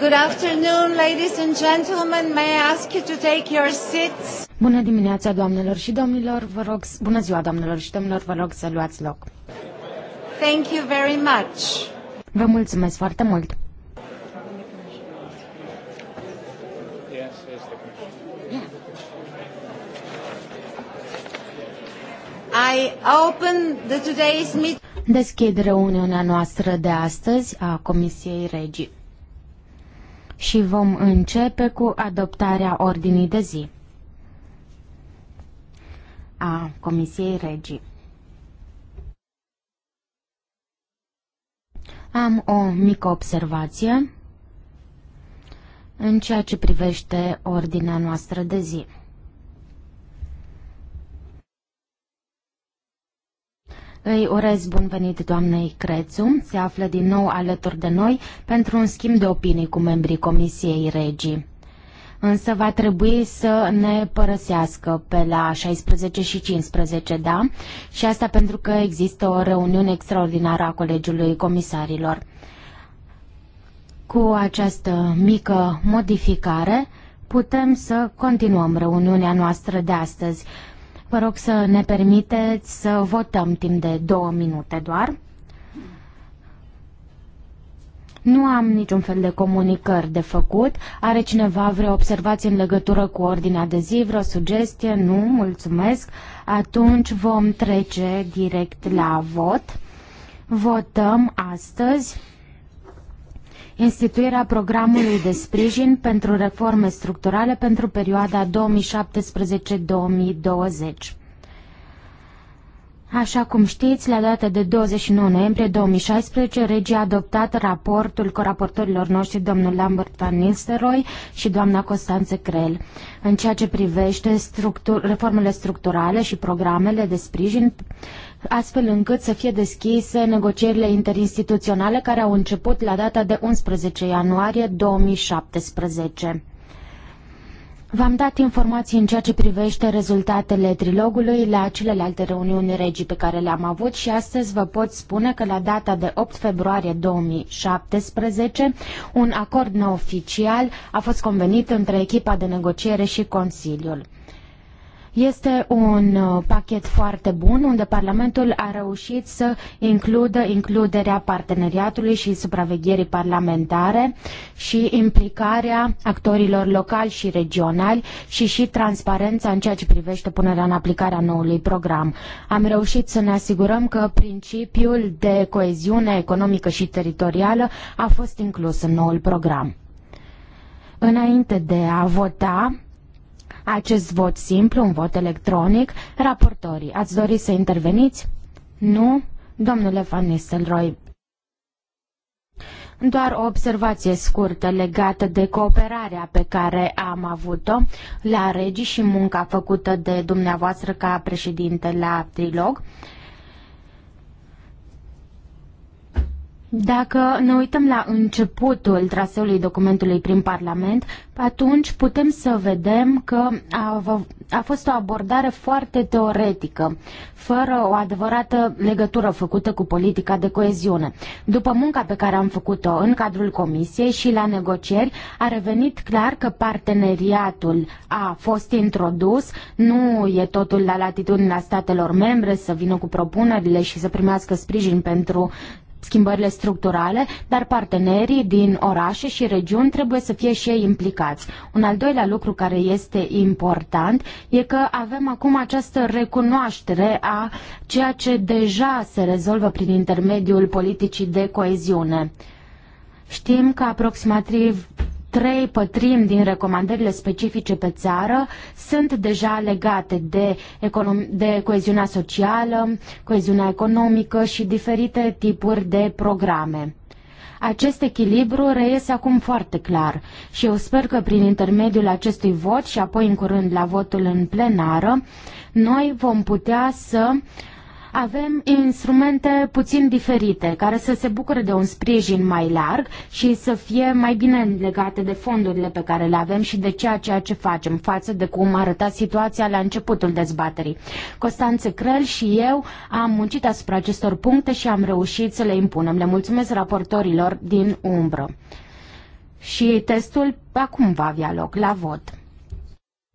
Good afternoon, ladies and gentlemen. May I ask you to take your seats? Bună dimineața, doamnelor și domnilor. Vă rog, bună ziua, doamnelor și domnilor. Vă rog să luați loc. Thank you very much. Vă mulțumesc foarte mult. I open the today's meeting. Deschid reuniunea noastră de astăzi a Comisiei Regii și vom începe cu adoptarea ordinii de zi a Comisiei Regii. Am o mică observație în ceea ce privește ordinea noastră de zi. Îi urez bun venit doamnei Crețu, se află din nou alături de noi pentru un schimb de opinii cu membrii Comisiei Regii. Însă va trebui să ne părăsească pe la 16 și 15, da? Și asta pentru că există o reuniune extraordinară a Colegiului Comisarilor. Cu această mică modificare, putem să continuăm reuniunea noastră de astăzi. Vă rog să ne permiteți să votăm timp de două minute doar. Nu am niciun fel de comunicări de făcut. Are cineva vreo observație în legătură cu ordinea de zi, vreo sugestie? Nu, mulțumesc. Atunci vom trece direct la vot. Votăm astăzi instituirea programului de sprijin pentru reforme structurale pentru perioada 2017-2020. Așa cum știți, la data de 29 noiembrie 2016, regia a adoptat raportul coraportorilor noștri, domnul Lambert Van Nistelrooy și doamna Constanțe Crel, în ceea ce privește structur, reformele structurale și programele de sprijin astfel încât să fie deschise negocierile interinstituționale care au început la data de 11 ianuarie 2017. V-am dat informații în ceea ce privește rezultatele trilogului la celelalte reuniuni regii pe care le-am avut și astăzi vă pot spune că la data de 8 februarie 2017 un acord neoficial a fost convenit între echipa de negociere și Consiliul. Este un uh, pachet foarte bun unde Parlamentul a reușit să includă includerea parteneriatului și supravegherii parlamentare și implicarea actorilor locali și regionali și și transparența în ceea ce privește punerea în aplicare a noului program. Am reușit să ne asigurăm că principiul de coeziune economică și teritorială a fost inclus în noul program. Înainte de a vota, acest vot simplu, un vot electronic. Raportorii, ați dori să interveniți? Nu? Domnule Van Nistelrooy, doar o observație scurtă legată de cooperarea pe care am avut-o la regi și munca făcută de dumneavoastră ca președinte la Trilog. Dacă ne uităm la începutul traseului documentului prin Parlament, atunci putem să vedem că a, a fost o abordare foarte teoretică, fără o adevărată legătură făcută cu politica de coeziune. După munca pe care am făcut-o în cadrul comisiei și la negocieri, a revenit clar că parteneriatul a fost introdus, nu e totul la latitudinea statelor membre să vină cu propunerile și să primească sprijin pentru schimbările structurale, dar partenerii din orașe și regiuni trebuie să fie și ei implicați. Un al doilea lucru care este important e că avem acum această recunoaștere a ceea ce deja se rezolvă prin intermediul politicii de coeziune. Știm că aproximativ trei pătrimi din recomandările specifice pe țară sunt deja legate de, de coeziunea socială, coeziunea economică și diferite tipuri de programe. Acest echilibru reiese acum foarte clar și eu sper că prin intermediul acestui vot și apoi în curând la votul în plenară, noi vom putea să uh, avem instrumente puțin diferite, care să se bucure de un sprijin mai larg și să fie mai bine legate de fondurile pe care le avem și de ceea, ceea ce facem față de cum arăta situația la începutul dezbaterii. Costanțe Crăl și eu am muncit asupra acestor puncte și am reușit să le impunem. Le mulțumesc raportorilor din umbră. Și testul acum va avea loc la vot.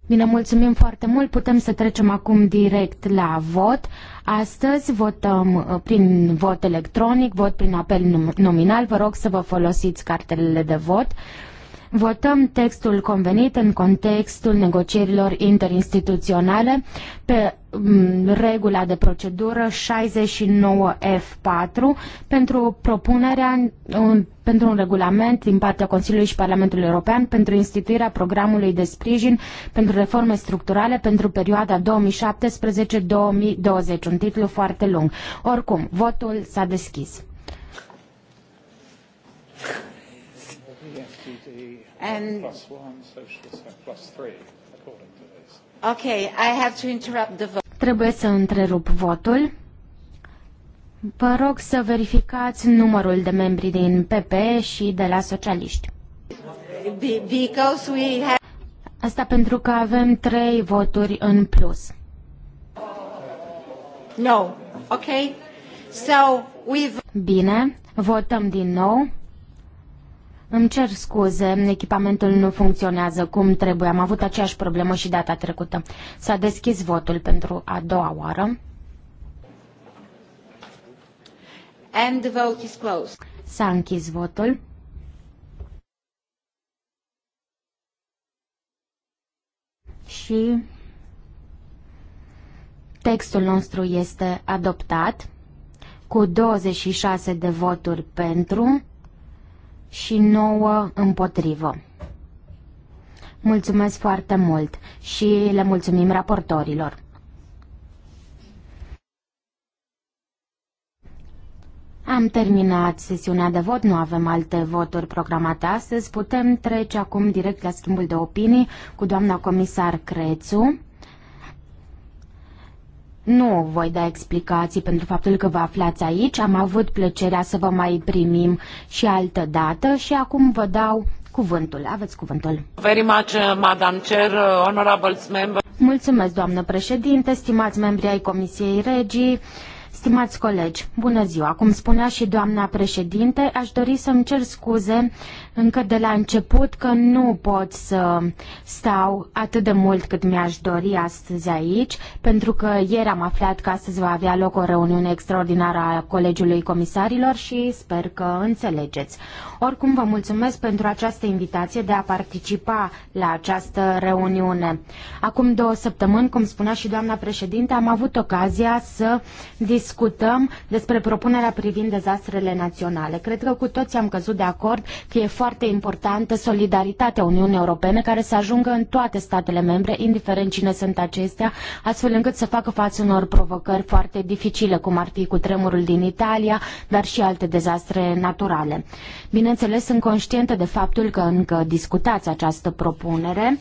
Bine, mulțumim foarte mult. Putem să trecem acum direct la vot. Astăzi votăm uh, prin vot electronic, vot prin apel nominal. Vă rog să vă folosiți cartelele de vot. Votăm textul convenit în contextul negocierilor interinstituționale pe mm, regula de procedură 69F4 pentru propunerea pentru un regulament din partea Consiliului și Parlamentului European pentru instituirea programului de sprijin pentru reforme structurale pentru perioada 2017-2020, un titlu foarte lung. Oricum, votul s-a deschis and plus one, socialists have plus three, according to this. Okay, I have to interrupt the vote. Trebuie să întrerup votul. Vă rog să verificați numărul de membri din PP și de la socialiști. Asta pentru că avem trei voturi în plus. No. Okay. So we've... Bine, votăm din nou. Îmi cer scuze, echipamentul nu funcționează cum trebuie. Am avut aceeași problemă și data trecută. S-a deschis votul pentru a doua oară. And the vote is closed. S-a închis votul. Și textul nostru este adoptat cu 26 de voturi pentru, și 9 împotrivă. Mulțumesc foarte mult și le mulțumim raportorilor. Am terminat sesiunea de vot, nu avem alte voturi programate astăzi. Putem trece acum direct la schimbul de opinii cu doamna comisar Crețu. Nu voi da explicații pentru faptul că vă aflați aici. Am avut plăcerea să vă mai primim și altă dată și acum vă dau cuvântul. Aveți cuvântul. Very much, uh, Madam Chair, uh, honorable member. Mulțumesc, doamnă președinte, stimați membri ai Comisiei Regii. Stimați colegi, bună ziua! Cum spunea și doamna președinte, aș dori să-mi cer scuze încă de la început că nu pot să stau atât de mult cât mi-aș dori astăzi aici, pentru că ieri am aflat că astăzi va avea loc o reuniune extraordinară a Colegiului Comisarilor și sper că înțelegeți. Oricum vă mulțumesc pentru această invitație de a participa la această reuniune. Acum două săptămâni, cum spunea și doamna președinte, am avut ocazia să discutăm despre propunerea privind dezastrele naționale. Cred că cu toți am căzut de acord că e foarte importantă solidaritatea Uniunii Europene care să ajungă în toate statele membre, indiferent cine sunt acestea, astfel încât să facă față unor provocări foarte dificile, cum ar fi cu tremurul din Italia, dar și alte dezastre naturale. Bine Bineînțeles, sunt conștientă de faptul că încă discutați această propunere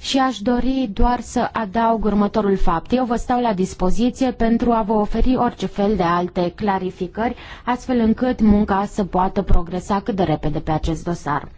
și aș dori doar să adaug următorul fapt. Eu vă stau la dispoziție pentru a vă oferi orice fel de alte clarificări, astfel încât munca să poată progresa cât de repede pe acest dosar.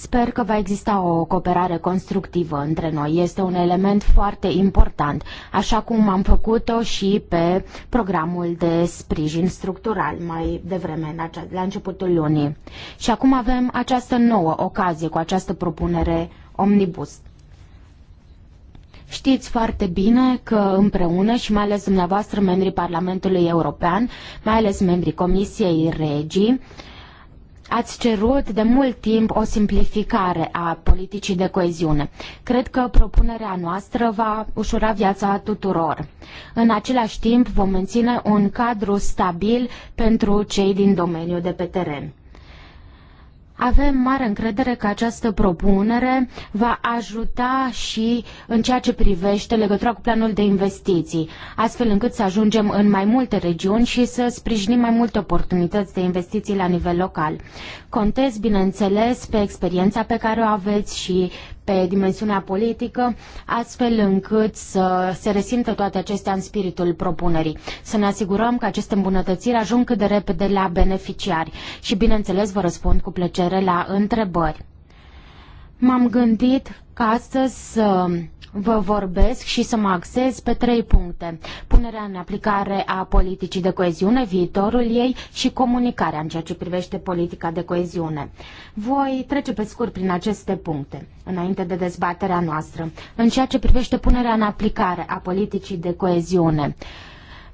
Sper că va exista o cooperare constructivă între noi. Este un element foarte important, așa cum am făcut-o și pe programul de sprijin structural mai devreme, la începutul lunii. Și acum avem această nouă ocazie cu această propunere omnibus. Știți foarte bine că împreună și mai ales dumneavoastră membrii Parlamentului European, mai ales membrii Comisiei Regii, uh, Ați cerut de mult timp o simplificare a politicii de coeziune. Cred că propunerea noastră va ușura viața tuturor. În același timp vom menține un cadru stabil pentru cei din domeniul de pe teren. Avem mare încredere că această propunere va ajuta și în ceea ce privește legătura cu planul de investiții, astfel încât să ajungem în mai multe regiuni și să sprijinim mai multe oportunități de investiții la nivel local. Contez, bineînțeles, pe experiența pe care o aveți și pe dimensiunea politică, astfel încât să se resimtă toate acestea în spiritul propunerii. Să ne asigurăm că aceste îmbunătățiri ajung cât de repede la beneficiari și, bineînțeles, vă răspund cu plăcere la întrebări. M-am gândit ca astăzi să vă vorbesc și să mă axez pe trei puncte. Punerea în aplicare a politicii de coeziune, viitorul ei și comunicarea în ceea ce privește politica de coeziune. Voi trece pe scurt prin aceste puncte, înainte de dezbaterea noastră, în ceea ce privește punerea în aplicare a politicii de coeziune. Uh,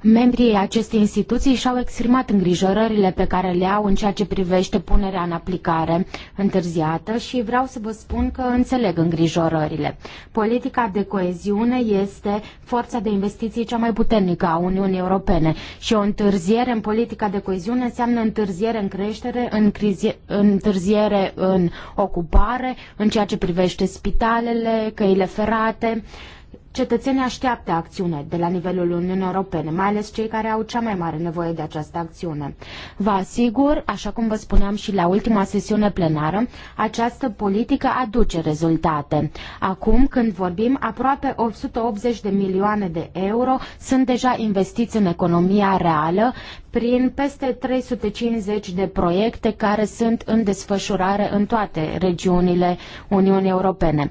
Membrii acestei instituții și-au exprimat îngrijorările pe care le au în ceea ce privește punerea în aplicare întârziată și vreau să vă spun că înțeleg îngrijorările. Politica de coeziune este forța de investiții cea mai puternică a Uniunii Europene și o întârziere în politica de coeziune înseamnă întârziere în creștere, în crizie, întârziere în ocupare, în ceea ce privește spitalele, căile ferate Cetățenii așteaptă acțiune de la nivelul Uniunii Europene, mai ales cei care au cea mai mare nevoie de această acțiune. Vă asigur, așa cum vă spuneam și la ultima sesiune plenară, această politică aduce rezultate. Acum, când vorbim, aproape 880 de milioane de euro sunt deja investiți în economia reală prin peste 350 de proiecte care sunt în desfășurare în toate regiunile Uniunii Europene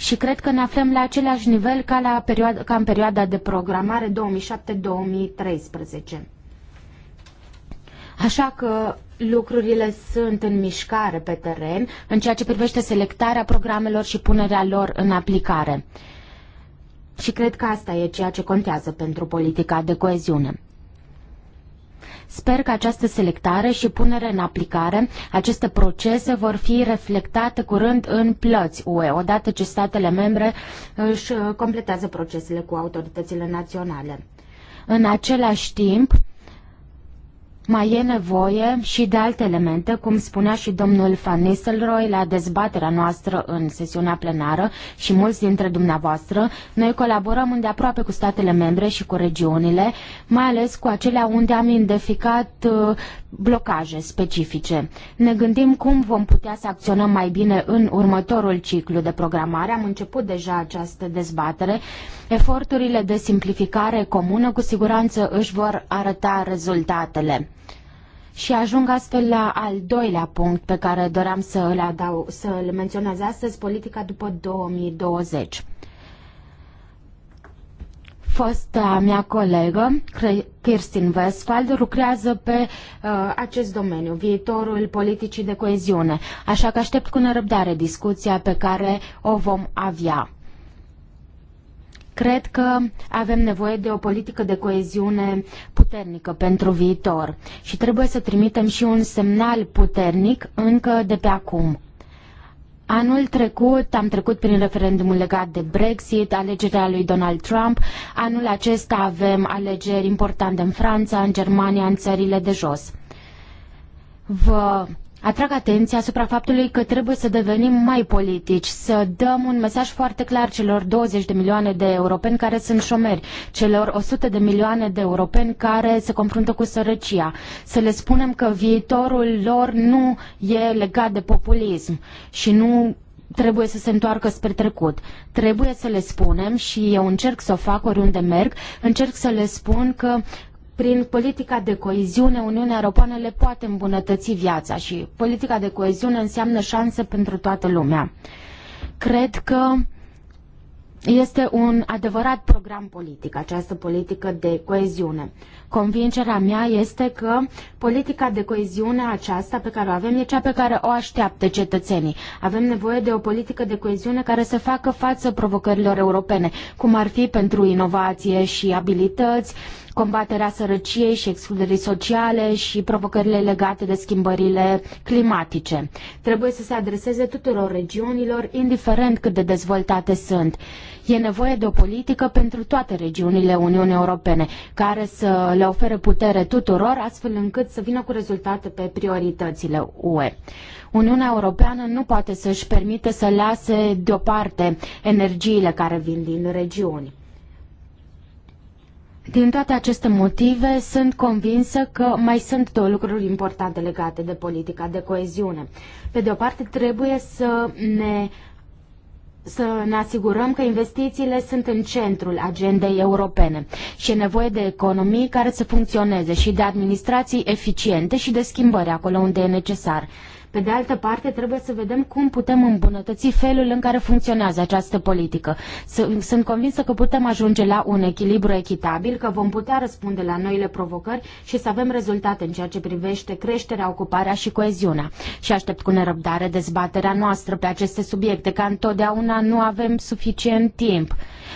și cred că ne aflăm la același nivel ca, la perioada, ca în perioada de programare 2007-2013. Așa că lucrurile sunt în mișcare pe teren în ceea ce privește selectarea programelor și punerea lor în aplicare. Și cred că asta e ceea ce contează pentru politica de coeziune. Sper că această selectare și punere în aplicare, aceste procese vor fi reflectate curând în plăți UE, odată ce statele membre își uh, completează procesele cu autoritățile naționale. În același timp, mai e nevoie și de alte elemente, cum spunea și domnul Van Nistelrooy la dezbaterea noastră în sesiunea plenară și mulți dintre dumneavoastră. Noi colaborăm îndeaproape cu statele membre și cu regiunile, mai ales cu acelea unde am identificat uh, blocaje specifice. Ne gândim cum vom putea să acționăm mai bine în următorul ciclu de programare. Am început deja această dezbatere. Eforturile de simplificare comună cu siguranță își vor arăta rezultatele. Și ajung astfel la al doilea punct pe care doream să îl, să îl menționez astăzi, politica după 2020. Fosta mea colegă, Kirstin Westphal, lucrează pe uh, acest domeniu, viitorul politicii de coeziune, așa că aștept cu nerăbdare discuția pe care o vom avea. Cred că avem nevoie de o politică de coeziune puternică pentru viitor și trebuie să trimitem și un semnal puternic încă de pe acum. Anul trecut am trecut prin referendumul legat de Brexit, alegerea lui Donald Trump. Anul acesta avem alegeri importante în Franța, în Germania, în țările de jos. Vă atrag atenția asupra faptului că trebuie să devenim mai politici, să dăm un mesaj foarte clar celor 20 de milioane de europeni care sunt șomeri, celor 100 de milioane de europeni care se confruntă cu sărăcia, să le spunem că viitorul lor nu e legat de populism și nu trebuie să se întoarcă spre trecut. Trebuie să le spunem și eu încerc să o fac oriunde merg, încerc să le spun că prin politica de coeziune, Uniunea Europeană le poate îmbunătăți viața și politica de coeziune înseamnă șanse pentru toată lumea. Cred că este un adevărat program politic, această politică de coeziune. Convingerea mea este că politica de coeziune aceasta pe care o avem e cea pe care o așteaptă cetățenii. Avem nevoie de o politică de coeziune care să facă față provocărilor europene, cum ar fi pentru inovație și abilități, combaterea sărăciei și excluderii sociale și provocările legate de schimbările climatice. Trebuie să se adreseze tuturor regiunilor, indiferent cât de dezvoltate sunt. E nevoie de o politică pentru toate regiunile Uniunii Europene, care să le ofere putere tuturor, astfel încât să vină cu rezultate pe prioritățile UE. Uniunea Europeană nu poate să-și permite să lase deoparte energiile care vin din regiuni. Din toate aceste motive, sunt convinsă că mai sunt două lucruri importante legate de politica de coeziune. Pe de o parte, trebuie să ne să ne asigurăm că investițiile sunt în centrul agendei europene și e nevoie de economii care să funcționeze și de administrații eficiente și de schimbări acolo unde e necesar. Pe de altă parte, trebuie să vedem cum putem îmbunătăți felul în care funcționează această politică. Sunt convinsă că putem ajunge la un echilibru echitabil, că vom putea răspunde la noile provocări și să avem rezultate în ceea ce privește creșterea, ocuparea și coeziunea. Și aștept cu nerăbdare dezbaterea noastră pe aceste subiecte, ca întotdeauna nu avem suficient timp.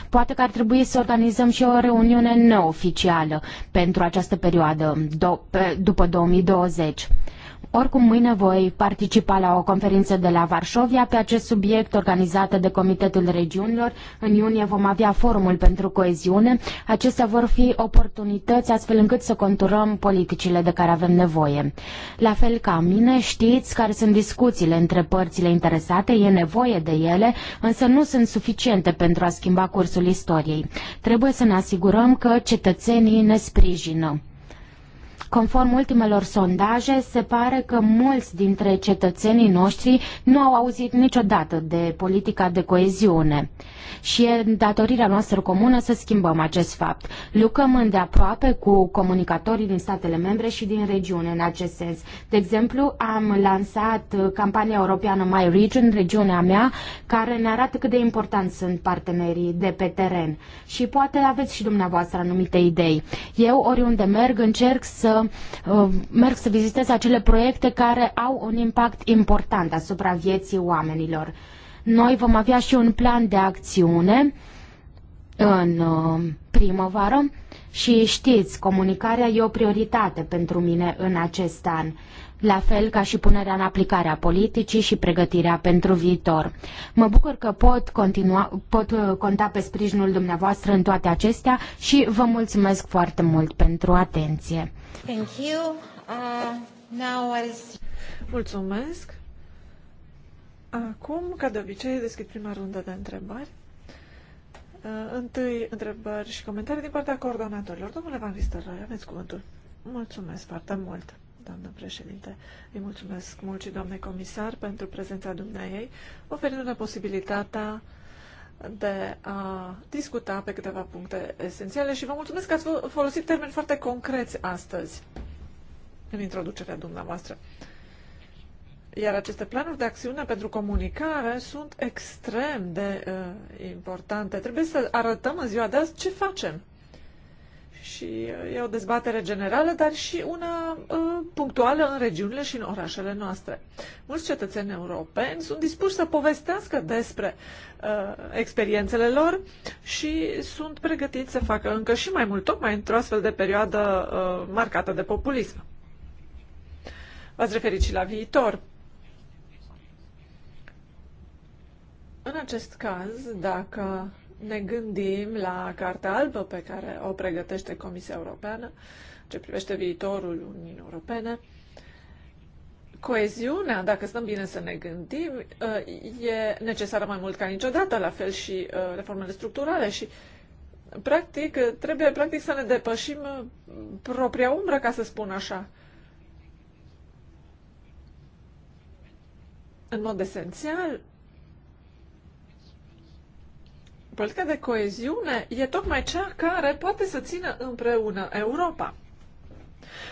Poate că ar trebui să organizăm și o reuniune neoficială pentru această perioadă, după 2020. Oricum, mâine voi participa la o conferință de la Varșovia pe acest subiect organizată de Comitetul Regiunilor. În iunie vom avea forumul pentru coeziune. Acestea vor fi oportunități astfel încât să conturăm politicile de care avem nevoie. La fel ca mine, știți care sunt discuțiile între părțile interesate, e nevoie de ele, însă nu sunt suficiente pentru a schimba cursul istoriei. Trebuie să ne asigurăm că cetățenii ne sprijină. Conform ultimelor sondaje, se pare că mulți dintre cetățenii noștri nu au auzit niciodată de politica de coeziune. Și e datorirea noastră comună să schimbăm acest fapt. Lucrăm îndeaproape cu comunicatorii din statele membre și din regiune în acest sens. De exemplu, am lansat campania europeană My Region, regiunea mea, care ne arată cât de important sunt partenerii de pe teren. Și poate aveți și dumneavoastră anumite idei. Eu, oriunde merg, încerc să Uh, merg să vizitez acele proiecte care au un impact important asupra vieții oamenilor. Noi vom avea și un plan de acțiune în uh, primăvară și știți, comunicarea e o prioritate pentru mine în acest an la fel ca și punerea în aplicare a politicii și pregătirea pentru viitor. Mă bucur că pot, continua, pot uh, conta pe sprijinul dumneavoastră în toate acestea și vă mulțumesc foarte mult pentru atenție. Thank you. Uh, now Mulțumesc. Acum, ca de obicei, deschid prima rundă de întrebări. Uh, întâi întrebări și comentarii din partea coordonatorilor. Domnule Van Vistelrooy, aveți cuvântul. Mulțumesc foarte mult, doamnă președinte. Îi mulțumesc mult și doamnei comisar pentru prezența ei, oferindu-ne posibilitatea de a discuta pe câteva puncte esențiale și vă mulțumesc că ați folosit termeni foarte concreți astăzi în introducerea dumneavoastră. Iar aceste planuri de acțiune pentru comunicare sunt extrem de uh, importante. Trebuie să arătăm în ziua de azi ce facem și e o dezbatere generală, dar și una ă, punctuală în regiunile și în orașele noastre. Mulți cetățeni europeni sunt dispuși să povestească despre ă, experiențele lor și sunt pregătiți să facă încă și mai mult, tocmai într-o astfel de perioadă ă, marcată de populism. V-ați referit și la viitor. În acest caz, dacă ne gândim la Cartea Albă pe care o pregătește Comisia Europeană ce privește viitorul Uniunii Europene, coeziunea, dacă stăm bine să ne gândim, ă, e necesară mai mult ca niciodată, la fel și ă, reformele structurale și practic trebuie practic să ne depășim ă, propria umbră, ca să spun așa. În mod esențial, Politica de coeziune e tocmai cea care poate să țină împreună Europa.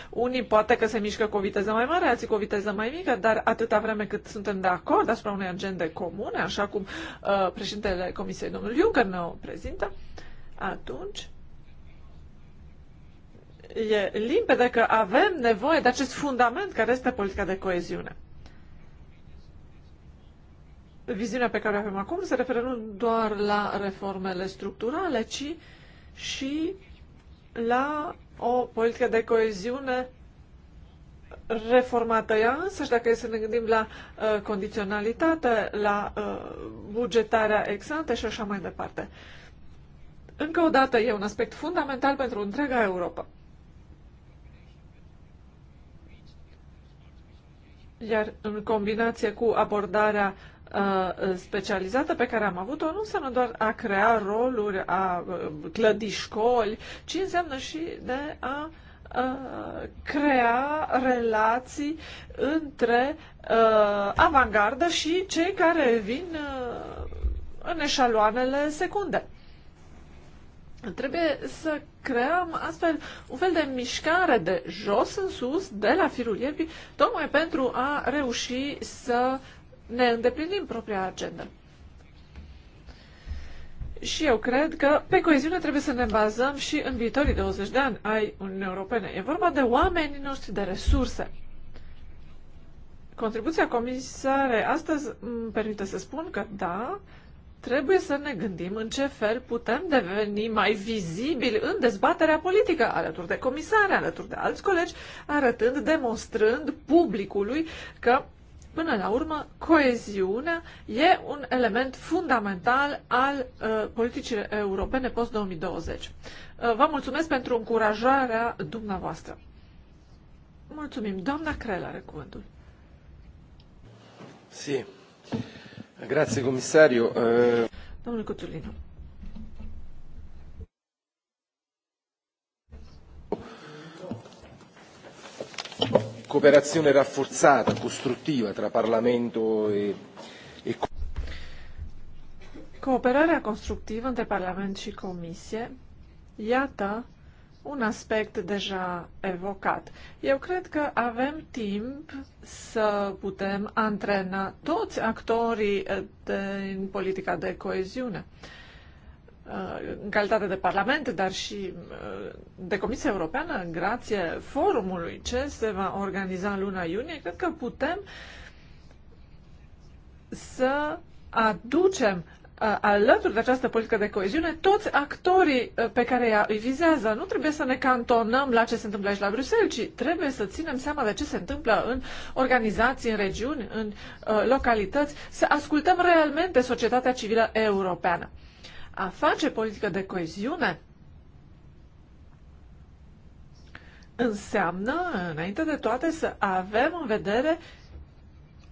Unii poate că se mișcă cu o viteză mai mare, alții cu o viteză mai mică, dar atâta vreme cât suntem de acord asupra unei agende comune, așa cum uh, președintele Comisiei, domnul Juncker, ne-o prezintă, atunci e limpede că avem nevoie de acest fundament care este politica de coeziune viziunea pe care o avem acum se referă nu doar la reformele structurale, ci și la o politică de coeziune reformată ea și dacă e să ne gândim la uh, condiționalitate, la uh, bugetarea exante și așa mai departe. Încă o dată, e un aspect fundamental pentru întreaga Europa. Iar în combinație cu abordarea specializată pe care am avut-o nu înseamnă doar a crea roluri, a clădi școli, ci înseamnă și de a crea relații între uh, avangardă și cei care vin uh, în eșaloanele secunde. Trebuie să creăm astfel un fel de mișcare de jos în sus, de la firul ierbii, tocmai pentru a reuși să ne îndeplinim propria agenda. Și eu cred că pe coeziune trebuie să ne bazăm și în viitorii 20 de ani ai Uniunii Europene. E vorba de oamenii noștri, de resurse. Contribuția comisare astăzi îmi permite să spun că da, trebuie să ne gândim în ce fel putem deveni mai vizibili în dezbaterea politică, alături de comisare, alături de alți colegi, arătând, demonstrând publicului că Până la urmă, coeziunea e un element fundamental al uh, politicii europene post-2020. Uh, vă mulțumesc pentru încurajarea dumneavoastră. Mulțumim. Doamna Crela, are cuvântul. Si. Grazie, comisario. Uh... Domnul Thank you cooperazione rafforzata, costruttiva tra Parlamento e, e Cooperarea constructivă între Parlament și Comisie, iată un aspect deja evocat. Eu cred că avem timp să putem antrena toți actorii eh, din politica de coeziune. Uh, în calitate de Parlament, dar și uh, de Comisia Europeană, grație forumului ce se va organiza în luna iunie, cred că putem să aducem uh, alături de această politică de coeziune toți actorii uh, pe care ea îi vizează. Nu trebuie să ne cantonăm la ce se întâmplă aici la Bruxelles, ci trebuie să ținem seama de ce se întâmplă în organizații, în regiuni, în localități, să ascultăm realmente societatea civilă europeană a face politică de coeziune înseamnă, înainte de toate, să avem în vedere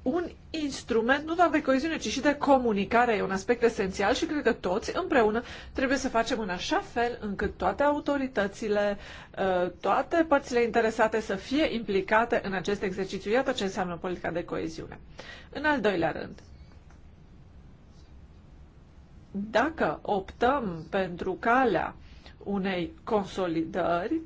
un instrument nu doar de coeziune, ci și de comunicare. E un aspect esențial și cred că toți împreună trebuie să facem în așa fel încât toate autoritățile, ă, toate părțile interesate să fie implicate în acest exercițiu. Iată ce înseamnă politica de coeziune. În al doilea rând, dacă optăm pentru calea unei consolidări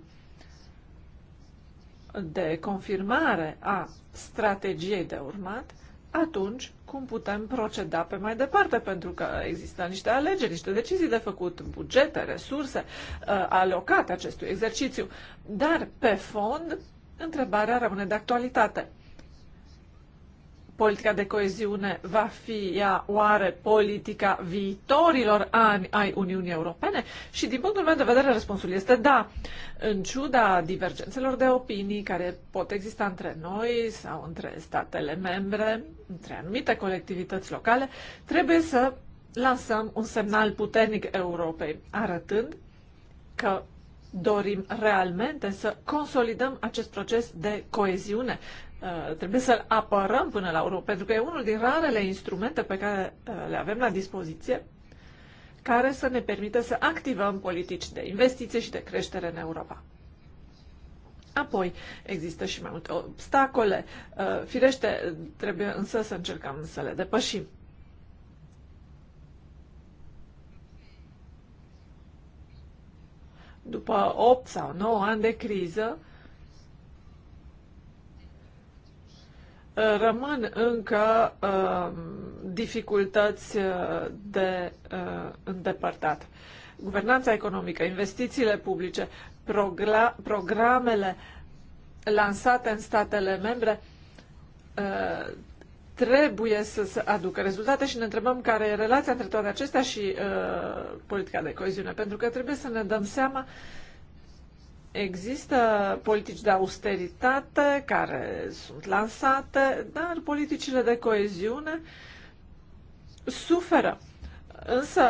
de confirmare a strategiei de urmat, atunci cum putem proceda pe mai departe, pentru că există niște alegeri, niște decizii de făcut, bugete, resurse uh, alocate acestui exercițiu. Dar, pe fond, întrebarea rămâne de actualitate politica de coeziune va fi ea oare politica viitorilor ani ai Uniunii Europene? Și din punctul meu de vedere răspunsul este da. În ciuda divergențelor de opinii care pot exista între noi sau între statele membre, între anumite colectivități locale, trebuie să lansăm un semnal puternic Europei, arătând că dorim realmente să consolidăm acest proces de coeziune Uh, trebuie să-l apărăm până la urmă, pentru că e unul din rarele instrumente pe care uh, le avem la dispoziție care să ne permită să activăm politici de investiție și de creștere în Europa. Apoi, există și mai multe obstacole. Uh, firește, trebuie însă să încercăm să le depășim. După 8 sau 9 ani de criză, Uh, rămân încă uh, dificultăți uh, de uh, îndepărtat. Guvernanța economică, investițiile publice, programele lansate în statele membre uh, trebuie să se aducă rezultate și ne întrebăm care e relația între toate acestea și uh, politica de coeziune, pentru că trebuie să ne dăm seama uh, Există politici de austeritate care sunt lansate, dar politicile de coeziune suferă. Însă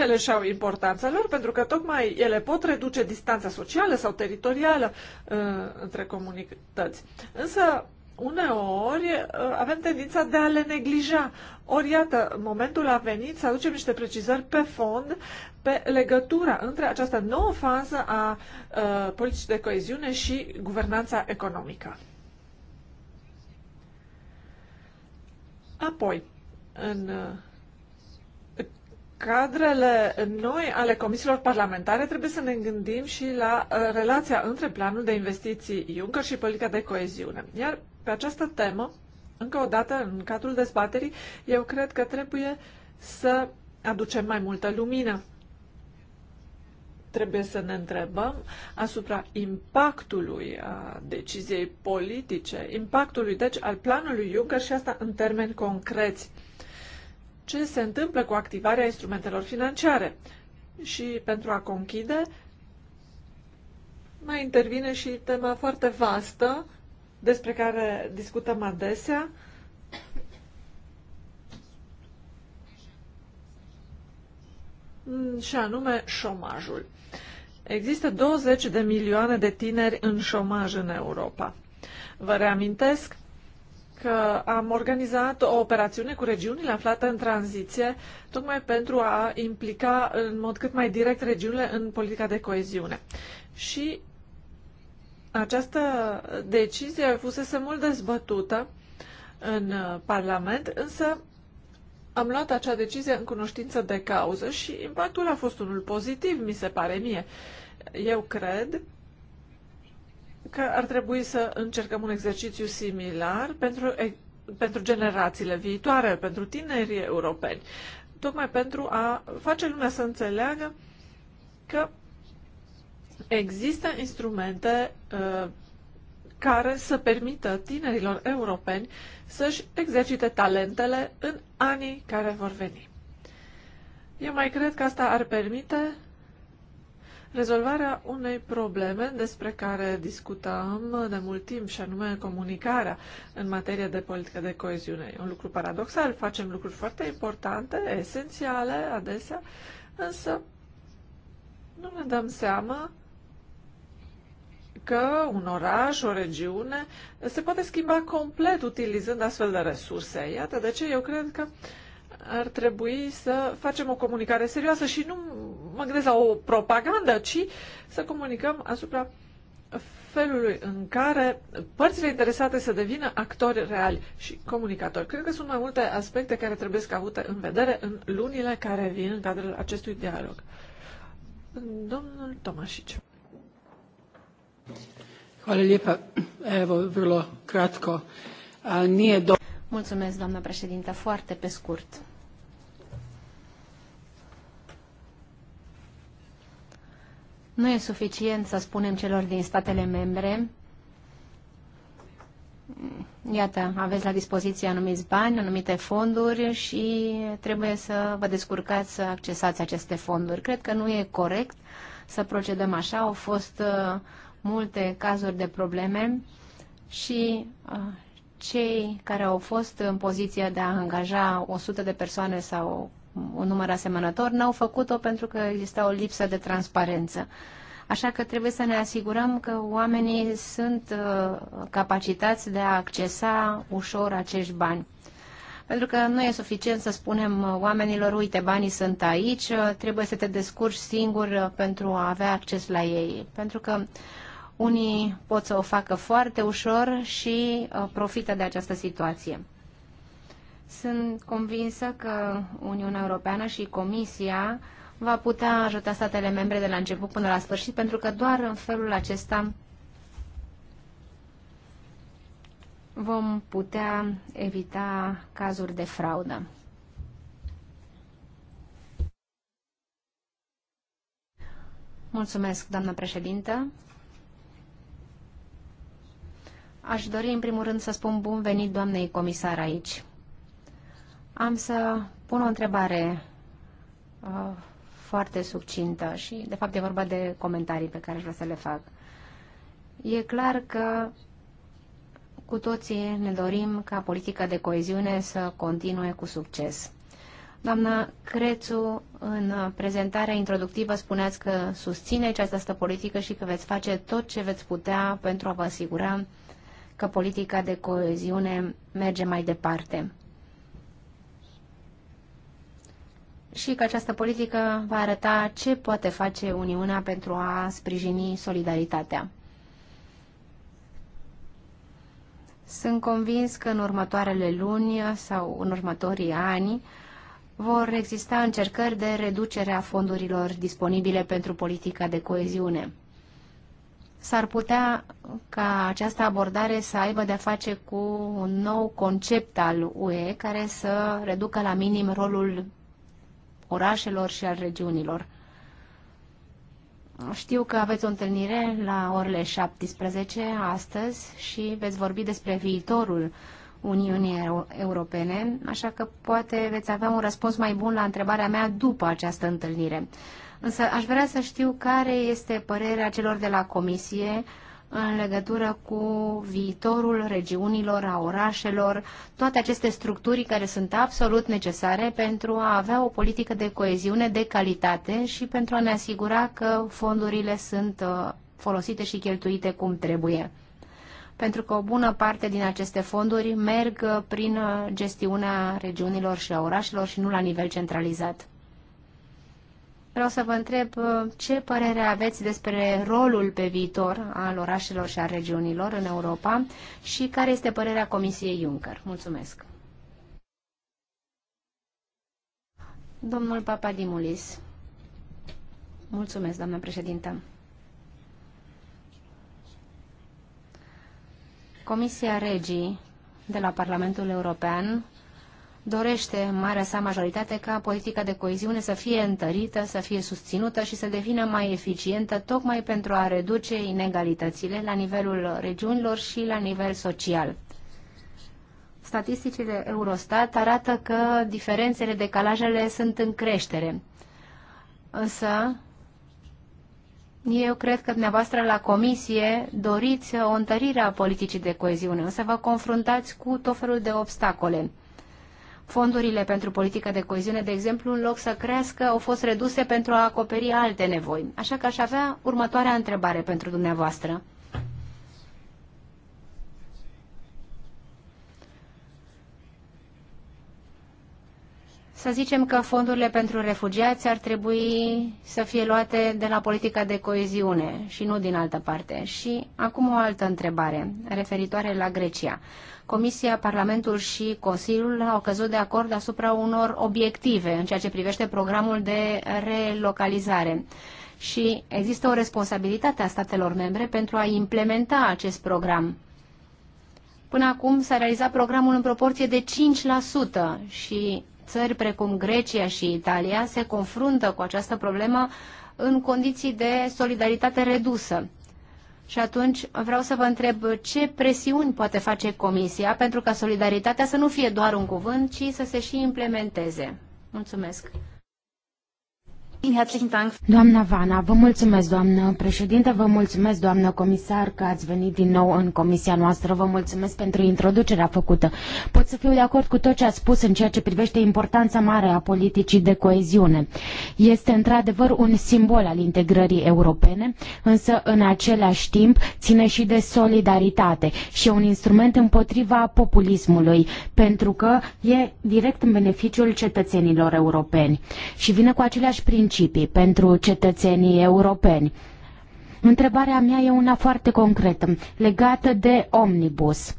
ele și-au importanța lor pentru că tocmai ele pot reduce distanța socială sau teritorială uh, între comunități. Însă uneori uh, avem tendința de a le neglija. Ori, iată, momentul a venit să aducem niște precizări pe fond, pe legătura între această nouă fază a uh, politicii de coeziune și guvernanța economică. Apoi, în uh, cadrele noi ale comisiilor parlamentare trebuie să ne gândim și la uh, relația între planul de investiții Juncker și politica de coeziune. Iar pe această temă, încă o dată, în cadrul dezbaterii, eu cred că trebuie să aducem mai multă lumină. Trebuie să ne întrebăm asupra impactului a deciziei politice, impactului, deci, al planului Juncker și asta în termeni concreți. Ce se întâmplă cu activarea instrumentelor financiare? Și pentru a conchide, mai intervine și tema foarte vastă despre care discutăm adesea. Mm, și anume șomajul. Există 20 de milioane de tineri în șomaj în Europa. Vă reamintesc că am organizat o operațiune cu regiunile aflate în tranziție, tocmai pentru a implica în mod cât mai direct regiunile în politica de coeziune. Și această decizie fusese mult dezbătută în uh, Parlament, însă am luat acea decizie în cunoștință de cauză și impactul a fost unul pozitiv, mi se pare mie. Eu cred că ar trebui să încercăm un exercițiu similar pentru, pentru generațiile viitoare, pentru tinerii europeni, tocmai pentru a face lumea să înțeleagă că Există instrumente uh, care să permită tinerilor europeni să-și exercite talentele în anii care vor veni. Eu mai cred că asta ar permite rezolvarea unei probleme despre care discutăm de mult timp, și anume comunicarea în materie de politică de coeziune. E un lucru paradoxal, facem lucruri foarte importante, esențiale adesea, însă nu ne dăm seama că un oraș, o regiune se poate schimba complet utilizând astfel de resurse. Iată de ce eu cred că ar trebui să facem o comunicare serioasă și nu mă gândesc la o propagandă, ci să comunicăm asupra felului în care părțile interesate să devină actori reali și comunicatori. Cred că sunt mai multe aspecte care trebuie să avute în vedere în lunile care vin în cadrul acestui dialog. Domnul Tomașici. Mulțumesc, doamnă președintă. Foarte pe scurt. Nu e suficient să spunem celor din statele membre Iată, aveți la dispoziție anumiți bani, anumite fonduri și trebuie să vă descurcați să accesați aceste fonduri. Cred că nu e corect să procedăm așa. Au fost uh, multe cazuri de probleme și uh, cei care au fost în poziția de a angaja 100 de persoane sau un număr asemănător n-au făcut-o pentru că exista o lipsă de transparență. Așa că trebuie să ne asigurăm că oamenii sunt uh, capacitați de a accesa ușor acești bani. Pentru că nu e suficient să spunem uh, oamenilor, uite, banii sunt aici, trebuie să te descurci singur pentru a avea acces la ei. Pentru că uh, unii pot să o facă foarte ușor și uh, profită de această situație. Sunt convinsă că Uniunea Europeană și Comisia va putea ajuta statele membre de la început până la sfârșit, pentru că doar în felul acesta vom putea evita cazuri de fraudă. Mulțumesc, doamnă președintă. Aș dori în primul rând să spun bun venit doamnei comisar aici. Am să pun o întrebare uh, foarte succintă și de fapt e vorba de comentarii pe care aș vrea să le fac. E clar că cu toții ne dorim ca politica de coeziune să continue cu succes. Doamna Crețu, în prezentarea introductivă spuneați că susțineți această politică și că veți face tot ce veți putea pentru a vă asigura că politica de coeziune merge mai departe. și că această politică va arăta ce poate face Uniunea pentru a sprijini solidaritatea. Sunt convins că în următoarele luni sau în următorii ani vor exista încercări de reducere a fondurilor disponibile pentru politica de coeziune s-ar putea ca această abordare să aibă de-a face cu un nou concept al UE care să reducă la minim rolul orașelor și al regiunilor. Știu că aveți o întâlnire la orele 17 astăzi și veți vorbi despre viitorul Uniunii Europene, așa că poate veți avea un răspuns mai bun la întrebarea mea după această întâlnire. Însă aș vrea să știu care este părerea celor de la Comisie în legătură cu viitorul regiunilor, a orașelor, toate aceste structuri care sunt absolut necesare pentru a avea o politică de coeziune de calitate și pentru a ne asigura că fondurile sunt uh, folosite și cheltuite cum trebuie. Pentru că o bună parte din aceste fonduri merg uh, prin uh, gestiunea regiunilor și a orașelor și nu la nivel centralizat. Vreau să vă întreb uh, ce părere aveți despre rolul pe viitor al orașelor și a regiunilor în Europa și care este părerea Comisiei Juncker. Mulțumesc. Domnul Papadimulis. Mulțumesc, doamnă președintă. Comisia Regii de la Parlamentul European dorește marea sa majoritate ca politica de coeziune să fie întărită, să fie susținută și să devină mai eficientă, tocmai pentru a reduce inegalitățile la nivelul regiunilor și la nivel social. Statisticile Eurostat arată că diferențele, decalajele sunt în creștere. Însă, eu cred că dumneavoastră la comisie doriți o întărire a politicii de coeziune, însă vă confruntați cu tot felul de obstacole. Fondurile pentru politică de coeziune, de exemplu, în loc să crească, au fost reduse pentru a acoperi alte nevoi. Așa că aș avea următoarea întrebare pentru dumneavoastră. Să zicem că fondurile pentru refugiați ar trebui să fie luate de la politica de coeziune și nu din altă parte. Și acum o altă întrebare referitoare la Grecia. Comisia, Parlamentul și Consiliul au căzut de acord asupra unor obiective în ceea ce privește programul de relocalizare. Și există o responsabilitate a statelor membre pentru a implementa acest program. Până acum s-a realizat programul în proporție de 5% și țări precum Grecia și Italia se confruntă cu această problemă în condiții de solidaritate redusă. Și atunci vreau să vă întreb ce presiuni poate face Comisia pentru ca solidaritatea să nu fie doar un cuvânt, ci să se și implementeze. Mulțumesc. Doamna Vana, vă mulțumesc, doamnă președinte, vă mulțumesc, doamnă comisar, că ați venit din nou în comisia noastră. Vă mulțumesc pentru introducerea făcută. Pot să fiu de acord cu tot ce ați spus în ceea ce privește importanța mare a politicii de coeziune. Este într-adevăr un simbol al integrării europene, însă în același timp ține și de solidaritate și e un instrument împotriva populismului, pentru că e direct în beneficiul cetățenilor europeni și vine cu aceleași principii principii pentru cetățenii europeni. Întrebarea mea e una foarte concretă, legată de omnibus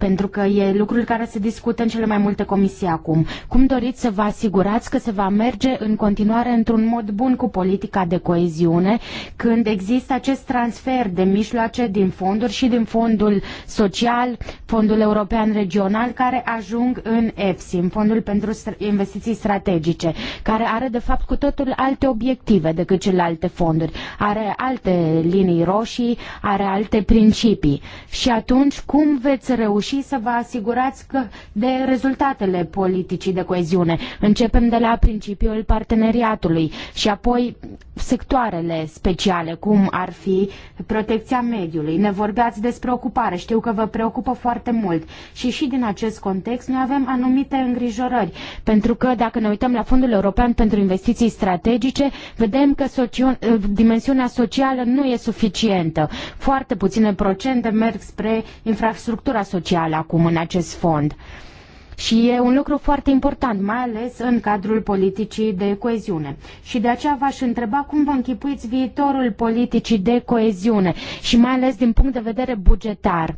pentru că e lucrul care se discută în cele mai multe comisii acum. Cum doriți să vă asigurați că se va merge în continuare într-un mod bun cu politica de coeziune când există acest transfer de mijloace din fonduri și din fondul social, fondul european regional care ajung în EFSI, în fondul pentru investiții strategice, care are de fapt cu totul alte obiective decât celelalte fonduri, are alte linii roșii, are alte principii. Și atunci cum veți reuși și să vă asigurați că de rezultatele politicii de coeziune. Începem de la principiul parteneriatului și apoi sectoarele speciale, cum ar fi protecția mediului. Ne vorbeați despre ocupare, știu că vă preocupă foarte mult și și din acest context noi avem anumite îngrijorări, pentru că dacă ne uităm la Fondul European pentru Investiții Strategice, vedem că dimensiunea socială nu e suficientă. Foarte puține procente merg spre infrastructura socială special acum în acest fond. Și e un lucru foarte important, mai ales în cadrul politicii de coeziune. Și de aceea v-aș întreba cum vă închipuiți viitorul politicii de coeziune și mai ales din punct de vedere bugetar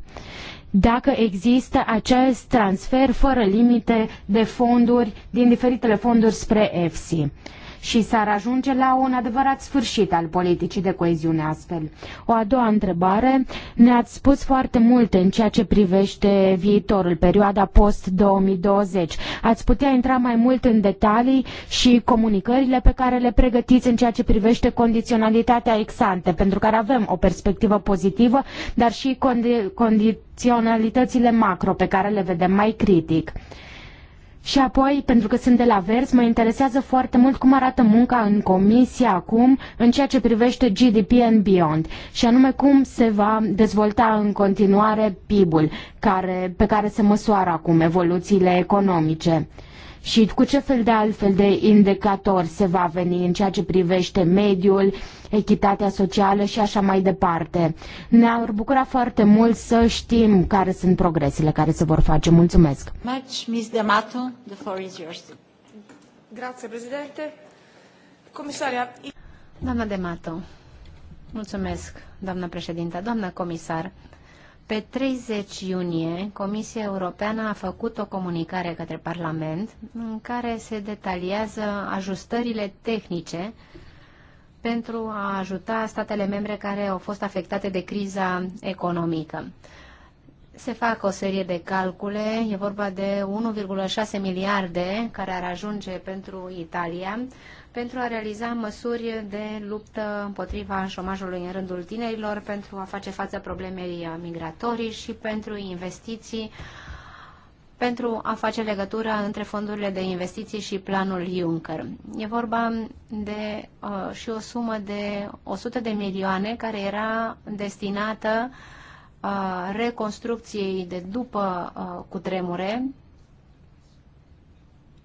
dacă există acest transfer fără limite de fonduri din diferitele fonduri spre EFSI și s-ar ajunge la un adevărat sfârșit al politicii de coeziune astfel. O a doua întrebare, ne-ați spus foarte multe în ceea ce privește viitorul, perioada post-2020. Ați putea intra mai mult în detalii și comunicările pe care le pregătiți în ceea ce privește condiționalitatea ex-ante, pentru care avem o perspectivă pozitivă, dar și condi- condiționalitățile macro pe care le vedem mai critic. Și apoi, pentru că sunt de la vers, mă interesează foarte mult cum arată munca în comisie acum în ceea ce privește GDP and Beyond, și anume cum se va dezvolta în continuare PIB-ul care, pe care se măsoară acum evoluțiile economice și cu ce fel de altfel de indicatori se va veni în ceea ce privește mediul, echitatea socială și așa mai departe. Ne-ar bucura foarte mult să știm care sunt progresele care se vor face. Mulțumesc! Much, Ms. D'Amato, the floor is yours. Grazie, Presidente. Comisaria... Doamna D'Amato, mulțumesc, doamna președintă, doamna comisar. Pe 30 iunie, Comisia Europeană a făcut o comunicare către Parlament în care se detaliază ajustările tehnice pentru a ajuta statele membre care au fost afectate de criza economică se fac o serie de calcule, e vorba de 1,6 miliarde care ar ajunge pentru Italia pentru a realiza măsuri de luptă împotriva șomajului în rândul tinerilor, pentru a face față problemei migratorii și pentru investiții, pentru a face legătura între fondurile de investiții și planul Juncker. E vorba de uh, și o sumă de 100 de milioane care era destinată uh, reconstrucției de după cutremure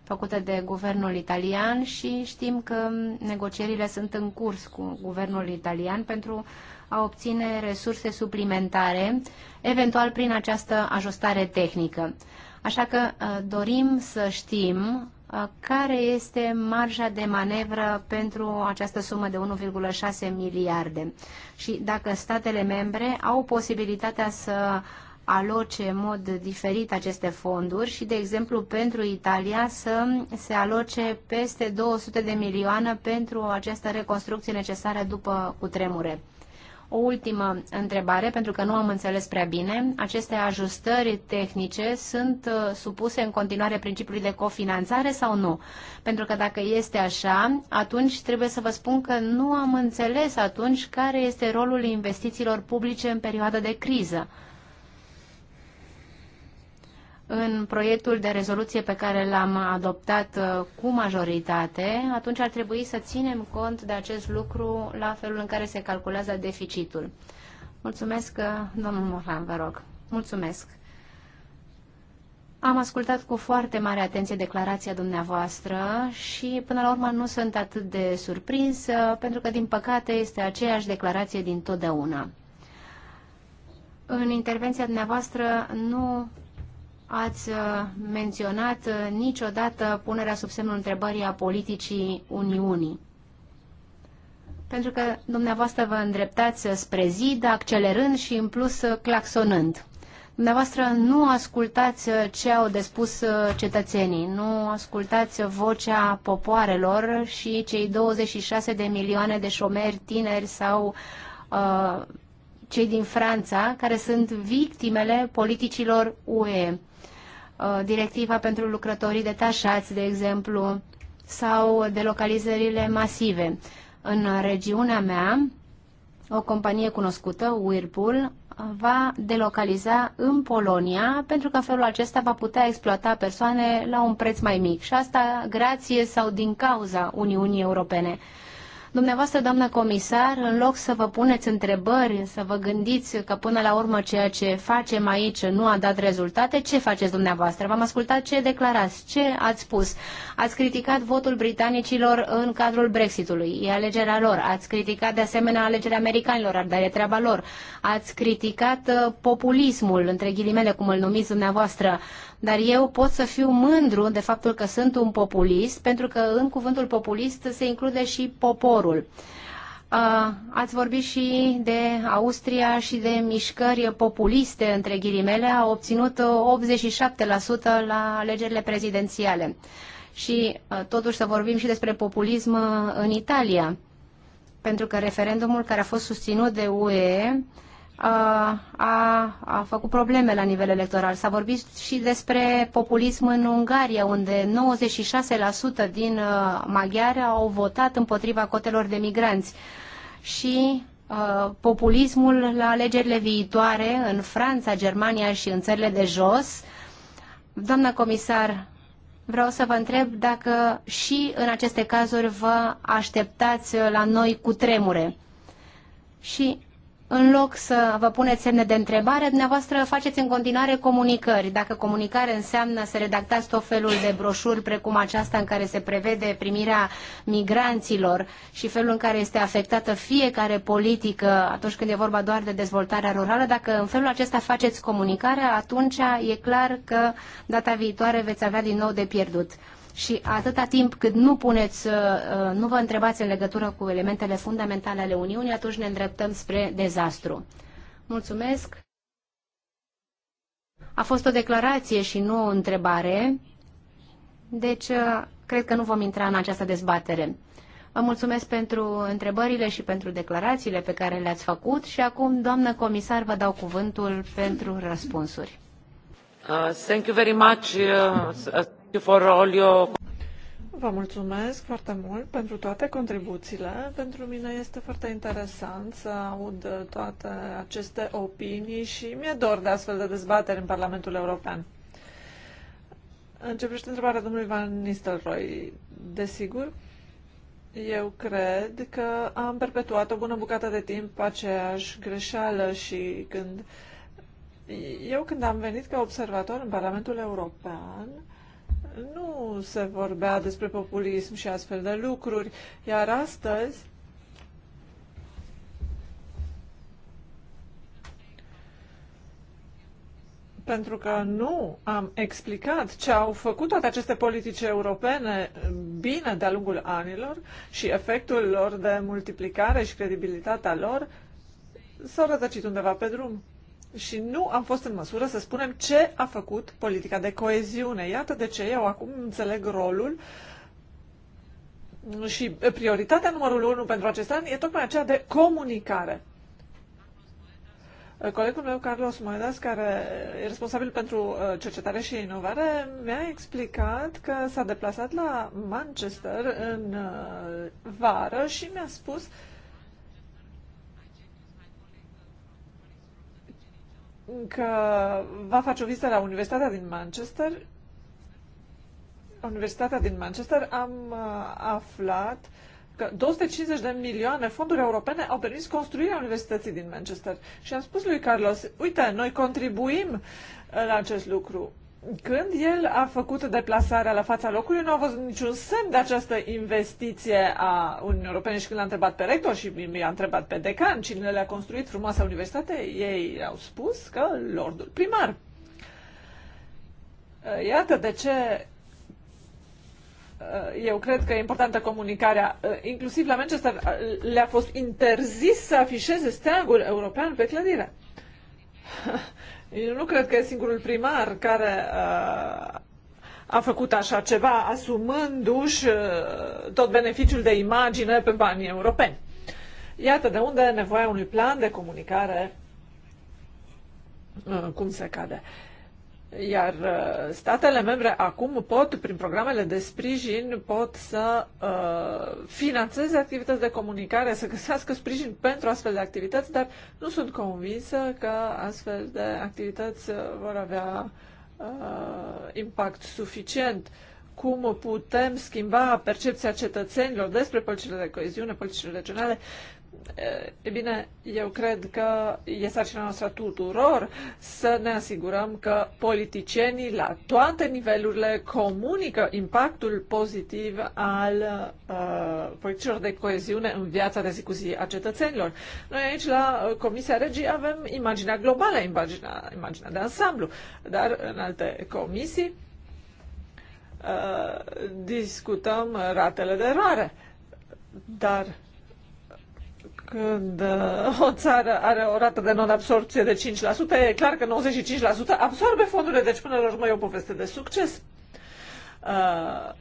făcută de guvernul italian și știm că negocierile sunt în curs cu guvernul italian pentru a obține resurse suplimentare, eventual prin această ajustare tehnică. Așa că dorim să știm care este marja de manevră pentru această sumă de 1,6 miliarde și dacă statele membre au posibilitatea să aloce în mod diferit aceste fonduri și, de exemplu, pentru Italia să se aloce peste 200 de milioane pentru această reconstrucție necesară după cutremure. O ultimă întrebare, pentru că nu am înțeles prea bine. Aceste ajustări tehnice sunt uh, supuse în continuare principiului de cofinanțare sau nu? Pentru că dacă este așa, atunci trebuie să vă spun că nu am înțeles atunci care este rolul investițiilor publice în perioada de criză în proiectul de rezoluție pe care l-am adoptat uh, cu majoritate, atunci ar trebui să ținem cont de acest lucru la felul în care se calculează deficitul. Mulțumesc, uh, domnul Mohan, vă rog. Mulțumesc. Am ascultat cu foarte mare atenție declarația dumneavoastră și până la urmă nu sunt atât de surprins, uh, pentru că din păcate este aceeași declarație din totdeauna. În intervenția dumneavoastră nu ați uh, menționat uh, niciodată punerea sub semnul întrebării a politicii Uniunii. Pentru că dumneavoastră vă îndreptați spre zid, accelerând și în plus claxonând. Dumneavoastră nu ascultați uh, ce au de spus cetățenii, nu ascultați vocea popoarelor și cei 26 de milioane de șomeri tineri sau uh, cei din Franța care sunt victimele politicilor UE Uh, directiva pentru lucrătorii detașați, de exemplu, sau delocalizările masive. În regiunea mea, o companie cunoscută, Whirlpool, va delocaliza în Polonia pentru că felul acesta va putea exploata persoane la un preț mai mic și asta grație sau din cauza Uniunii Europene. Dumneavoastră, doamnă comisar, în loc să vă puneți întrebări, să vă gândiți că până la urmă ceea ce facem aici nu a dat rezultate, ce faceți dumneavoastră? V-am ascultat ce declarați, ce ați spus. Ați criticat votul britanicilor în cadrul Brexitului, e alegerea lor. Ați criticat de asemenea alegerea americanilor, dar e treaba lor. Ați criticat uh, populismul, între ghilimele cum îl numiți dumneavoastră dar eu pot să fiu mândru de faptul că sunt un populist, pentru că în cuvântul populist se include și poporul. Ați vorbit și de Austria și de mișcări populiste, între ghilimele, a obținut 87% la alegerile prezidențiale. Și totuși să vorbim și despre populism în Italia, pentru că referendumul care a fost susținut de UE a, a făcut probleme la nivel electoral. S-a vorbit și despre populism în Ungaria, unde 96% din uh, maghiari au votat împotriva cotelor de migranți. Și a, uh, populismul la alegerile viitoare în Franța, Germania și în țările de jos. Doamna comisar, vreau să vă întreb dacă și în aceste cazuri vă așteptați la noi cu tremure. Și în loc să vă puneți semne de întrebare, dumneavoastră faceți în continuare comunicări. Dacă comunicare înseamnă să redactați tot felul de broșuri precum aceasta în care se prevede primirea migranților și felul în care este afectată fiecare politică atunci când e vorba doar de dezvoltarea rurală, dacă în felul acesta faceți comunicare, atunci e clar că data viitoare veți avea din nou de pierdut. Și atâta timp cât nu puneți, uh, nu vă întrebați în legătură cu elementele fundamentale ale Uniunii, atunci ne îndreptăm spre dezastru. Mulțumesc! A fost o declarație și nu o întrebare, deci uh, cred că nu vom intra în această dezbatere. Vă mulțumesc pentru întrebările și pentru declarațiile pe care le-ați făcut și acum, doamnă comisar, vă dau cuvântul pentru răspunsuri. Uh, thank you very much. Uh, Vă mulțumesc foarte mult pentru toate contribuțiile. Pentru mine este foarte interesant să aud toate aceste opinii și mi-e dor de astfel de dezbateri în Parlamentul European. În ce întrebarea domnului Van Nistelrooy, desigur, eu cred că am perpetuat o bună bucată de timp aceeași greșeală și când eu când am venit ca observator în Parlamentul European, nu se vorbea despre populism și astfel de lucruri, iar astăzi pentru că nu am explicat ce au făcut toate aceste politici europene bine de-a lungul anilor și efectul lor de multiplicare și credibilitatea lor s-au rătăcit undeva pe drum și nu am fost în măsură să spunem ce a făcut politica de coeziune. Iată de ce eu acum înțeleg rolul și prioritatea numărul 1 pentru acest an e tocmai aceea de comunicare. Colegul meu, Carlos Moedas, care e responsabil pentru uh, cercetare și inovare, mi-a explicat că s-a deplasat la Manchester în uh, vară și mi-a spus uh, că va face o vizită la Universitatea din Manchester. Universitatea din Manchester am uh, aflat că 250 de milioane fonduri europene au permis construirea Universității din Manchester. Și am spus lui Carlos, uite, noi contribuim la acest lucru. Când el a făcut deplasarea la fața locului, nu a văzut niciun semn de această investiție a Uniunii Europene și când l-a întrebat pe rector și mi-a întrebat pe decan cine le-a construit frumoasa universitate, ei au spus că lordul primar. Uh, iată de ce uh, eu cred că e importantă comunicarea. Uh, inclusiv la Manchester le-a fost interzis să afișeze steagul european pe clădire. Eu nu cred că e singurul primar care uh, a făcut așa ceva, asumându-și uh, tot beneficiul de imagine pe banii europeni. Iată de unde nevoia unui plan de comunicare uh, cum se cade. Iar uh, statele membre acum pot, prin programele de sprijin, pot să uh, finanțeze activități de comunicare, să găsească sprijin pentru astfel de activități, dar nu sunt convinsă că astfel de activități uh, vor avea uh, impact suficient. Cum putem schimba percepția cetățenilor despre politicile de coeziune, politicile regionale? E bine, eu cred că e sarcina noastră tuturor să ne asigurăm că politicienii la toate nivelurile comunică impactul pozitiv al uh, politicilor de coeziune în viața de zi cu zi a cetățenilor. Noi aici la uh, Comisia Regii avem imaginea globală, imaginea, imaginea de ansamblu, dar în alte comisii uh, discutăm ratele de eroare. Dar când uh, o țară are o rată de non-absorpție de 5%, e clar că 95% absorbe fondurile, deci până la urmă e o poveste de succes. Uh,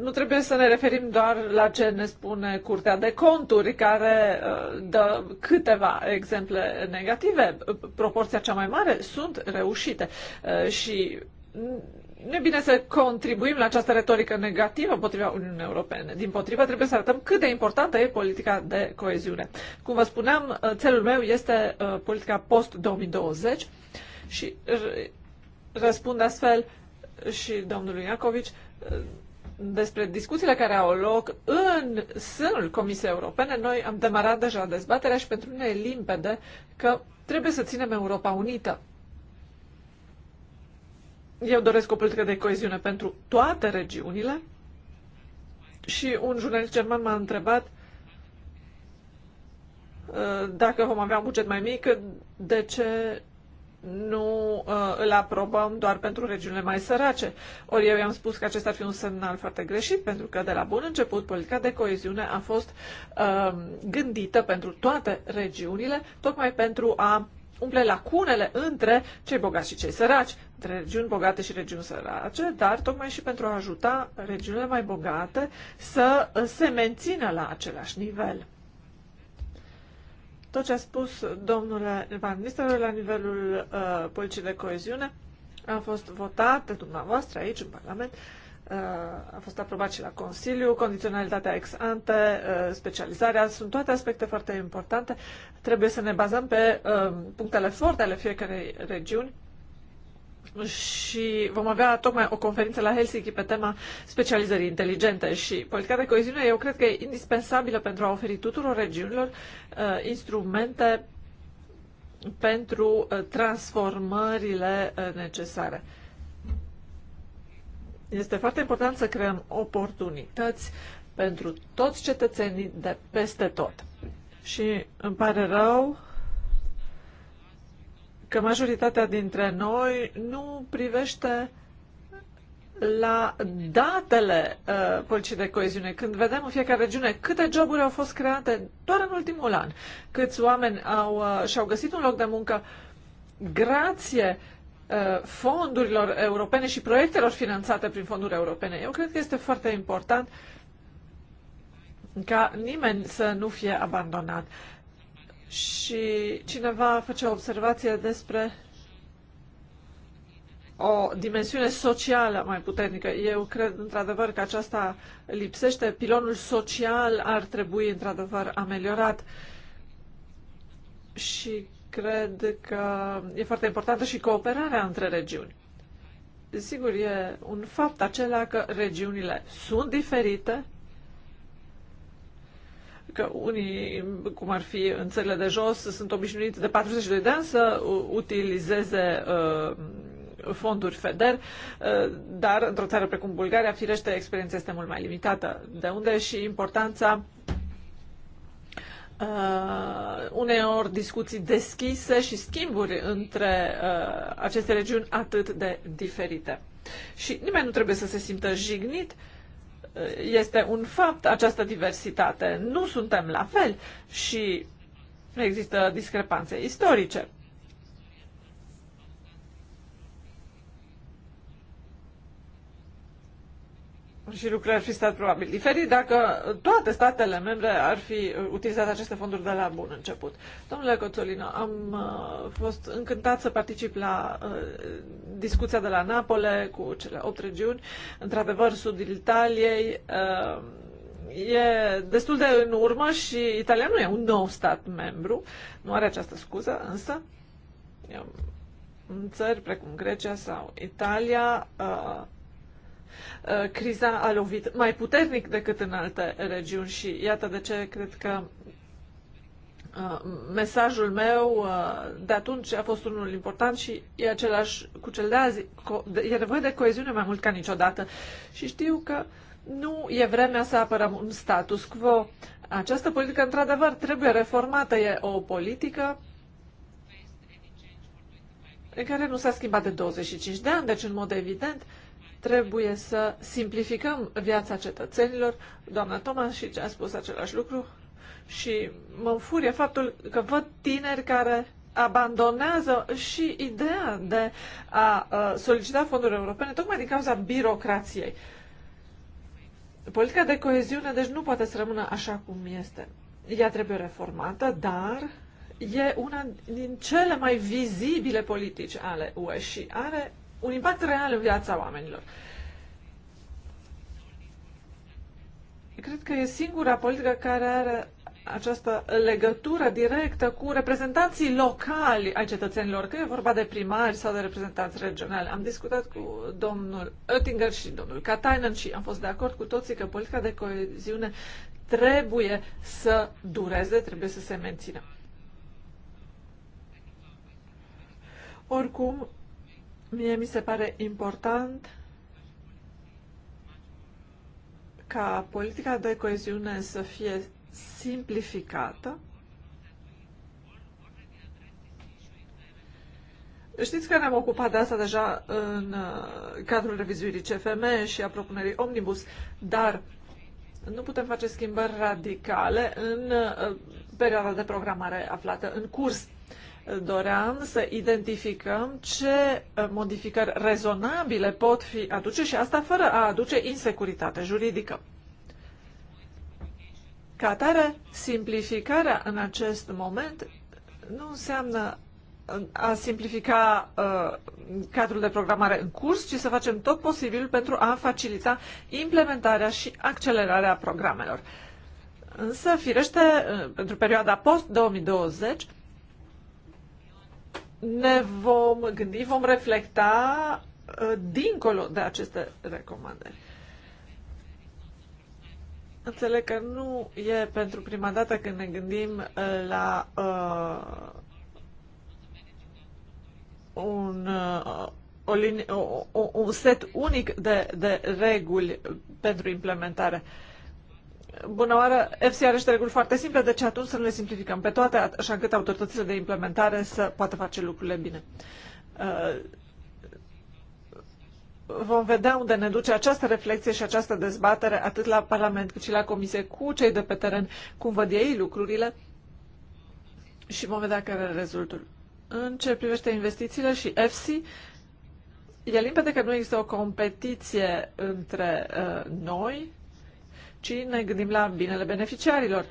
nu trebuie să ne referim doar la ce ne spune Curtea de Conturi, care uh, dă câteva exemple negative. Proporția cea mai mare sunt reușite uh, și nu e bine să contribuim la această retorică negativă împotriva Uniunii Europene. Din potrivă, trebuie să arătăm cât de importantă e politica de coeziune. Cum vă spuneam, uh, țelul meu este uh, politica post-2020 și răspund astfel și domnului Iacovici uh, despre discuțiile care au loc în sânul Comisiei Europene. Noi am demarat deja dezbaterea și pentru mine e limpede că trebuie să ținem Europa unită eu doresc o politică de coeziune pentru toate regiunile și un jurnalist german m-a întrebat uh, dacă vom avea un buget mai mic, de ce nu uh, îl aprobăm doar pentru regiunile mai sărace. Ori eu i-am spus că acesta ar fi un semnal foarte greșit, pentru că de la bun început politica de coeziune a fost uh, gândită pentru toate regiunile, tocmai pentru a umple lacunele între cei bogați și cei săraci, între regiuni bogate și regiuni sărace, dar tocmai și pentru a ajuta regiunile mai bogate să se mențină la același nivel. Tot ce a spus domnul Van Nistelrooy la nivelul uh, politicii de coeziune a fost votat de dumneavoastră aici în Parlament uh, Uh, a fost aprobat și la Consiliu, condiționalitatea ex ante, uh, specializarea, sunt toate aspecte foarte importante. Trebuie să ne bazăm pe uh, punctele forte ale fiecarei regiuni și vom avea tocmai o conferință la Helsinki pe tema specializării inteligente și politica de coeziune eu cred că e indispensabilă pentru a oferi tuturor regiunilor uh, instrumente pentru transformările necesare. Este foarte important să creăm oportunități pentru toți cetățenii de peste tot. Și îmi pare rău că majoritatea dintre noi nu privește la datele uh, politicii de coeziune, când vedem în fiecare regiune câte joburi au fost create doar în ultimul an, câți oameni au, uh, și-au găsit un loc de muncă grație Uh, fondurilor europene și proiectelor finanțate prin fonduri europene. Eu cred că este foarte important ca nimeni să nu fie abandonat. Și cineva face o observație despre o dimensiune socială mai puternică. Eu cred într-adevăr că aceasta lipsește. Pilonul social ar trebui într-adevăr ameliorat și Cred că e foarte importantă și cooperarea între regiuni. Sigur, e un fapt acela că regiunile sunt diferite, că unii, cum ar fi în țările de jos, sunt obișnuiți de 42 de ani să utilizeze uh, fonduri FEDER, uh, dar într-o țară precum Bulgaria, firește, experiența este mult mai limitată, de unde și importanța uh, uneori discuții deschise și schimburi între uh, aceste regiuni atât de diferite. Și nimeni nu trebuie să se simtă jignit. Uh, este un fapt această diversitate. Nu suntem la fel și există discrepanțe istorice. și lucrurile ar fi stat probabil diferit dacă toate statele membre ar fi uh, utilizat aceste fonduri de la bun început. Domnule Coțolino, am uh, fost încântat să particip la uh, discuția de la Napole cu cele 8 regiuni. Într-adevăr, sudul Italiei e destul de în urmă și Italia nu e un nou stat membru, nu are această scuză, însă în țări precum Grecia sau Italia Uh, criza a lovit mai puternic decât în alte regiuni și iată de ce cred că uh, mesajul meu uh, de atunci a fost unul important și e același cu cel de azi. E nevoie de coeziune mai mult ca niciodată și știu că nu e vremea să apărăm un status quo. Această politică, într-adevăr, trebuie reformată. E o politică în care nu s-a schimbat de 25 de ani, deci, în mod evident, uh, Trebuie să simplificăm viața cetățenilor. Doamna Thomas și ce a spus același lucru și mă înfurie faptul că văd tineri care abandonează și ideea de a uh, solicita fonduri europene tocmai din cauza birocrației. Politica de coeziune, deci, nu poate să rămână așa cum este. Ea trebuie reformată, dar e una din cele mai vizibile politici ale UE și are un impact real în viața oamenilor. Cred că e singura politică care are această legătură directă cu reprezentanții locali ai cetățenilor, că e vorba de primari sau de reprezentanți regionali. Am discutat cu domnul Oettinger și domnul Katainen și am fost de acord cu toții că politica de coeziune trebuie să dureze, trebuie să se mențină. Oricum, Mie mi se pare important ca politica de coeziune să fie simplificată. Știți că ne-am ocupat de asta deja în uh, cadrul revizuirii CFM și a propunerii Omnibus, dar nu putem face schimbări radicale în uh, perioada de programare aflată în curs doream să identificăm ce uh, modificări rezonabile pot fi aduce și asta fără a aduce insecuritate juridică. Ca atare, simplificarea în acest moment nu înseamnă uh, a simplifica uh, cadrul de programare în curs, ci să facem tot posibil pentru a facilita implementarea și accelerarea programelor. Însă, firește, uh, pentru perioada post-2020, ne vom gândi, vom reflecta uh, dincolo de aceste recomandări. Înțeleg că nu e pentru prima dată când ne gândim uh, la uh, un, uh, o linie, o, o, un set unic de, de reguli pentru implementare. Uh, Bună oară, EFSI are niște reguli foarte simple, deci atunci să nu le simplificăm pe toate, așa încât autoritățile de implementare să poată face lucrurile bine. Uh, vom vedea unde ne duce această reflexie și această dezbatere, atât la Parlament cât și la Comisie, cu cei de pe teren, cum văd ei lucrurile și vom vedea care e rezultul. În ce privește investițiile și EFSI, e limpede că nu există o competiție între uh, noi, ci ne gândim la binele beneficiarilor.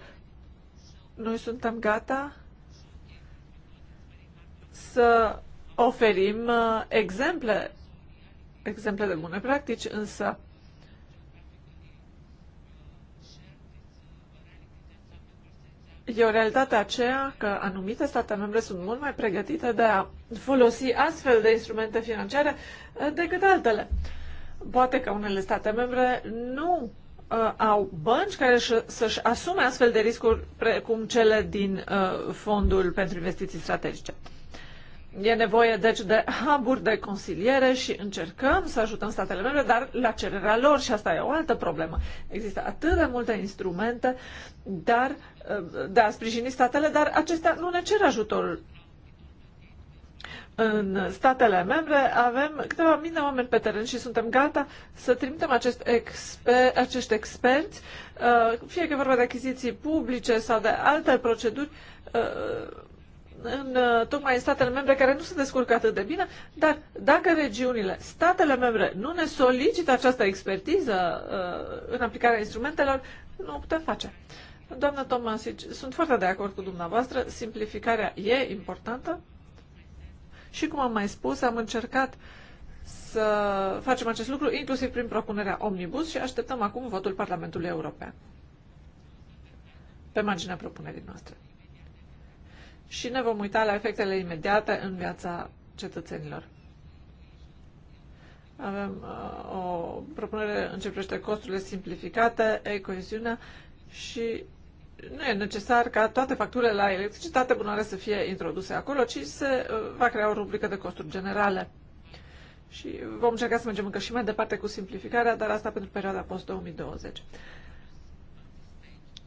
Noi suntem gata să oferim uh, exemple, exemple de bune practici, însă E o realitate aceea că anumite state membre sunt mult mai pregătite de a folosi astfel de instrumente financiare uh, decât altele. Poate că unele state membre nu uh, au bănci care să-și asume astfel de riscuri precum cele din uh, Fondul pentru Investiții Strategice. E nevoie, deci, de hub de consiliere și încercăm să ajutăm statele membre, dar la cererea lor și asta e o altă problemă. Există atât de multe instrumente dar, uh, de a sprijini statele, dar acestea nu ne cer ajutorul în statele membre, avem câteva mii de oameni pe teren și suntem gata să trimitem acest exper, acești experți, uh, fie că e vorba de achiziții publice sau de alte proceduri, uh, în, uh, tocmai în statele membre care nu se descurcă atât de bine, dar dacă regiunile, statele membre nu ne solicită această expertiză în aplicarea instrumentelor, nu o putem face. Doamna Tomasic, sunt foarte de acord cu dumneavoastră, simplificarea e importantă, și cum am mai spus, am încercat să facem acest lucru inclusiv prin propunerea Omnibus și așteptăm acum votul Parlamentului European pe marginea propunerii noastre. Și ne vom uita la efectele imediate în viața cetățenilor. Avem uh, o propunere în ce privește costurile simplificate, e coeziunea și nu e necesar ca toate facturile la electricitate bunare să fie introduse acolo, ci se uh, va crea o rubrică de costuri generale. Și vom încerca să mergem încă și mai departe cu simplificarea, dar asta pentru perioada post-2020.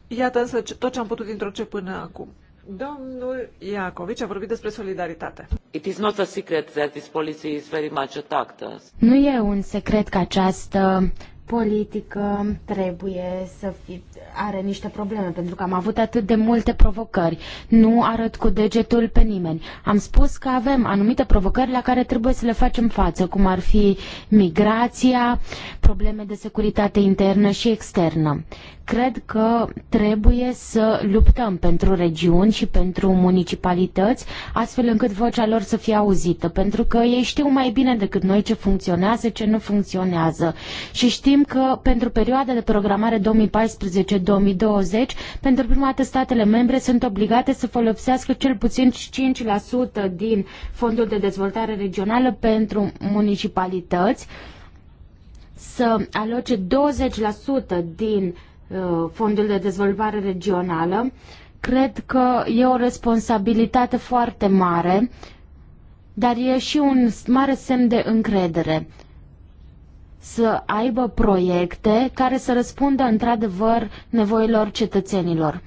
Iată însă tot ce am putut introduce până acum. Domnul Iacovici a vorbit despre solidaritate. It is not a secret that this policy is very much attacked. Nu e un secret că această politică trebuie să fi, are niște probleme, pentru că am avut atât de multe provocări. Nu arăt cu degetul pe nimeni. Am spus că avem anumite provocări la care trebuie să le facem față, cum ar fi migrația, probleme de securitate internă și externă. Cred că trebuie să luptăm pentru regiuni și pentru municipalități, astfel încât vocea lor să fie auzită, pentru că ei știu mai bine decât noi ce funcționează, ce nu funcționează și știu Știm că pentru perioada de programare 2014-2020, pentru prima dată statele membre sunt obligate să folosească cel puțin 5% din fondul de dezvoltare regională pentru municipalități, să aloce 20% din uh, fondul de dezvoltare regională. Cred că e o responsabilitate foarte mare, dar e și un mare semn de încredere să aibă proiecte care să răspundă într-adevăr nevoilor cetățenilor.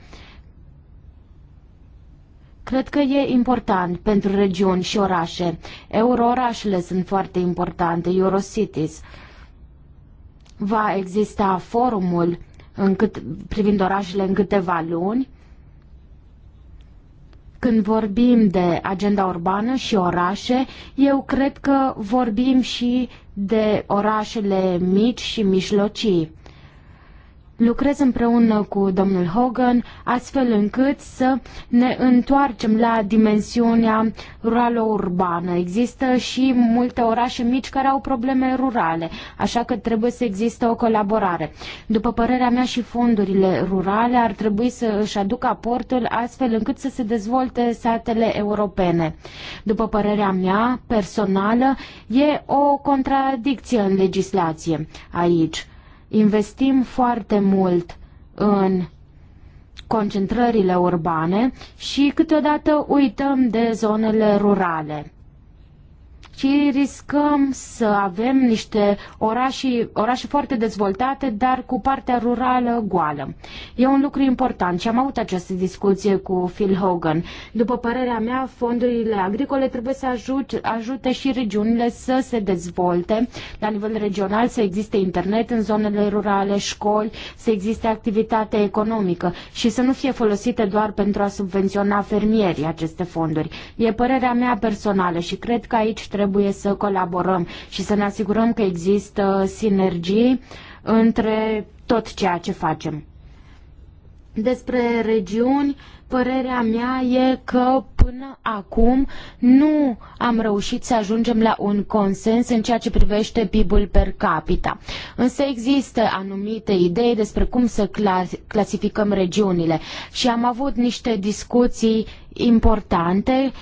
Cred că e important pentru regiuni și orașe. Euroorașele sunt foarte importante, Eurocities. Va exista forumul în cât, privind orașele în câteva luni când vorbim de agenda urbană și orașe, eu cred că vorbim și de orașele mici și mijlocii lucrez împreună cu domnul Hogan, astfel încât să ne întoarcem la dimensiunea rurală urbană Există și multe orașe mici care au probleme rurale, așa că trebuie să existe o colaborare. După părerea mea și fondurile rurale ar trebui să își aducă aportul astfel încât să se dezvolte satele europene. După părerea mea personală, e o contradicție în legislație aici Investim foarte mult în concentrările urbane și câteodată uităm de zonele rurale ci riscăm să avem niște orașe, orașe foarte dezvoltate, dar cu partea rurală goală. E un lucru important și am avut această discuție cu Phil Hogan. După părerea mea, fondurile agricole trebuie să ajute, ajute și regiunile să se dezvolte la nivel regional, să existe internet în zonele rurale, școli, să existe activitate economică și să nu fie folosite doar pentru a subvenționa fermierii aceste fonduri. E părerea mea personală și cred că aici trebuie trebuie să colaborăm și să ne asigurăm că există sinergii între tot ceea ce facem. Despre regiuni, părerea mea e că până acum nu am reușit să ajungem la un consens în ceea ce privește PIB-ul per capita. Însă există anumite idei despre cum să clasificăm regiunile și am avut niște discuții importante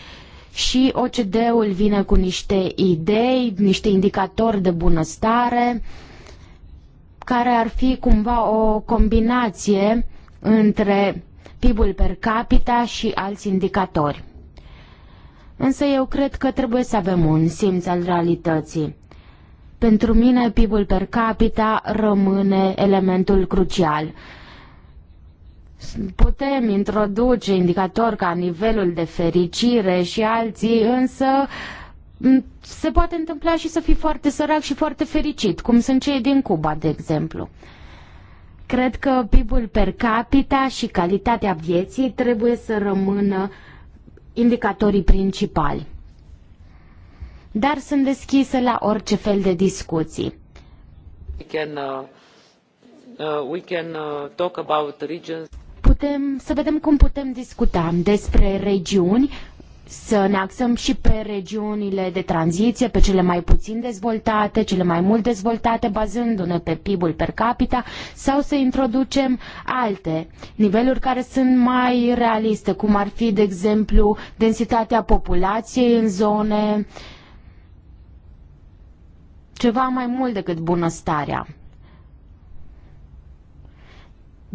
și OCD-ul vine cu niște idei, niște indicatori de bunăstare, care ar fi cumva o combinație între PIB-ul per capita și alți indicatori. Însă eu cred că trebuie să avem un simț al realității. Pentru mine, PIB-ul per capita rămâne elementul crucial Putem introduce indicatori ca nivelul de fericire și alții, însă se poate întâmpla și să fii foarte sărac și foarte fericit, cum sunt cei din Cuba, de exemplu. Cred că PIB-ul per capita și calitatea vieții trebuie să rămână indicatorii principali. Dar sunt deschisă la orice fel de discuții. We can, uh, uh, we can uh, talk about regions putem, să vedem cum putem discuta despre regiuni, să ne axăm și pe regiunile de tranziție, pe cele mai puțin dezvoltate, cele mai mult dezvoltate, bazându-ne pe PIB-ul per capita, sau să introducem alte niveluri care sunt mai realiste, cum ar fi, de exemplu, densitatea populației în zone ceva mai mult decât bunăstarea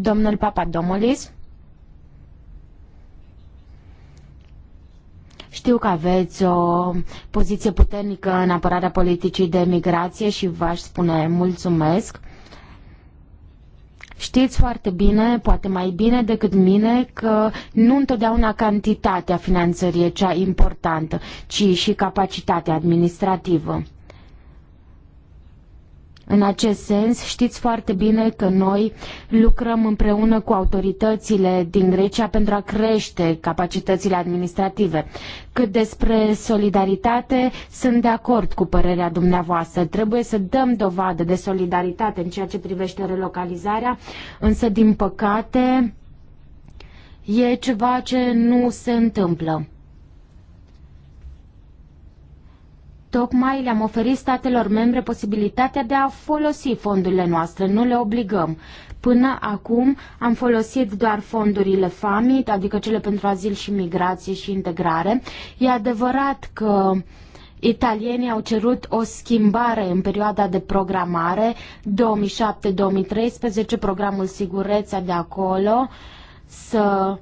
Domnul Papadomolis? Știu că aveți o poziție puternică în apărarea politicii de migrație și v-aș spune mulțumesc. Știți foarte bine, poate mai bine decât mine, că nu întotdeauna cantitatea finanțării e cea importantă, ci și capacitatea administrativă. În acest sens, știți foarte bine că noi lucrăm împreună cu autoritățile din Grecia pentru a crește capacitățile administrative. Cât despre solidaritate, sunt de acord cu părerea dumneavoastră. Trebuie să dăm dovadă de solidaritate în ceea ce privește relocalizarea, însă, din păcate, e ceva ce nu se întâmplă. Tocmai le-am oferit statelor membre posibilitatea de a folosi fondurile noastre, nu le obligăm. Până acum am folosit doar fondurile FAMIT, adică cele pentru azil și migrație și integrare. E adevărat că Italienii au cerut o schimbare în perioada de programare 2007-2013, programul Sigureța de acolo, să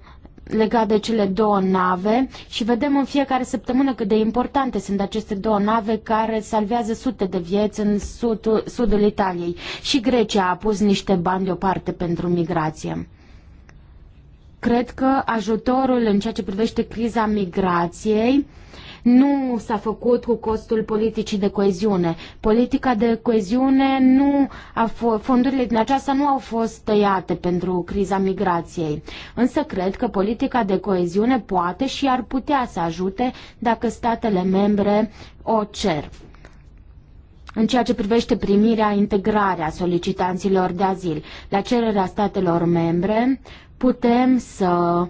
legat de cele două nave și vedem în fiecare săptămână cât de importante sunt aceste două nave care salvează sute de vieți în sudul, sudul Italiei. Și Grecia a pus niște bani deoparte pentru migrație. Cred că ajutorul în ceea ce privește criza migrației uh, nu s-a făcut cu costul politicii de coeziune. Politica de coeziune nu a fondurile din aceasta nu au fost tăiate pentru criza migrației. Însă cred că politica de coeziune poate și ar putea să ajute dacă statele membre o cer în ceea ce privește primirea, integrarea solicitanților de azil. La cererea statelor membre putem să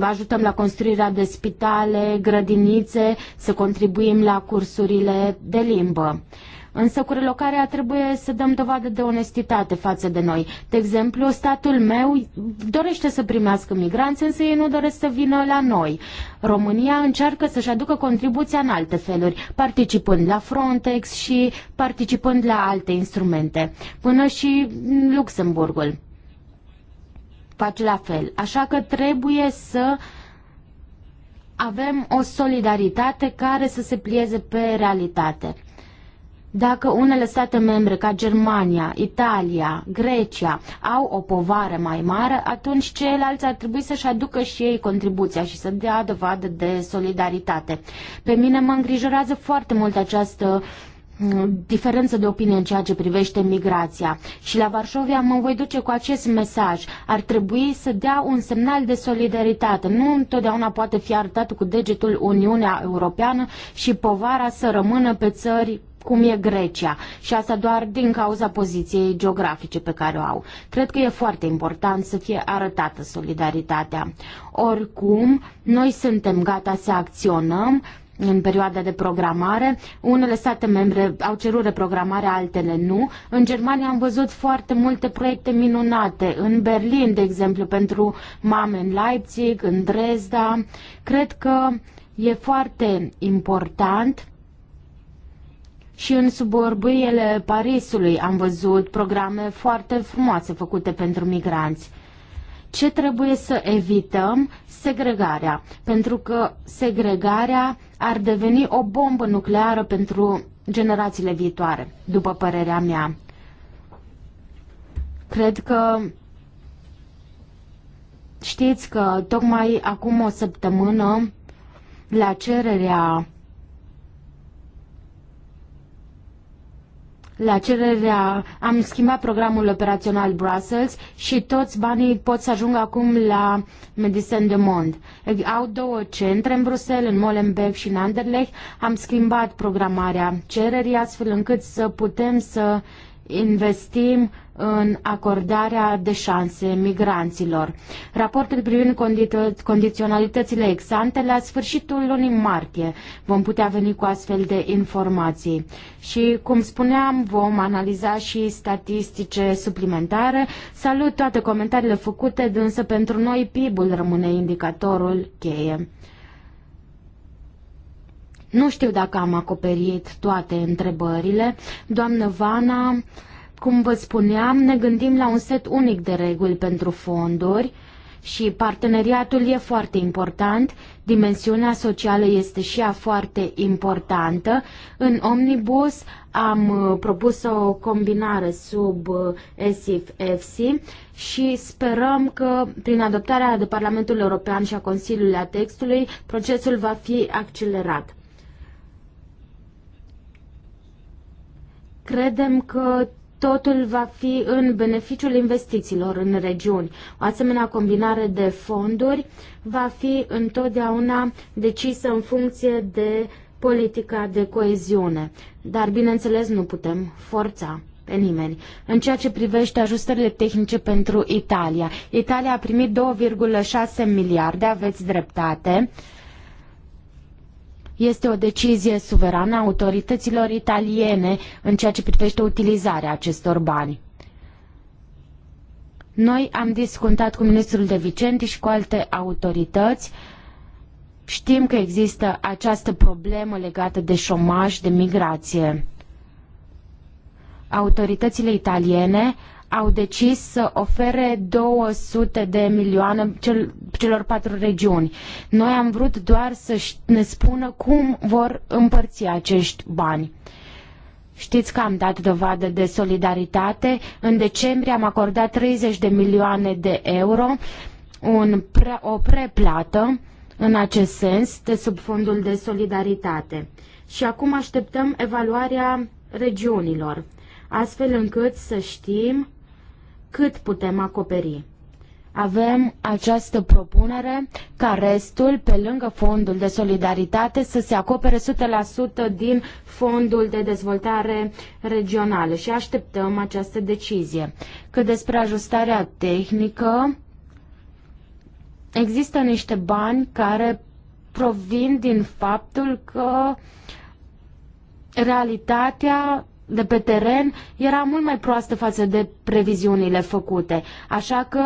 ajutăm la construirea de spitale, grădinițe, să contribuim la cursurile de limbă. Însă cu relocarea trebuie să dăm dovadă de onestitate față de noi. De exemplu, statul meu dorește să primească migranți, însă ei nu doresc să vină la noi. România încearcă să-și aducă contribuția în alte feluri, participând la Frontex și participând la alte instrumente, până și Luxemburgul faci la fel. Așa că trebuie să avem o solidaritate care să se plieze pe realitate. Dacă unele state membre ca Germania, Italia, Grecia au o povară mai mare, atunci ceilalți ar trebui să-și aducă și ei contribuția și să dea dovadă de solidaritate. Pe mine mă îngrijorează foarte mult această uh, Mm, diferență de opinie în ceea ce privește migrația. Și la Varșovia mă voi duce cu acest mesaj. Ar trebui să dea un semnal de solidaritate. Nu întotdeauna poate fi arătat cu degetul Uniunea Europeană și povara să rămână pe țări cum e Grecia și asta doar din cauza poziției geografice pe care o au. Cred că e foarte important să fie arătată solidaritatea. Oricum, noi suntem gata să acționăm, în perioada de programare. Unele state membre au cerut reprogramare, altele nu. În Germania am văzut foarte multe proiecte minunate. În Berlin, de exemplu, pentru mame în Leipzig, în Dresda. Cred că e foarte important și în suburbiile Parisului am văzut programe foarte frumoase făcute pentru migranți ce trebuie să evităm? Segregarea, pentru că segregarea ar deveni o bombă nucleară pentru generațiile viitoare, după părerea mea. Cred că știți că tocmai acum o săptămână, la cererea La cererea am schimbat programul operațional Brussels și toți banii pot să ajungă acum la Medicine de Mond. Au două centre în Bruxelles, în Molenbeek și în Anderlecht. Am schimbat programarea cererii astfel încât să putem să investim în acordarea de șanse migranților. Raportul privind condi condiționalitățile exante la sfârșitul lunii martie vom putea veni cu astfel de informații. Și, cum spuneam, vom analiza și statistice suplimentare. Salut toate comentariile făcute, însă pentru noi PIB-ul rămâne indicatorul cheie. Nu știu dacă am acoperit toate întrebările. Doamnă Vana, cum vă spuneam, ne gândim la un set unic de reguli pentru fonduri și parteneriatul e foarte important, dimensiunea socială este și ea foarte importantă. În Omnibus am uh, propus o combinare sub ESIF-EFSI uh, și sperăm că prin adoptarea de Parlamentul European și a Consiliului a textului procesul va fi accelerat. Credem că totul va fi în beneficiul investițiilor în regiuni. O asemenea combinare de fonduri va fi întotdeauna decisă în funcție de politica de coeziune. Dar, bineînțeles, nu putem forța pe nimeni. În ceea ce privește ajustările tehnice pentru Italia, Italia a primit 2,6 miliarde, aveți dreptate. Este o decizie suverană a autorităților italiene în ceea ce privește utilizarea acestor bani. Noi am discutat cu ministrul de Vicenti și cu alte autorități. Știm că există această problemă legată de șomaj, de migrație autoritățile italiene au decis să ofere 200 de milioane cel, celor patru regiuni. Noi am vrut doar să ne spună cum vor împărți acești bani. Știți că am dat dovadă de solidaritate. În decembrie am acordat 30 de milioane de euro, un pre, o preplată în acest sens de sub fondul de solidaritate. Și acum așteptăm evaluarea regiunilor, astfel încât să știm cât putem acoperi. Avem această propunere ca restul, pe lângă fondul de solidaritate, să se acopere 100% din fondul de dezvoltare regională și așteptăm această decizie. Cât despre ajustarea tehnică, există niște bani care provin din faptul că realitatea de pe teren era mult mai proastă față de previziunile făcute. Așa că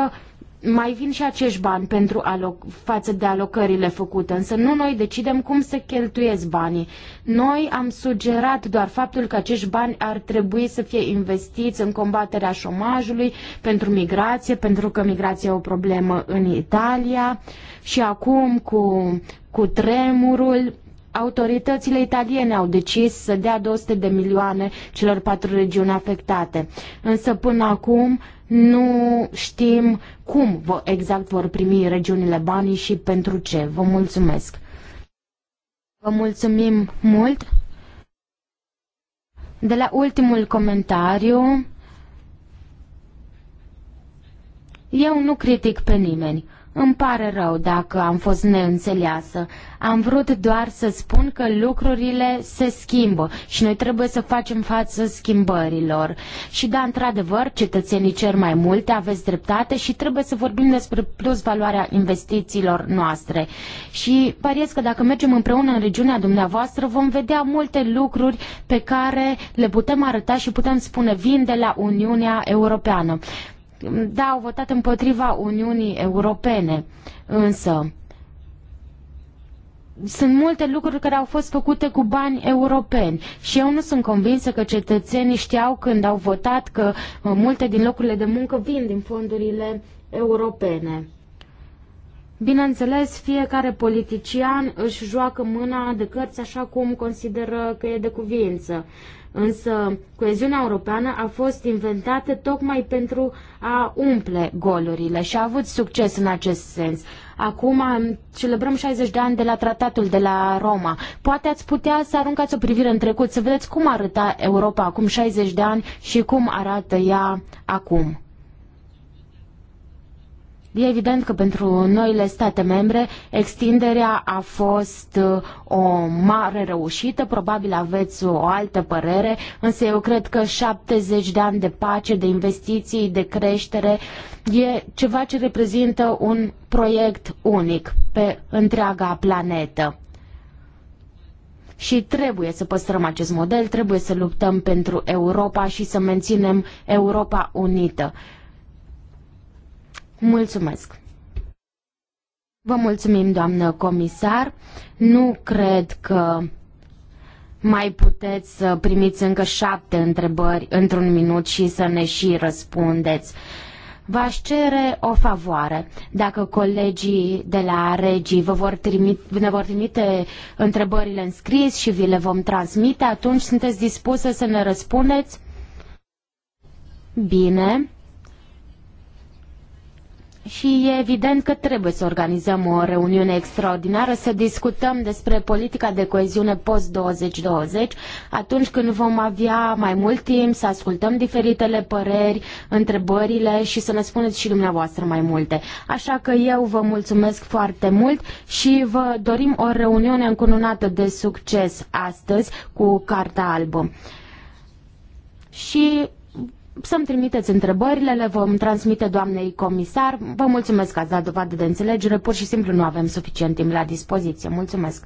mai vin și acești bani pentru aloc- față de alocările făcute, însă nu noi decidem cum se cheltuiesc banii. Noi am sugerat doar faptul că acești bani ar trebui să fie investiți în combaterea șomajului, pentru migrație, pentru că migrația e o problemă în Italia și acum cu, cu tremurul autoritățile italiene au decis să dea 200 de milioane celor patru regiuni afectate. Însă până acum nu știm cum exact vor primi regiunile banii și pentru ce. Vă mulțumesc! Vă mulțumim mult! De la ultimul comentariu, eu nu critic pe nimeni. Îmi pare rău dacă am fost neînțeleasă. Am vrut doar să spun că lucrurile se schimbă și noi trebuie să facem față schimbărilor. Și da, într-adevăr, cetățenii cer mai multe, aveți dreptate și trebuie să vorbim despre plus valoarea investițiilor noastre. Și pariez că dacă mergem împreună în regiunea dumneavoastră, vom vedea multe lucruri pe care le putem arăta și putem spune vin de la Uniunea Europeană da, au votat împotriva Uniunii Europene, însă sunt multe lucruri care au fost făcute cu bani europeni și eu nu sunt convinsă că cetățenii știau când au votat că uh, multe din locurile de muncă vin din fondurile europene. Bineînțeles, fiecare politician își joacă mâna de cărți așa cum consideră că e de cuviință. Însă, coeziunea europeană a fost inventată tocmai pentru a umple golurile și a avut succes în acest sens. Acum celebrăm 60 de ani de la tratatul de la Roma. Poate ați putea să aruncați o privire în trecut, să vedeți cum arăta Europa acum 60 de ani și cum arată ea acum. E evident că pentru noile state membre extinderea a fost uh, o mare reușită, probabil aveți o altă părere, însă eu cred că 70 de ani de pace, de investiții, de creștere e ceva ce reprezintă un proiect unic pe întreaga planetă. Și trebuie să păstrăm acest model, trebuie să luptăm pentru Europa și să menținem Europa unită Mulțumesc! Vă mulțumim, doamnă comisar. Nu cred că mai puteți să primiți încă șapte întrebări într-un minut și să ne și răspundeți. V-aș cere o favoare. Dacă colegii de la Regii vă vor trimite, ne vor trimite întrebările în scris și vi le vom transmite, atunci sunteți dispusă să ne răspundeți? Bine. Și e evident că trebuie să organizăm o reuniune extraordinară, să discutăm despre politica de coeziune post-2020, atunci când vom avea mai mult timp să ascultăm diferitele păreri, întrebările și să ne spuneți și dumneavoastră mai multe. Așa că eu vă mulțumesc foarte mult și vă dorim o reuniune încununată de succes astăzi cu Carta Albă. Și să-mi trimiteți întrebările, le vom transmite doamnei comisar. Vă mulțumesc că ați dat dovadă de înțelegere, pur și simplu nu avem suficient timp la dispoziție. Mulțumesc!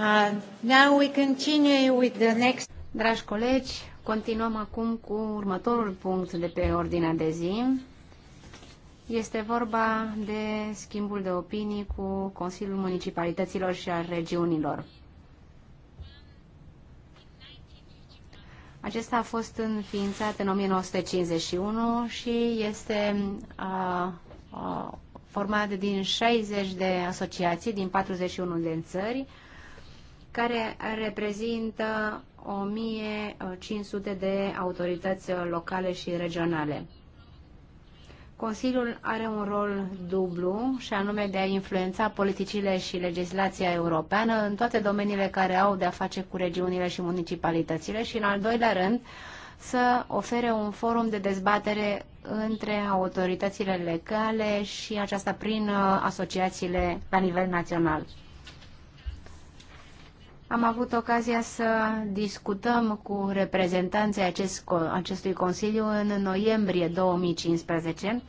Uh, now we continue with the next... Dragi colegi, continuăm acum cu următorul punct de pe ordinea de zi este vorba de schimbul de opinii cu Consiliul Municipalităților și al Regiunilor. Acesta a fost înființat în 1951 și este a, a, format din 60 de asociații din 41 de țări, care reprezintă 1500 de autorități locale și regionale. Consiliul are un rol dublu și anume de a influența politicile și legislația europeană în toate domeniile care au de a face cu regiunile și municipalitățile și în al doilea rând să ofere un forum de dezbatere între autoritățile legale, și aceasta prin uh, asociațiile la nivel național. Am avut ocazia să discutăm cu reprezentanții acest, acestui Consiliu în noiembrie 2015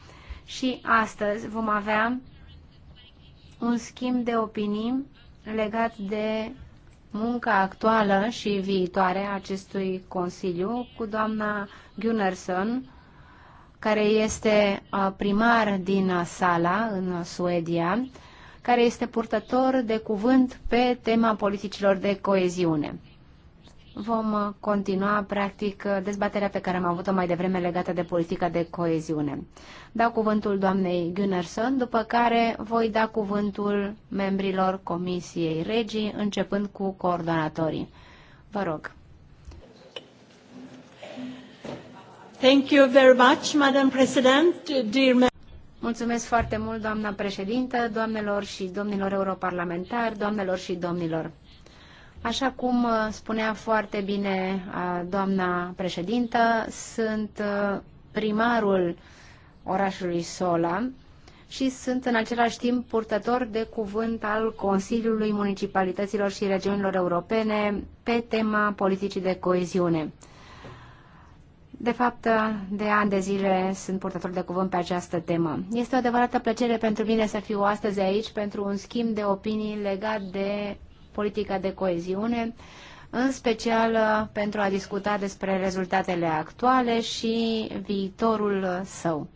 și astăzi vom avea un schimb de opinii legat de munca actuală și viitoare a acestui Consiliu cu doamna Gunnarsson, care este uh, primar din Sala, în Suedia, care este purtător de cuvânt pe tema politicilor de coeziune. Vom uh, continua, practic, uh, dezbaterea pe care am avut-o mai devreme legată de politica de coeziune. Dau cuvântul doamnei Gunnarsson, după care voi da cuvântul membrilor Comisiei Regii, începând cu coordonatorii. Vă rog. Thank you very much, Madam President. Dear Mulțumesc foarte mult, doamna președintă, doamnelor și domnilor europarlamentari, doamnelor și domnilor. Așa cum uh, spunea foarte bine uh, doamna președintă, sunt uh, primarul orașului Sola și sunt în același timp purtător de cuvânt al Consiliului Municipalităților și Regiunilor Europene pe tema politicii de coeziune. De fapt, de ani de zile sunt purtător de cuvânt pe această temă. Este o adevărată plăcere pentru mine să fiu astăzi aici pentru un schimb de opinii legat de politica de coeziune, în special pentru a discuta despre rezultatele actuale și viitorul său.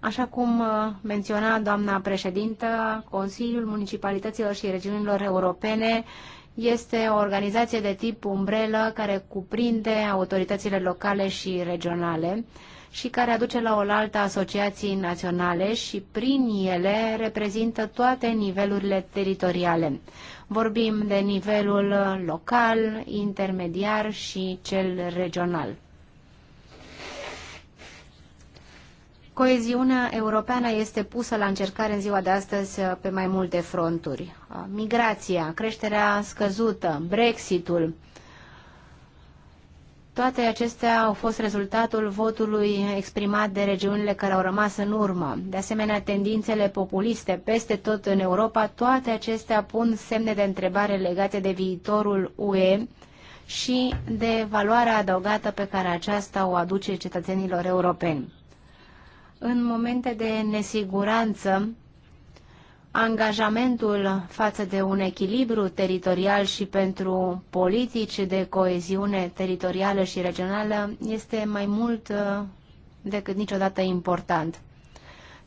Așa cum menționa doamna președintă, Consiliul Municipalităților și Regiunilor Europene este o organizație de tip umbrelă care cuprinde autoritățile locale și regionale și care aduce la oaltă asociații naționale și prin ele reprezintă toate nivelurile teritoriale. Vorbim de nivelul local, intermediar și cel regional. Coeziunea europeană este pusă la încercare în ziua de astăzi uh, pe mai multe fronturi. Uh, migrația, creșterea scăzută, Brexitul, toate acestea au fost rezultatul votului exprimat de regiunile care au rămas în urmă. De asemenea, tendințele populiste peste tot în Europa, toate acestea pun semne de întrebare legate de viitorul UE și de valoarea adăugată pe care aceasta o aduce cetățenilor europeni în momente de nesiguranță, angajamentul față de un echilibru teritorial și pentru politici de coeziune teritorială și regională este mai mult uh, decât niciodată important.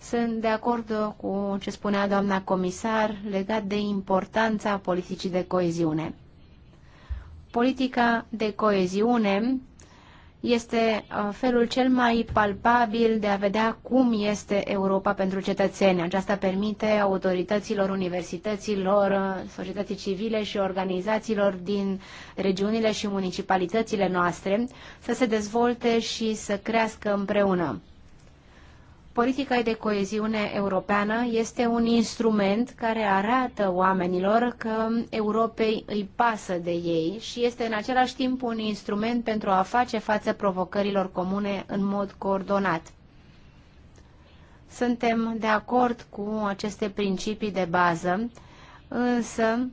Sunt de acord cu ce spunea doamna comisar legat de importanța politicii de coeziune. Politica de coeziune este uh, felul cel mai palpabil de a vedea cum este Europa pentru cetățeni. Aceasta permite autorităților, universităților, uh, societății civile și organizațiilor din regiunile și municipalitățile noastre să se dezvolte și să crească împreună. Politica de coeziune europeană este un instrument care arată oamenilor că Europei îi pasă de ei și este în același timp un instrument pentru a face față provocărilor comune în mod coordonat. Suntem de acord cu aceste principii de bază, însă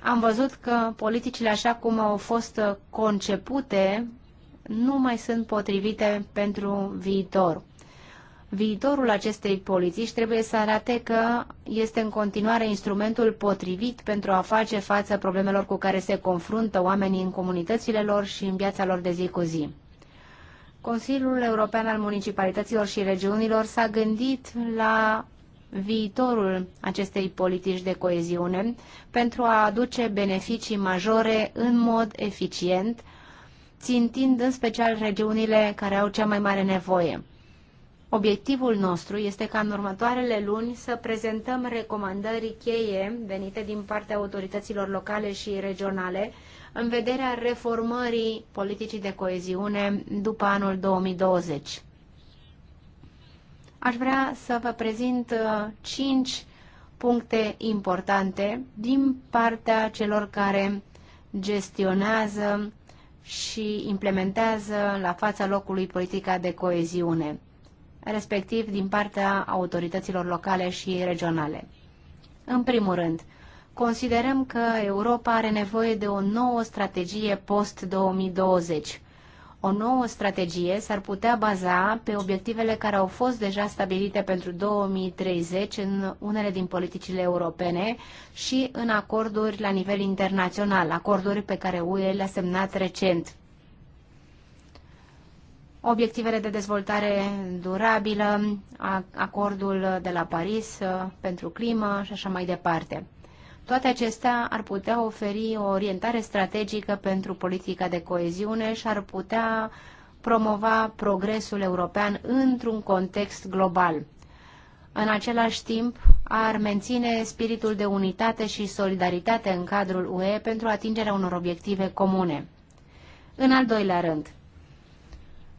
am văzut că politicile așa cum au fost concepute nu mai sunt potrivite pentru viitor. Viitorul acestei polițiști trebuie să arate că este în continuare instrumentul potrivit pentru a face față problemelor cu care se confruntă oamenii în comunitățile lor și în viața lor de zi cu zi. Consiliul European al Municipalităților și Regiunilor s-a gândit la viitorul acestei politici de coeziune pentru a aduce beneficii majore în mod eficient țintind în special regiunile care au cea mai mare nevoie. Obiectivul nostru este ca în următoarele luni să prezentăm recomandări cheie venite din partea autorităților locale și regionale în vederea reformării politicii de coeziune după anul 2020. Aș vrea să vă prezint uh, cinci puncte importante din partea celor care gestionează și implementează la fața locului politica de coeziune, respectiv din partea autorităților locale și regionale. În primul rând, considerăm că Europa are nevoie de o nouă strategie post-2020 o nouă strategie s-ar putea baza pe obiectivele care au fost deja stabilite pentru 2030 în unele din politicile europene și în acorduri la nivel internațional, acorduri pe care UE le-a semnat recent obiectivele de dezvoltare durabilă, acordul de la Paris uh, pentru climă și așa mai departe. Toate acestea ar putea oferi o orientare strategică pentru politica de coeziune și ar putea promova progresul european într-un context global. În același timp, ar menține spiritul de unitate și solidaritate în cadrul UE pentru atingerea unor obiective comune. În al doilea rând,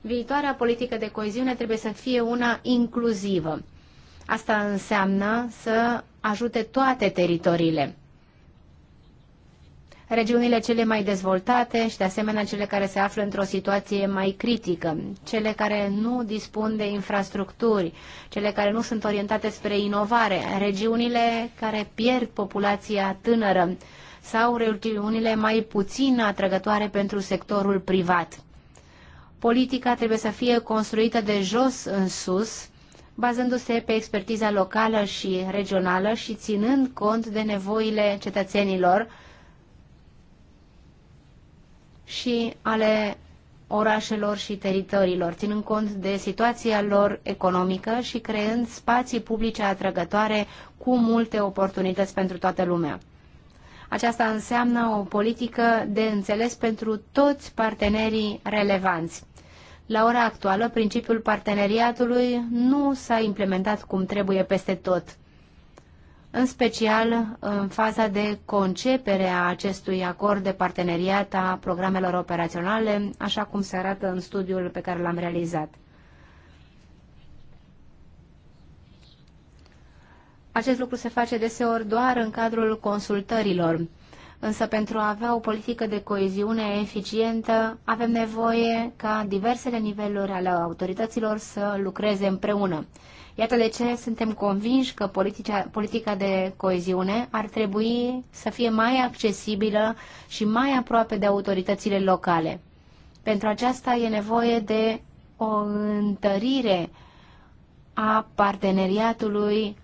viitoarea politică de coeziune trebuie să fie una inclusivă. Asta înseamnă să ajute toate teritoriile regiunile cele mai dezvoltate și de asemenea cele care se află într-o situație mai critică, cele care nu dispun de infrastructuri, cele care nu sunt orientate spre inovare, regiunile care pierd populația tânără sau regiunile mai puțin atrăgătoare pentru sectorul privat. Politica trebuie să fie construită de jos în sus, bazându-se pe expertiza locală și regională și ținând cont de nevoile cetățenilor și ale orașelor și teritoriilor, ținând cont de situația lor economică și creând spații publice atrăgătoare cu multe oportunități pentru toată lumea. Aceasta înseamnă o politică de înțeles pentru toți partenerii relevanți la ora actuală, principiul parteneriatului nu s-a implementat cum trebuie peste tot, în special în faza de concepere a acestui acord de parteneriat a programelor operaționale, așa cum se arată în studiul pe care l-am realizat. Acest lucru se face deseori doar în cadrul consultărilor Însă pentru a avea o politică de coeziune eficientă, avem nevoie ca diversele niveluri ale autorităților să lucreze împreună. Iată de ce suntem convinși că politica, politica de coeziune ar trebui să fie mai accesibilă și mai aproape de autoritățile locale. Pentru aceasta e nevoie de o întărire a parteneriatului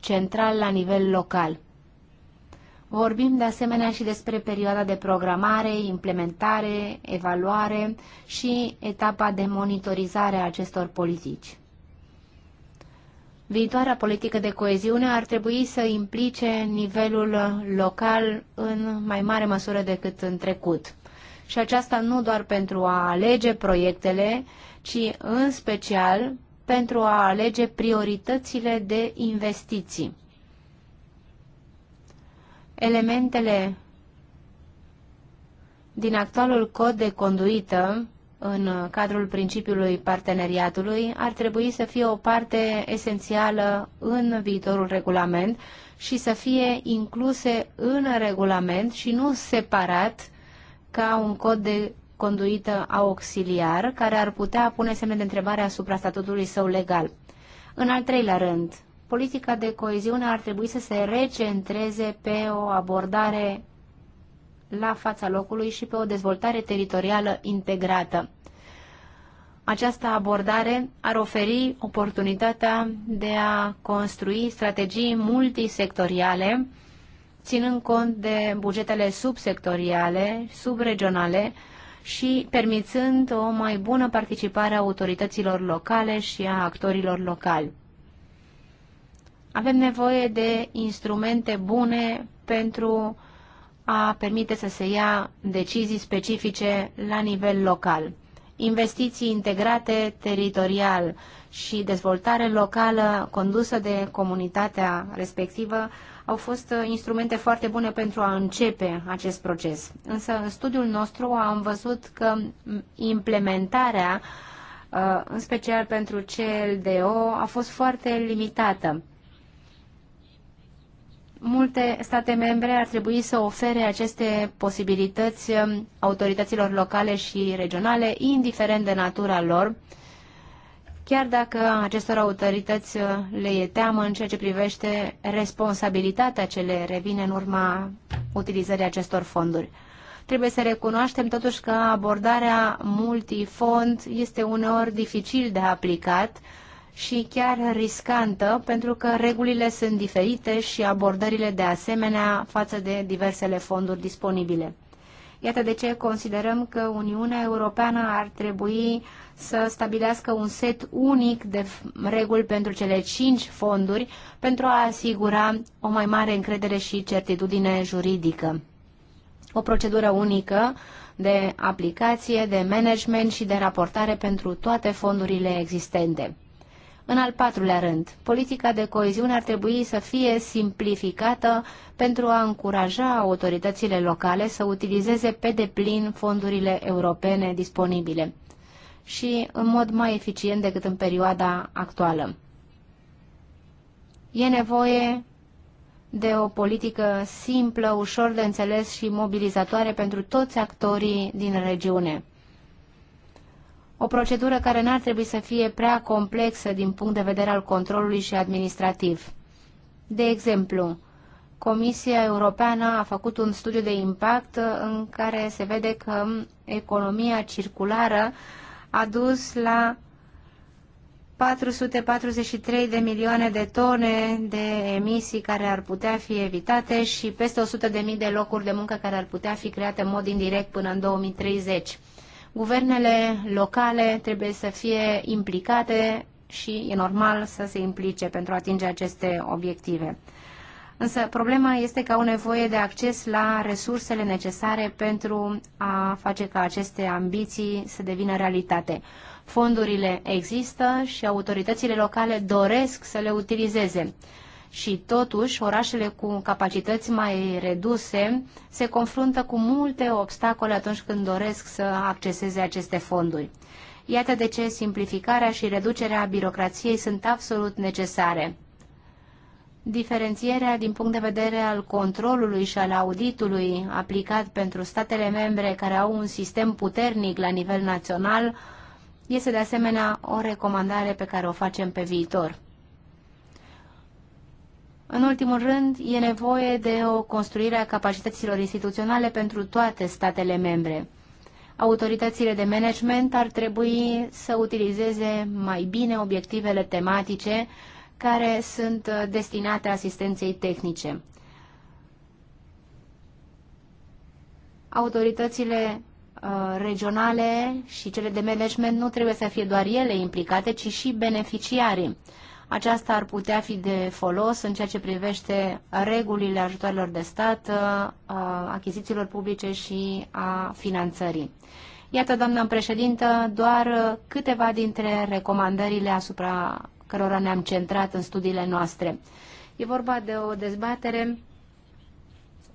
central la nivel local. Vorbim de asemenea și despre perioada de programare, implementare, evaluare și etapa de monitorizare a acestor politici. Viitoarea politică de coeziune ar trebui să implice nivelul local în mai mare măsură decât în trecut. Și aceasta nu doar pentru a alege proiectele, ci în special pentru a alege prioritățile de investiții. Elementele din actualul cod de conduită în cadrul principiului parteneriatului ar trebui să fie o parte esențială în viitorul regulament și să fie incluse în regulament și nu separat ca un cod de conduită auxiliar care ar putea pune semne de întrebare asupra statutului său legal. În al treilea rând, politica de coeziune ar trebui să se recentreze pe o abordare la fața locului și pe o dezvoltare teritorială integrată. Această abordare ar oferi oportunitatea de a construi strategii multisectoriale, ținând cont de bugetele subsectoriale, subregionale și permițând o mai bună participare a autorităților locale și a actorilor locali. Avem nevoie de instrumente bune pentru a permite să se ia decizii specifice la nivel local. Investiții integrate teritorial și dezvoltare locală condusă de comunitatea respectivă au fost instrumente foarte bune pentru a începe acest proces. Însă în studiul nostru am văzut că implementarea, uh, în special pentru CLDO, a fost foarte limitată multe state membre ar trebui să ofere aceste posibilități um, autorităților locale și regionale, indiferent de natura lor, chiar dacă acestor autorități uh, le e teamă în ceea ce privește responsabilitatea ce le revine în urma utilizării acestor fonduri. Trebuie să recunoaștem totuși că abordarea multifond este uneori dificil de aplicat, și chiar riscantă, pentru că regulile sunt diferite și abordările de asemenea față de diversele fonduri disponibile. Iată de ce considerăm că Uniunea Europeană ar trebui să stabilească un set unic de reguli pentru cele cinci fonduri pentru a asigura o mai mare încredere și certitudine juridică. O procedură unică de aplicație, de management și de raportare pentru toate fondurile existente. În al patrulea rând, politica de coeziune ar trebui să fie simplificată pentru a încuraja autoritățile locale să utilizeze pe deplin fondurile europene disponibile și în mod mai eficient decât în perioada actuală. E nevoie de o politică simplă, ușor de înțeles și mobilizatoare pentru toți actorii din regiune o procedură care n-ar trebui să fie prea complexă din punct de vedere al controlului și administrativ. De exemplu, Comisia Europeană a făcut un studiu de impact în care se vede că economia circulară a dus la 443 de milioane de tone de emisii care ar putea fi evitate și peste 100 de mii de locuri de muncă care ar putea fi create în mod indirect până în 2030. Guvernele locale trebuie să fie implicate și e normal să se implice pentru a atinge aceste obiective. Însă problema este că au nevoie de acces la resursele necesare pentru a face ca aceste ambiții să devină realitate. Fondurile există și autoritățile locale doresc să le utilizeze și totuși orașele cu capacități mai reduse se confruntă cu multe obstacole atunci când doresc să acceseze aceste fonduri. Iată de ce simplificarea și reducerea birocrației sunt absolut necesare. Diferențierea din punct de vedere al controlului și al auditului aplicat pentru statele membre care au un sistem puternic la nivel național este de asemenea o recomandare pe care o facem pe viitor. În ultimul rând, e nevoie de o construire a capacităților instituționale pentru toate statele membre. Autoritățile de management ar trebui să utilizeze mai bine obiectivele tematice care sunt destinate asistenței tehnice. Autoritățile uh, regionale și cele de management nu trebuie să fie doar ele implicate, ci și beneficiarii aceasta ar putea fi de folos în ceea ce privește regulile ajutoarelor de stat, uh, achizițiilor publice și a finanțării. Iată, doamnă președintă, doar uh, câteva dintre recomandările asupra cărora ne-am centrat în studiile noastre. E vorba de o dezbatere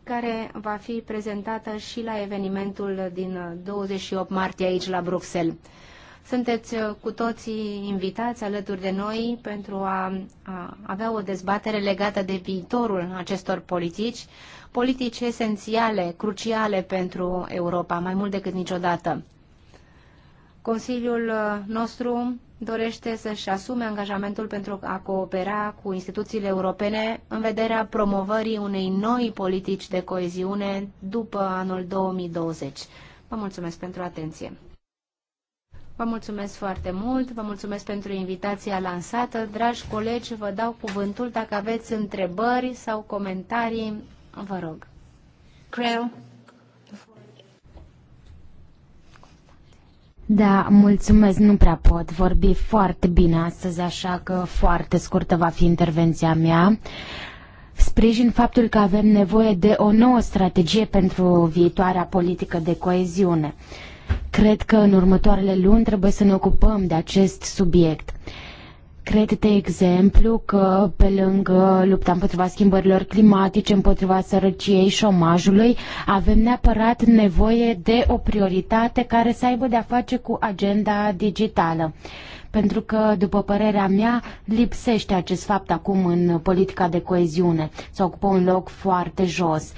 care va fi prezentată și la evenimentul din 28 uh, martie aici la Bruxelles. Sunteți uh, cu toții invitați alături de noi pentru a, a avea o dezbatere legată de viitorul acestor politici, politici esențiale, cruciale pentru Europa, mai mult decât niciodată. Consiliul uh, nostru dorește să-și asume angajamentul pentru a coopera cu instituțiile europene în vederea promovării unei noi politici de coeziune după anul 2020. Vă mulțumesc pentru atenție. Vă mulțumesc foarte mult, vă mulțumesc pentru invitația lansată. Dragi colegi, vă dau cuvântul dacă aveți întrebări sau comentarii, vă rog. Creu. Da, mulțumesc, nu prea pot vorbi foarte bine astăzi, așa că foarte scurtă va fi intervenția mea. Sprijin faptul că avem nevoie de o nouă strategie pentru viitoarea politică de coeziune. Uh, Cred că în următoarele luni trebuie să ne ocupăm de acest subiect. Cred, de exemplu, că pe lângă lupta împotriva schimbărilor climatice, împotriva sărăciei, șomajului, avem neapărat nevoie de o prioritate care să aibă de-a face cu agenda digitală. Pentru că, după părerea mea, lipsește acest fapt acum în politica de coeziune. Se ocupă un loc foarte jos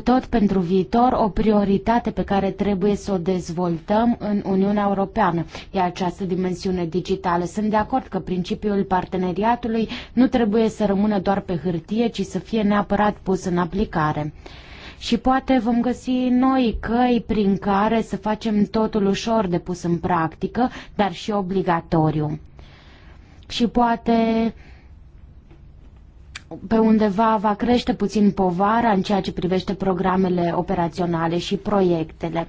tot pentru viitor o prioritate pe care trebuie să o dezvoltăm în Uniunea Europeană e această dimensiune digitală. Sunt de acord că principiul parteneriatului nu trebuie să rămână doar pe hârtie, ci să fie neapărat pus în aplicare și poate vom găsi noi căi prin care să facem totul ușor de pus în practică, dar și obligatoriu. Și poate pe undeva va crește puțin povara în ceea ce privește programele operaționale și proiectele.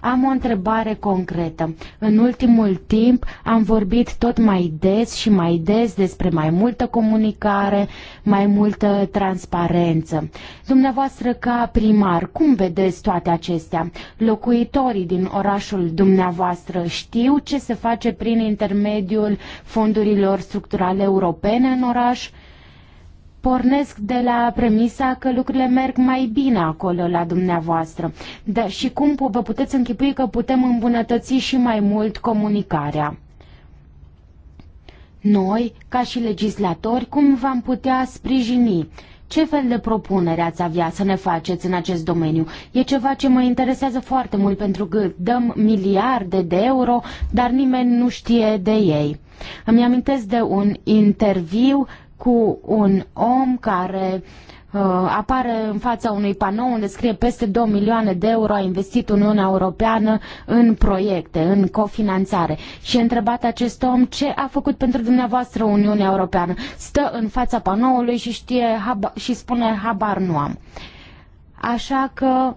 Am o întrebare concretă. În ultimul timp am vorbit tot mai des și mai des despre mai multă comunicare, mai multă transparență. Dumneavoastră ca primar, cum vedeți toate acestea? Locuitorii din orașul dumneavoastră știu ce se face prin intermediul fondurilor structurale europene în oraș? pornesc de la premisa că lucrurile merg mai bine acolo la dumneavoastră. Dar și cum vă puteți închipui că putem îmbunătăți și mai mult comunicarea? Noi, ca și legislatori, cum v-am putea sprijini? Ce fel de propunere ați avea să ne faceți în acest domeniu? E ceva ce mă interesează foarte mult pentru că dăm miliarde de euro, dar nimeni nu știe de ei. Îmi amintesc de un interviu cu un om care uh, apare în fața unui panou unde scrie peste 2 milioane de euro a investit Uniunea Europeană în proiecte, în cofinanțare. Și întrebat acest om ce a făcut pentru dumneavoastră Uniunea Europeană. Stă în fața panoului și, știe, haba, și spune habar nu am. Așa că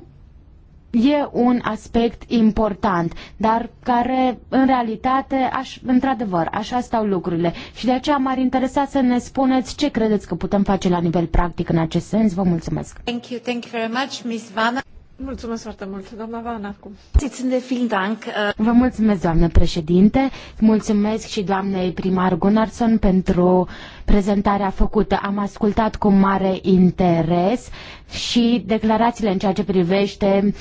e un aspect important, dar care, în realitate, aș, într-adevăr, așa stau lucrurile. Și de aceea m-ar interesa să ne spuneți ce credeți că putem face la nivel practic în acest sens. Vă mulțumesc. Thank you, thank you very much, Miss Vana. Mulțumesc foarte mult, doamna Vana. Uh, Vă mulțumesc, doamnă președinte. Mulțumesc și doamnei primar Gunnarsson pentru uh, prezentarea făcută. Am ascultat cu mare interes și declarațiile în ceea ce privește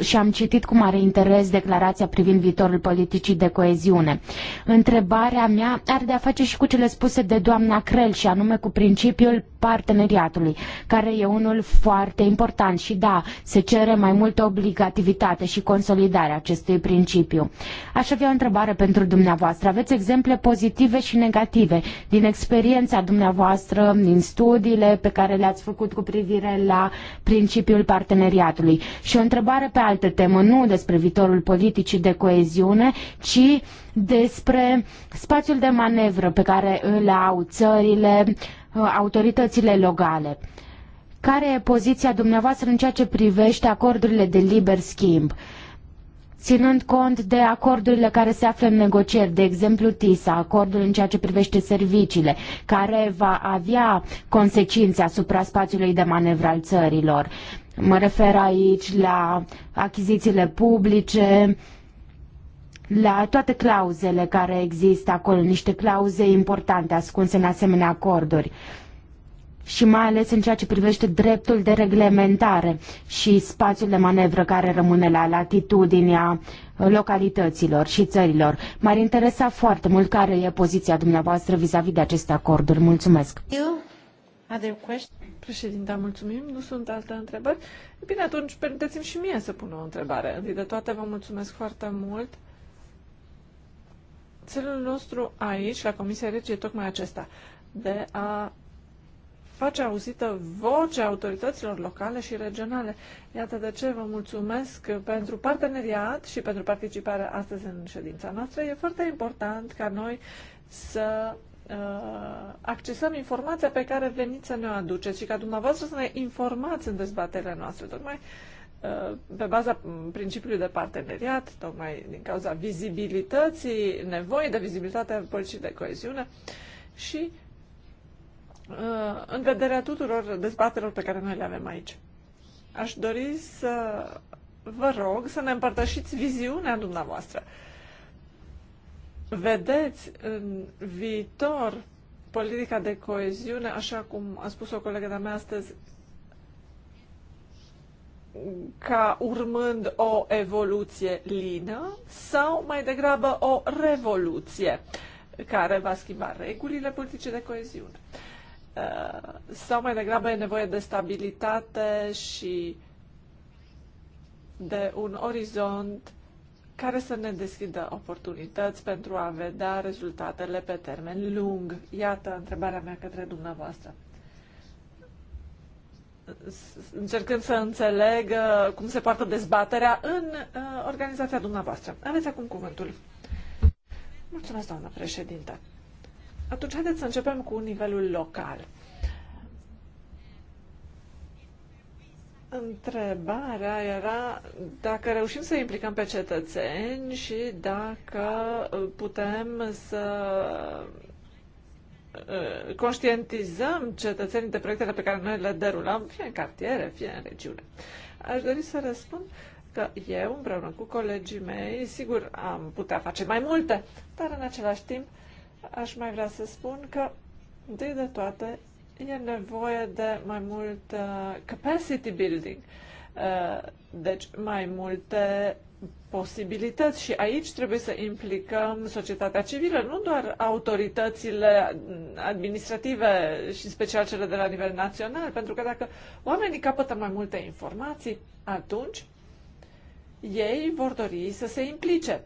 și am citit cu mare interes declarația privind viitorul politicii de coeziune. Întrebarea mea are de a face și cu cele spuse de doamna Crel și anume cu principiul parteneriatului, care e unul foarte important și da, se cere mai multă obligativitate și consolidarea acestui principiu. Aș avea o întrebare pentru dumneavoastră. Aveți exemple pozitive și negative din experiență experiența dumneavoastră din studiile pe care le-ați făcut cu privire la principiul parteneriatului. Și o întrebare pe altă temă, nu despre viitorul politicii de coeziune, ci despre spațiul de manevră pe care îl au țările, uh, autoritățile locale care e poziția dumneavoastră în ceea ce privește acordurile de liber schimb? ținând cont de acordurile care se află în negocieri, de exemplu TISA, acordul în ceea ce privește serviciile, care va avea consecințe asupra spațiului de manevră al țărilor. Mă refer aici la achizițiile publice, la toate clauzele care există acolo, niște clauze importante ascunse în asemenea acorduri și mai ales în ceea ce privește dreptul de reglementare și spațiul de manevră care rămâne la latitudinea uh, localităților și țărilor. M-ar interesa foarte mult care e poziția dumneavoastră vis-a-vis -vis de aceste acorduri. Mulțumesc! Președinte, mulțumim. Nu sunt alte întrebări. Bine, atunci permiteți-mi și mie să pun o întrebare. Întâi de toate, vă mulțumesc foarte mult. Țelul nostru aici, la Comisia Rece, e tocmai acesta, de a face auzită vocea autorităților locale și regionale. Iată de ce vă mulțumesc pentru parteneriat și pentru participare astăzi în ședința noastră. E foarte important ca noi să uh, accesăm informația pe care veniți să ne-o aduceți și ca dumneavoastră să ne informați în dezbaterea noastră. Tocmai uh, pe baza principiului de parteneriat, tocmai din cauza vizibilității, nevoii de vizibilitate a politicii de coeziune și Uh, în vederea tuturor dezbaterilor pe care noi le avem aici. Aș dori să vă rog să ne împărtășiți viziunea dumneavoastră. Vedeți în viitor politica de coeziune, așa cum a spus o colegă de-a mea astăzi, ca urmând o evoluție lină sau mai degrabă o revoluție care va schimba regulile politice de coeziune. Uh, sau mai degrabă e nevoie de stabilitate și de un orizont care să ne deschidă oportunități pentru a vedea rezultatele pe termen lung. Iată întrebarea mea către dumneavoastră. Încercând să înțeleg uh, cum se poartă dezbaterea în uh, organizația dumneavoastră. Aveți acum cuvântul. Mulțumesc, doamnă președinte. Atunci, haideți să începem cu nivelul local. Întrebarea era dacă reușim să implicăm pe cetățeni și dacă uh, putem să uh, conștientizăm cetățenii de proiectele pe care noi le derulăm, fie în cartiere, fie în regiune. Aș dori să răspund că eu, împreună cu colegii mei, sigur, am putea face mai multe, dar în același timp aș mai vrea să spun că, întâi de toate, e nevoie de mai mult uh, capacity building, uh, deci mai multe posibilități și aici trebuie să implicăm societatea civilă, nu doar autoritățile administrative și special cele de la nivel național, pentru că dacă oamenii capătă mai multe informații, atunci ei vor dori să se implice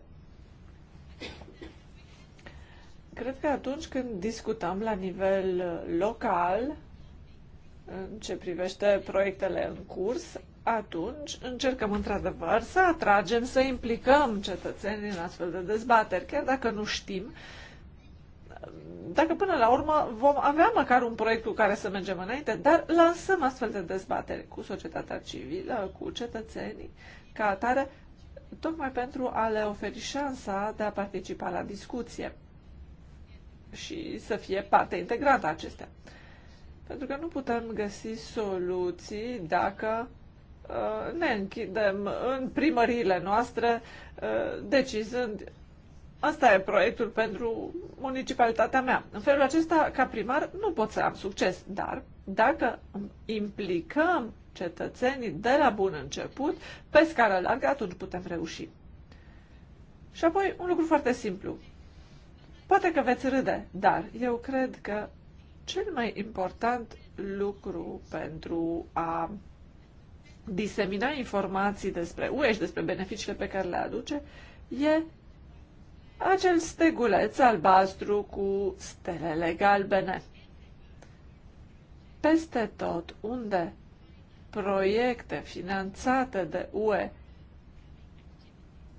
Cred că atunci când discutăm la nivel uh, local, în ce privește proiectele în curs, atunci încercăm într-adevăr să atragem, să implicăm cetățenii în astfel de dezbateri, chiar dacă nu știm dacă până la urmă vom avea măcar un proiect cu care să mergem înainte, dar lansăm astfel de dezbateri cu societatea civilă, cu cetățenii, ca atare, tocmai pentru a le oferi șansa de a participa la discuție și să fie parte integrată acestea. Pentru că nu putem găsi soluții dacă uh, ne închidem în primăriile noastre uh, decizând asta e proiectul pentru municipalitatea mea. În felul acesta, ca primar, nu pot să am succes, dar dacă implicăm cetățenii de la bun început, pe scară largă, atunci putem reuși. Și apoi, un lucru foarte simplu. Poate că veți râde, dar eu cred că cel mai important lucru pentru a disemina informații despre UE și despre beneficiile pe care le aduce e acel steguleț albastru cu stelele galbene. Peste tot unde proiecte finanțate de UE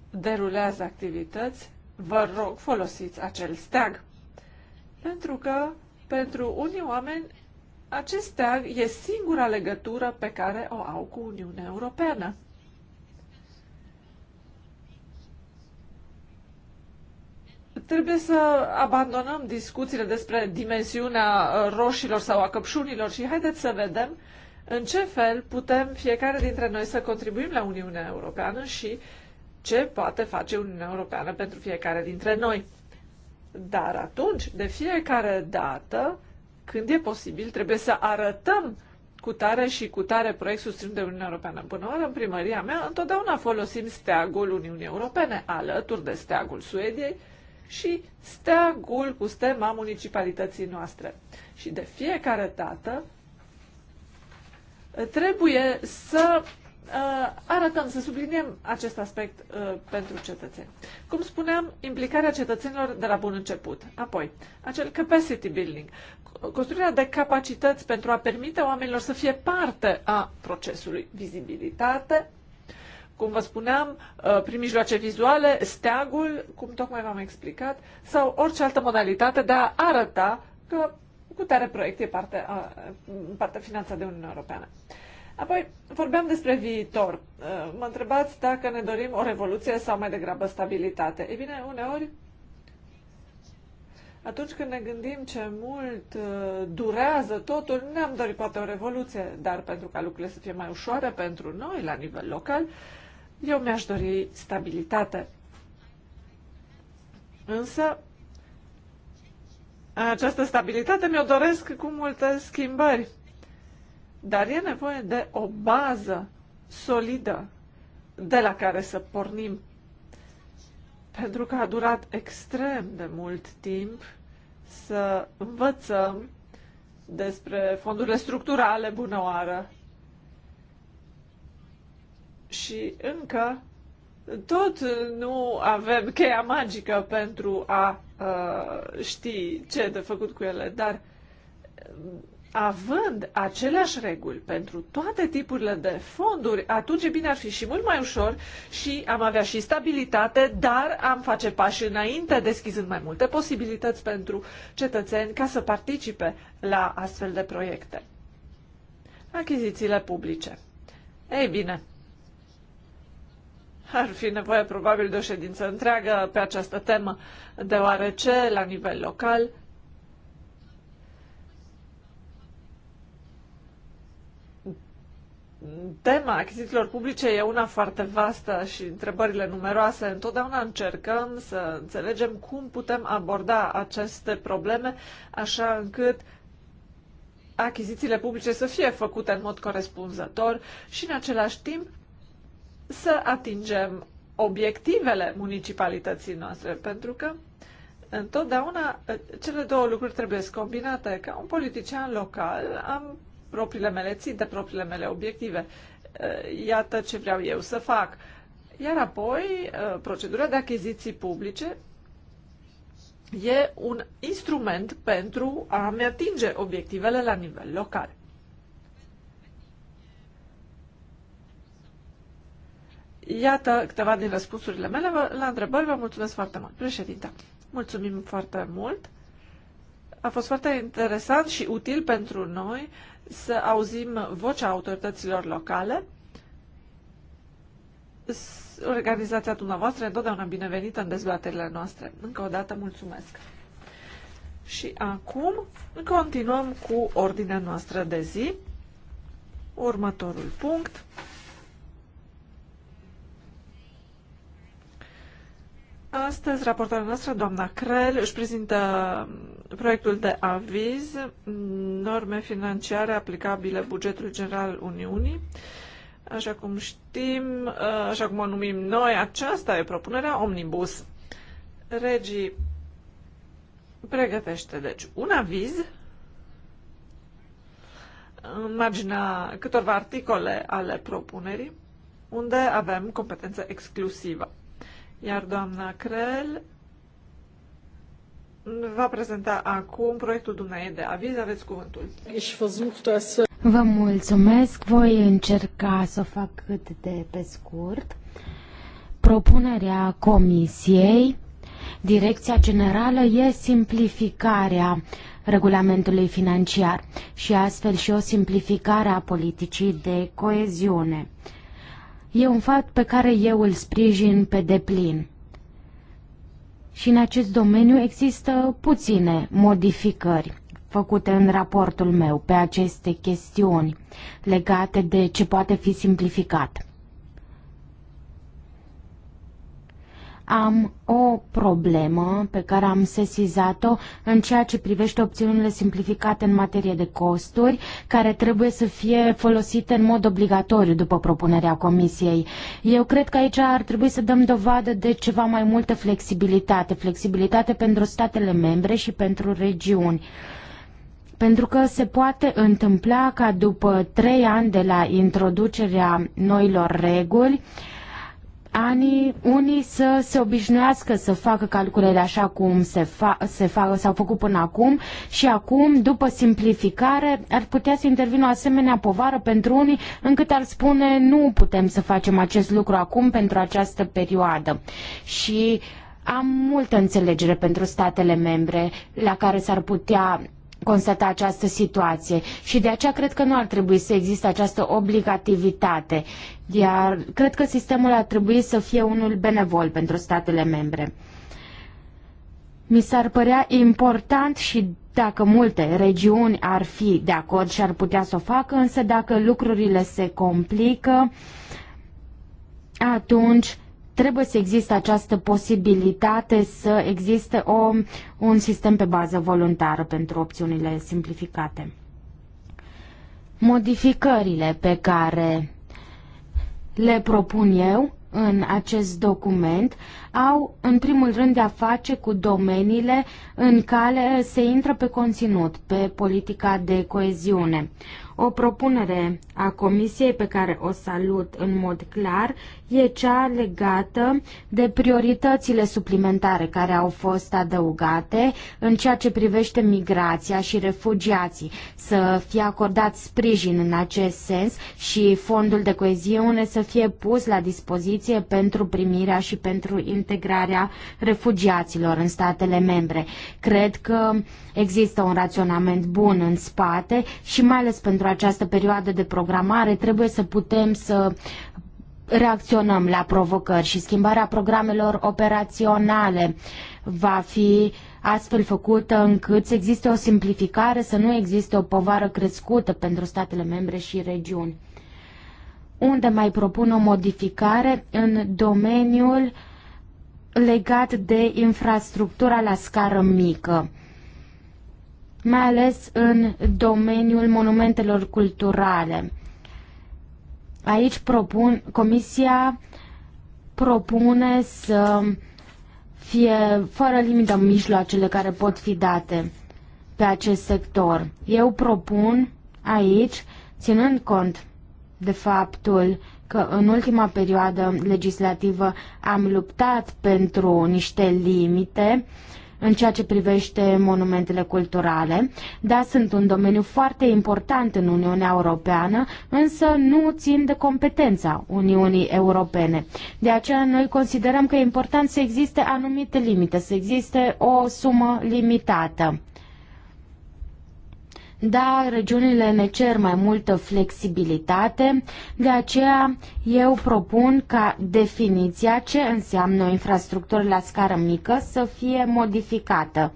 derulează activități, vă rog, folosiți acel steag. Pentru că, pentru unii oameni, acest steag e singura legătură pe care o au cu Uniunea Europeană. Trebuie să abandonăm discuțiile despre dimensiunea uh, roșilor sau a căpșunilor și haideți să vedem în ce fel putem fiecare dintre noi să contribuim la Uniunea Europeană și uh, ce poate face Uniunea Europeană pentru fiecare dintre noi. Dar atunci, de fiecare dată, când e posibil, trebuie să arătăm cu tare și cu tare proiect susținut de Uniunea Europeană. Până oară, în primăria mea, întotdeauna folosim steagul Uniunii Europene, alături de steagul Suediei și steagul cu stema municipalității noastre. Și de fiecare dată trebuie să Uh, arătăm, să subliniem acest aspect uh, pentru cetățeni. Cum spuneam, implicarea cetățenilor de la bun început. Apoi, acel capacity building, construirea de capacități pentru a permite oamenilor să fie parte a procesului. Vizibilitate, cum vă spuneam, uh, prin mijloace vizuale, steagul, cum tocmai v-am explicat, sau orice altă modalitate de a arăta că cu tare proiect e parte, parte finanțată de Uniunea Europeană. Uh, Apoi, vorbeam despre viitor. Eh, mă întrebați dacă ne dorim o revoluție sau mai degrabă stabilitate. Ei bine, uneori, atunci când ne gândim ce mult eh, durează totul, ne-am dorit poate o revoluție, dar pentru ca lucrurile să fie mai ușoare pentru noi la nivel local, eu mi-aș dori stabilitate. Însă, această stabilitate mi-o doresc cu multe schimbări. Dar e nevoie de o bază solidă de la care să pornim. Pentru că a durat extrem de mult timp să învățăm despre fondurile structurale oară. Și încă tot nu avem cheia magică pentru a uh, ști ce e de făcut cu ele, dar având aceleași reguli pentru toate tipurile de fonduri, atunci bine ar fi și mult mai ușor și am avea și stabilitate, dar am face pași înainte, deschizând mai multe posibilități pentru cetățeni ca să participe la astfel de proiecte. Achizițiile publice. Ei bine, ar fi nevoie probabil de o ședință întreagă pe această temă, deoarece la nivel local tema achizițiilor publice e una foarte vastă și întrebările numeroase. Întotdeauna încercăm să înțelegem cum putem aborda aceste probleme așa încât achizițiile publice să fie făcute în mod corespunzător și în același timp să atingem obiectivele municipalității noastre, pentru că întotdeauna cele două lucruri trebuie combinate. Ca un politician local am propriile mele ținte, propriile mele obiective. Iată ce vreau eu să fac. Iar apoi, procedura de achiziții publice e un instrument pentru a-mi atinge obiectivele la nivel local. Iată câteva din răspunsurile mele la întrebări. Vă mulțumesc foarte mult, președinte. Mulțumim foarte mult. A fost foarte interesant și util pentru noi să auzim vocea autorităților locale. Organizația dumneavoastră e întotdeauna binevenită în dezbaterile noastre. Încă o dată mulțumesc! Și acum continuăm cu ordinea noastră de zi. Următorul punct. Astăzi, raportoarea noastră, doamna Crel, își prezintă proiectul de aviz, norme financiare aplicabile bugetului general Uniunii. Așa cum știm, așa cum o numim noi, aceasta e propunerea Omnibus. Regii pregătește, deci, un aviz în marginea câtorva articole ale propunerii, unde avem competență exclusivă. Iar doamna Crel va prezenta acum proiectul dumneavoastră de aviz. Aveți cuvântul. Äh, Vă mulțumesc. Voi încerca să o fac cât de pe scurt. Propunerea Comisiei, direcția generală e simplificarea regulamentului financiar și astfel și o simplificare a politicii de coeziune. E un fapt pe care eu îl sprijin pe deplin. Și în acest domeniu există puține modificări făcute în raportul meu pe aceste chestiuni legate de ce poate fi simplificat. am o problemă pe care am sesizat-o în ceea ce privește opțiunile simplificate în materie de costuri, care trebuie să fie folosite în mod obligatoriu după propunerea Comisiei. Eu cred că aici ar trebui să dăm dovadă de ceva mai multă flexibilitate, flexibilitate pentru statele membre și pentru regiuni pentru că se poate întâmpla ca după trei ani de la introducerea noilor reguli, uh, ani unii să se obișnuiască să facă calculele așa cum se, fa- se fa- s-au făcut până acum și acum, după simplificare, ar putea să intervină o asemenea povară pentru unii încât ar spune nu putem să facem acest lucru acum pentru această perioadă. Și am multă înțelegere pentru statele membre la care s-ar putea constata această situație și de aceea cred că nu ar trebui să existe această obligativitate, iar cred că sistemul ar trebui să fie unul benevol pentru statele membre. Mi s-ar părea important și dacă multe regiuni ar fi de acord și ar putea să o facă, însă dacă lucrurile se complică, atunci trebuie să existe această posibilitate să existe o, un sistem pe bază voluntară pentru opțiunile simplificate. Modificările pe care le propun eu în acest document au, în primul rând, de-a face cu domeniile în care se intră pe conținut, pe politica de coeziune. O propunere a Comisiei pe care o salut în mod clar e cea legată de prioritățile suplimentare care au fost adăugate în ceea ce privește migrația și refugiații, să fie acordat sprijin în acest sens și fondul de coeziune să fie pus la dispoziție pentru primirea și pentru integrarea refugiaților în statele membre. Cred că există un raționament bun în spate și mai ales pentru această perioadă de programare trebuie să putem să reacționăm la provocări și schimbarea programelor operaționale va fi astfel făcută încât să existe o simplificare, să nu existe o povară crescută pentru statele membre și regiuni. Unde mai propun o modificare în domeniul legat de infrastructura la scară mică mai ales în domeniul monumentelor culturale. Aici propun, Comisia propune să fie fără limită mijloacele care pot fi date pe acest sector. Eu propun aici, ținând cont de faptul că în ultima perioadă legislativă am luptat pentru niște limite în ceea ce privește monumentele culturale. Da, sunt un domeniu foarte important în Uniunea Europeană, însă nu țin de competența Uniunii Europene. De aceea noi considerăm că e important să existe anumite limite, să existe o sumă limitată. Da, regiunile ne cer mai multă flexibilitate, de aceea eu propun ca definiția ce înseamnă o infrastructură la scară mică să fie modificată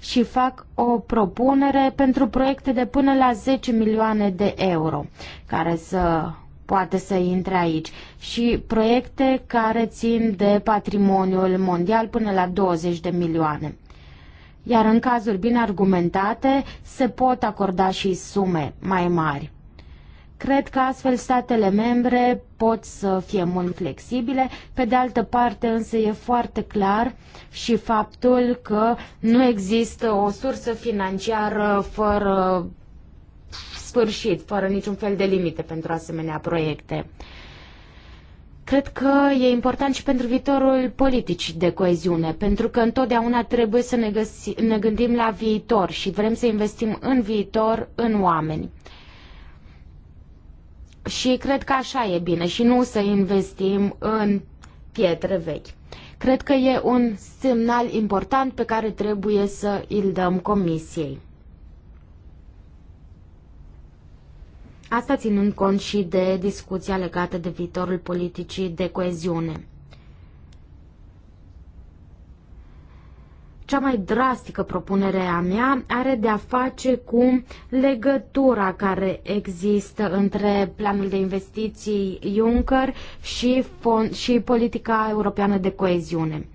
și fac o propunere pentru proiecte de până la 10 milioane de euro care să poate să intre aici și proiecte care țin de patrimoniul mondial până la 20 de milioane iar în cazuri bine argumentate se pot acorda și sume mai mari. Cred că astfel statele membre pot să fie mult flexibile, pe de altă parte însă e foarte clar și faptul că nu există o sursă financiară fără sfârșit, fără niciun fel de limite pentru asemenea proiecte. Cred că e important și pentru viitorul politicii de coeziune, pentru că întotdeauna trebuie să ne, găsi, ne gândim la viitor și vrem să investim în viitor, în oameni. Și cred că așa e bine și nu să investim în pietre vechi. Cred că e un semnal important pe care trebuie să îl dăm comisiei. Asta ținând cont și de discuția legată de viitorul politicii de coeziune. Cea mai drastică propunere a mea are de a face cu legătura care există între planul de investiții Juncker și, fond, și politica europeană de coeziune.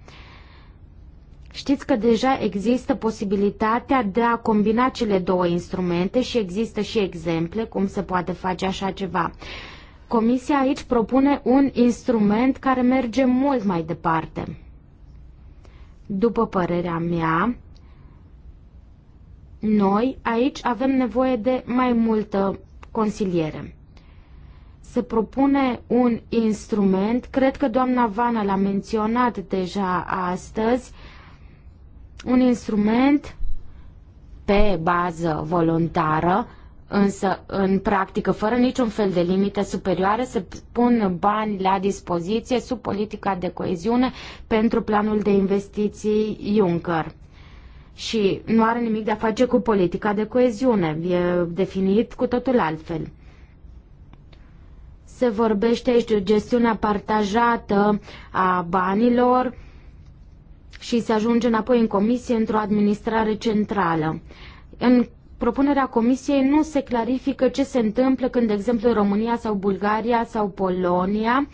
Știți că deja există posibilitatea de a combina cele două instrumente și există și exemple cum se poate face așa ceva. Comisia aici propune un instrument care merge mult mai departe. După părerea mea, noi aici avem nevoie de mai multă consiliere. Se propune un instrument, cred că doamna Vana l-a menționat deja astăzi, uh, un instrument pe bază voluntară, însă în practică, fără niciun fel de limite superioare, se pun bani la dispoziție sub politica de coeziune pentru planul de investiții Juncker. Și nu are nimic de a face cu politica de coeziune, e definit cu totul altfel se vorbește aici de o gestiune partajată a banilor, și se ajunge înapoi în comisie într-o administrare centrală. În propunerea comisiei nu se clarifică ce se întâmplă când, de exemplu, România sau Bulgaria sau Polonia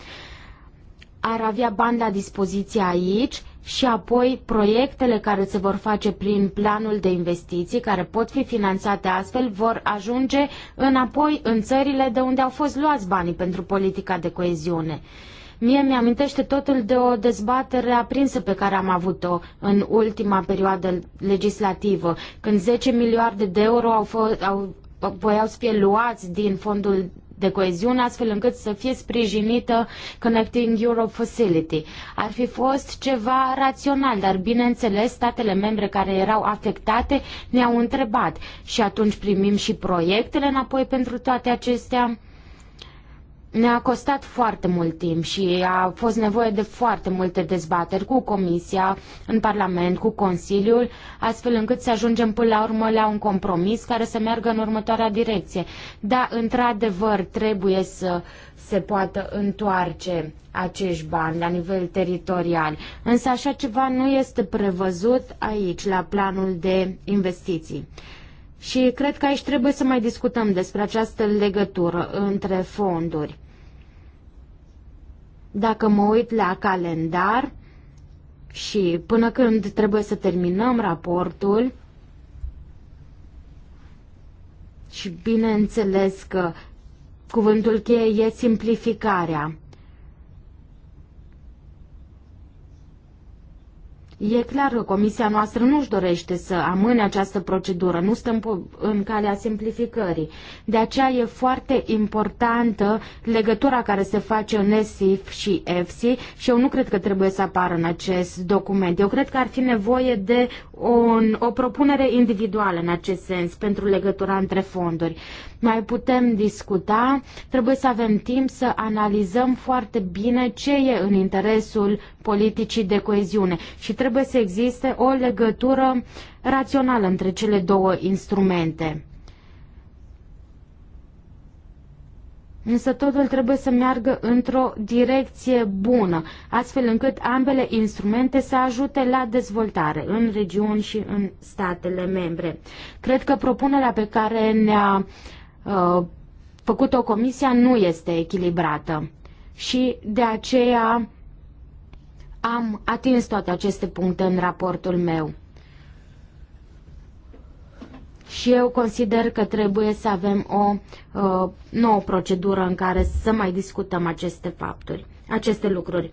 ar avea bani la dispoziție aici și apoi proiectele care se vor face prin planul de investiții, care pot fi finanțate astfel, vor ajunge înapoi în țările de unde au fost luați banii pentru politica de coeziune. Mie mi-amintește totul de o dezbatere aprinsă pe care am avut-o în ultima perioadă legislativă, când 10 miliarde de euro au fost, au, voiau să fie luați din fondul de coeziune, astfel încât să fie sprijinită Connecting Europe Facility. Ar fi fost ceva rațional, dar bineînțeles statele membre care erau afectate ne-au întrebat și atunci primim și proiectele înapoi pentru toate acestea ne-a costat foarte mult timp și a fost nevoie de foarte multe dezbateri cu Comisia, în Parlament, cu Consiliul, astfel încât să ajungem până la urmă la un compromis care să meargă în următoarea direcție. Da, într-adevăr, trebuie să se poată întoarce acești bani la nivel teritorial, însă așa ceva nu este prevăzut aici, la planul de investiții. Și cred că aici trebuie să mai discutăm despre această legătură între fonduri. Dacă mă uit la calendar și până când trebuie să terminăm raportul, și bineînțeles că cuvântul cheie e simplificarea. E clar că comisia noastră nu-și dorește să amâne această procedură, nu stăm în calea simplificării. De aceea e foarte importantă legătura care se face în ESIF și EFSI și eu nu cred că trebuie să apară în acest document. Eu cred că ar fi nevoie de o, o propunere individuală în acest sens pentru legătura între fonduri mai putem discuta, trebuie să avem timp să analizăm foarte bine ce e în interesul politicii de coeziune și trebuie să existe o legătură rațională între cele două instrumente. Însă totul trebuie să meargă într-o direcție bună, astfel încât ambele instrumente să ajute la dezvoltare în regiuni și în statele membre. Cred că propunerea pe care ne-a uh, Uh, făcut o comisia nu este echilibrată și de aceea am atins toate aceste puncte în raportul meu. Și eu consider că trebuie să avem o uh, nouă procedură în care să mai discutăm aceste fapturi, aceste lucruri.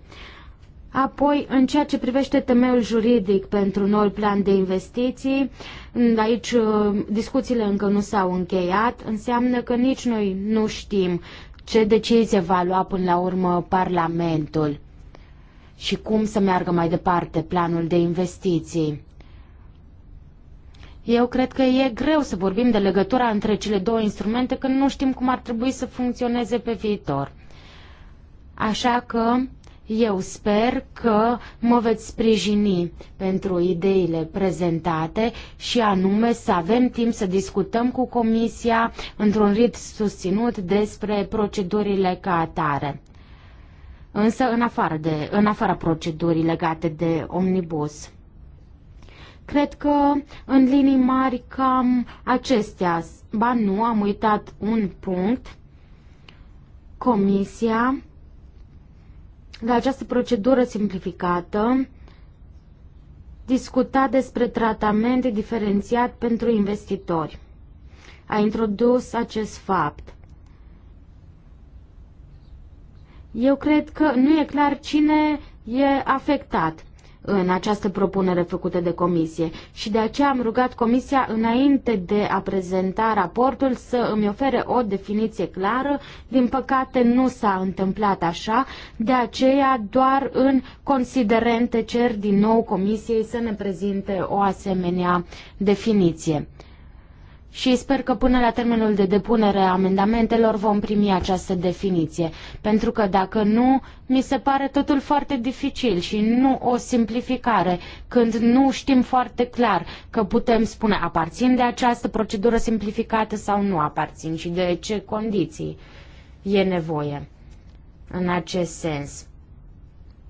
Apoi, în ceea ce privește temeiul juridic pentru noul plan de investiții, aici uh, discuțiile încă nu s-au încheiat, înseamnă că nici noi nu știm ce decizie va lua până la urmă Parlamentul și cum să meargă mai departe planul de investiții. Eu cred că e greu să vorbim de legătura între cele două instrumente când nu știm cum ar trebui să funcționeze pe viitor. Așa că eu sper că mă veți sprijini pentru ideile prezentate și anume să avem timp să discutăm cu Comisia într-un rit susținut despre procedurile ca atare. Însă în afară, de, în afara procedurii legate de omnibus. Cred că în linii mari cam acestea. Ba nu, am uitat un punct. Comisia la această procedură simplificată discuta despre tratament diferențiat pentru investitori. A introdus acest fapt. Eu cred că nu e clar cine e afectat în această propunere făcută de comisie și de aceea am rugat comisia înainte de a prezenta raportul să îmi ofere o definiție clară. Din păcate nu s-a întâmplat așa, de aceea doar în considerente cer din nou comisiei să ne prezinte o asemenea definiție și sper că până la termenul de depunere a amendamentelor vom primi această definiție, pentru că dacă nu, mi se pare totul foarte dificil și nu o simplificare, când nu știm foarte clar că putem spune aparțin de această procedură simplificată sau nu aparțin și de ce condiții e nevoie în acest sens.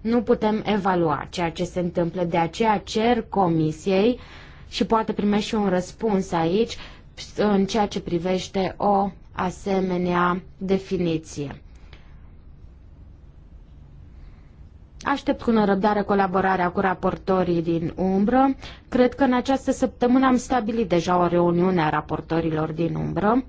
Nu putem evalua ceea ce se întâmplă, de aceea cer comisiei și poate primești și un răspuns aici, în ceea ce privește o asemenea definiție. Aștept cu nărăbdare colaborarea cu raportorii din umbră. Cred că în această săptămână am stabilit deja o reuniune a raportorilor din umbră.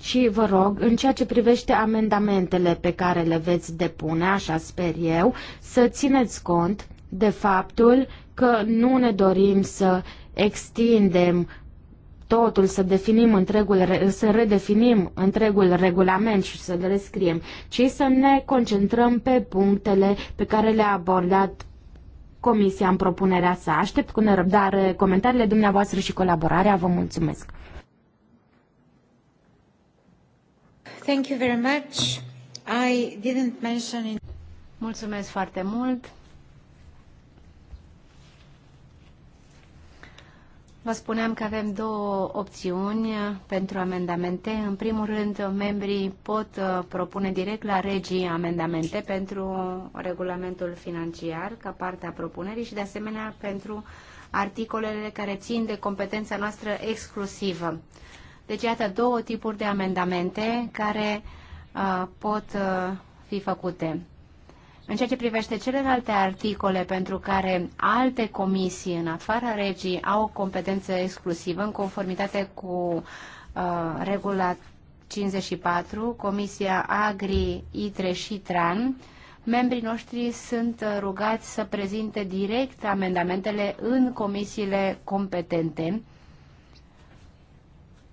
Și vă rog, în ceea ce privește amendamentele pe care le veți depune, așa sper eu, să țineți cont de faptul că nu ne dorim să extindem totul, să definim întregul, să redefinim întregul regulament și să le rescriem, ci să ne concentrăm pe punctele pe care le-a abordat Comisia în propunerea sa. Aștept cu nerăbdare comentariile dumneavoastră și colaborarea. Vă mulțumesc! Thank you very much. I didn't mention in... Mulțumesc foarte mult! Vă spuneam că avem două opțiuni pentru amendamente. În primul rând, membrii pot uh, propune direct la regii amendamente pentru regulamentul financiar ca parte a propunerii și, de asemenea, pentru articolele care țin de competența noastră exclusivă. Deci, iată două tipuri de amendamente care uh, pot uh, fi făcute. În ceea ce privește celelalte articole pentru care alte comisii în afara regii au competență exclusivă în conformitate cu uh, regula 54, Comisia Agri, ITRE și TRAN, membrii noștri sunt rugați să prezinte direct amendamentele în comisiile competente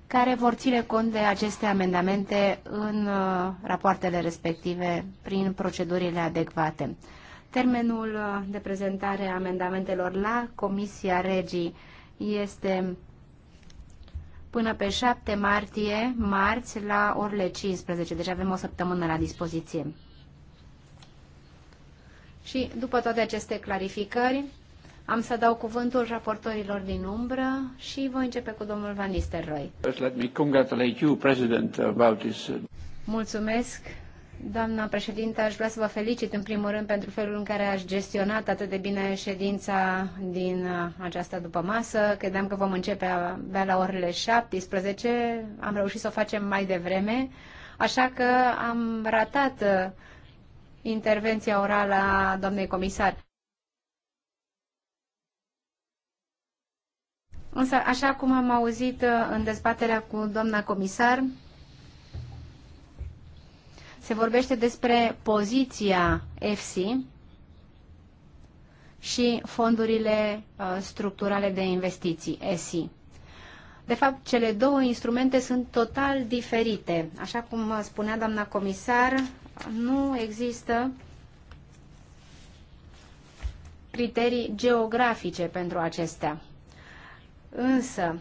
care vor ține cont de aceste amendamente în uh, rapoartele respective prin procedurile adecvate. Termenul uh, de prezentare a amendamentelor la Comisia Regii este până pe 7 martie, marți, la orele 15. Deci avem o săptămână la dispoziție. Și după toate aceste clarificări, am să dau cuvântul raportorilor din umbră și voi începe cu domnul Van Nistelrooy. Uh, Mulțumesc, Doamna președintă, aș vrea să vă felicit în primul rând pentru felul în care ați gestionat atât de bine ședința din uh, această după masă. Credeam că vom începe abia la orele 17. Am reușit să o facem mai devreme, așa că am ratat uh, intervenția orală a doamnei comisar. Însă, așa cum am auzit uh, în dezbaterea cu doamna comisar, se vorbește despre poziția EFSI și fondurile uh, structurale de investiții, ESI. De fapt, cele două instrumente sunt total diferite. Așa cum uh, spunea doamna comisar, nu există criterii geografice pentru acestea. Însă,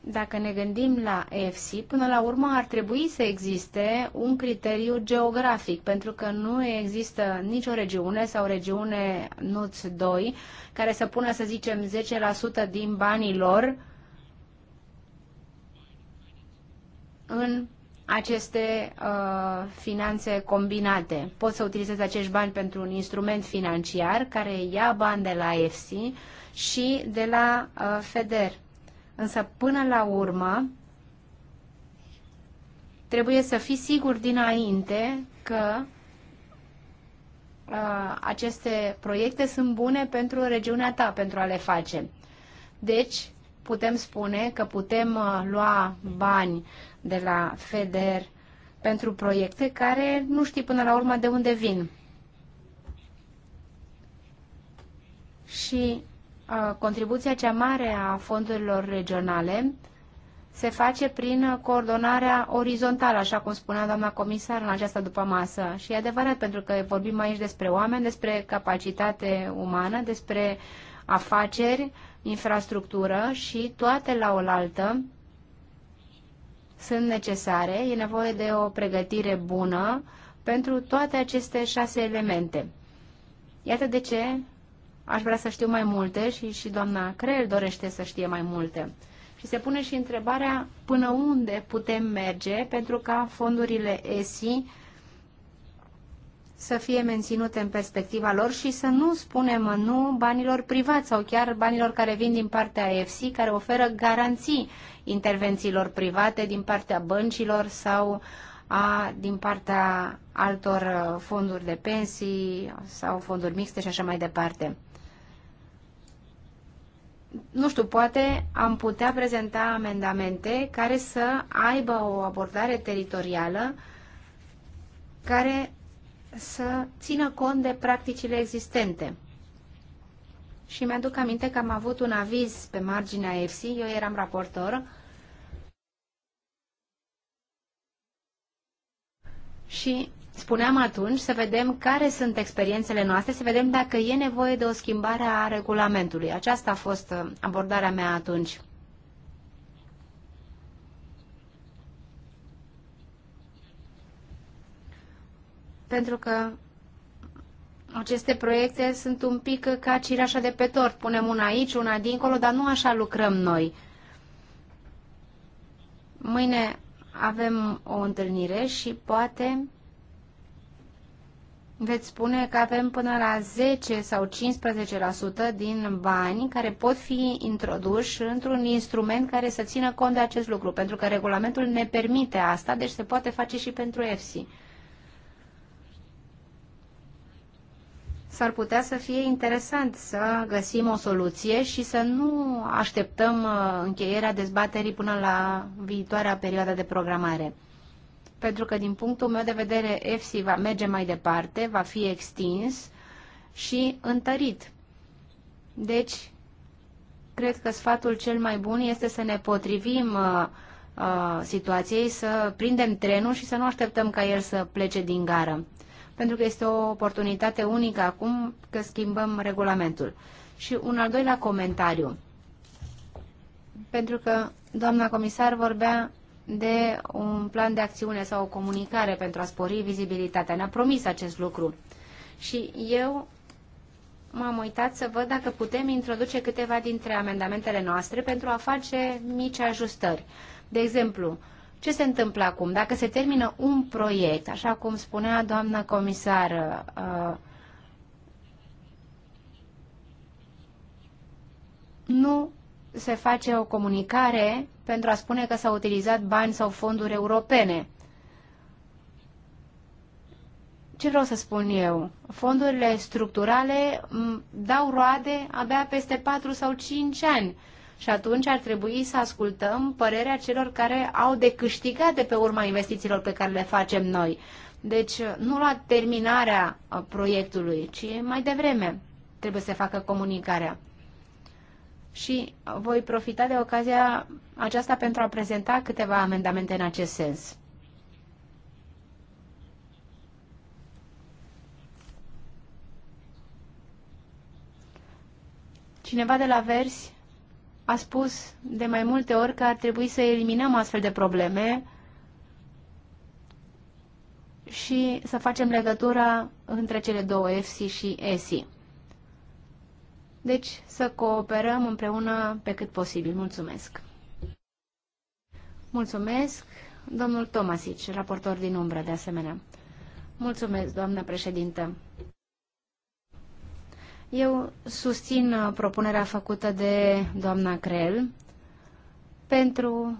dacă ne gândim la EFSI, până la urmă ar trebui să existe un criteriu geografic, pentru că nu există nicio regiune sau regiune NUTS 2 care să pună, să zicem, 10% din banii lor în aceste uh, finanțe combinate. Poți să utilizezi acești bani pentru un instrument financiar care ia bani de la EFSI și de la uh, FEDER. Însă, până la urmă, trebuie să fii sigur dinainte că uh, aceste proiecte sunt bune pentru regiunea ta, pentru a le face. Deci, putem spune că putem uh, lua bani de la FEDER pentru proiecte care nu știi până la urmă de unde vin. Și uh, contribuția cea mare a fondurilor regionale se face prin coordonarea orizontală, așa cum spunea doamna comisar în această după masă. Și e adevărat, pentru că vorbim aici despre oameni, despre capacitate umană, despre afaceri, infrastructură și toate la oaltă sunt necesare. E nevoie de o pregătire bună pentru toate aceste șase elemente. Iată de ce aș vrea să știu mai multe și, și doamna Creel dorește să știe mai multe. Și se pune și întrebarea până unde putem merge pentru ca fondurile ESI să fie menținute în perspectiva lor și să nu spunem nu banilor privați sau chiar banilor care vin din partea EFSI, care oferă garanții intervențiilor private din partea băncilor sau a, din partea altor uh, fonduri de pensii sau fonduri mixte și așa mai departe. Nu știu, poate am putea prezenta amendamente care să aibă o abordare teritorială care să țină cont de practicile existente. Și mi-aduc aminte că am avut un aviz pe marginea EFSI, eu eram raportor, și spuneam atunci să vedem care sunt experiențele noastre, să vedem dacă e nevoie de o schimbare a regulamentului. Aceasta a fost uh, abordarea mea atunci. pentru că aceste proiecte sunt un pic ca cireașa de pe tort. Punem una aici, una dincolo, dar nu așa lucrăm noi. Mâine avem o întâlnire și poate veți spune că avem până la 10 sau 15% din bani care pot fi introduși într-un instrument care să țină cont de acest lucru, pentru că regulamentul ne permite asta, deci se poate face și pentru EFSI. s-ar putea să fie interesant să găsim o soluție și să nu așteptăm uh, încheierea dezbaterii până la viitoarea perioadă de programare. Pentru că, din punctul meu de vedere, EFSI va merge mai departe, va fi extins și întărit. Deci, cred că sfatul cel mai bun este să ne potrivim uh, uh, situației, să prindem trenul și să nu așteptăm ca el să plece din gară pentru că este o oportunitate unică acum că schimbăm regulamentul. Și un al doilea comentariu, pentru că doamna comisar vorbea de un plan de acțiune sau o comunicare pentru a spori vizibilitatea. Ne-a promis acest lucru. Și eu m-am uitat să văd dacă putem introduce câteva dintre amendamentele noastre pentru a face mici ajustări. De exemplu, ce se întâmplă acum? Dacă se termină un proiect, așa cum spunea doamna comisară, uh, nu se face o comunicare pentru a spune că s-au utilizat bani sau fonduri europene. Ce vreau să spun eu? Fondurile structurale dau roade abia peste 4 sau 5 ani și atunci ar trebui să ascultăm părerea celor care au de câștigat de pe urma investițiilor pe care le facem noi. Deci nu la terminarea uh, proiectului, ci mai devreme trebuie să facă comunicarea. Și uh, voi profita de ocazia aceasta pentru a prezenta câteva amendamente în acest sens. Cineva de la Versi a spus de mai multe ori că ar trebui să eliminăm astfel de probleme și să facem legătura între cele două, EFSI și ESI. Deci să cooperăm împreună pe cât posibil. Mulțumesc! Mulțumesc, domnul Tomasici, raportor din umbră, de asemenea. Mulțumesc, doamnă președintă. Eu susțin uh, propunerea făcută de doamna Crel pentru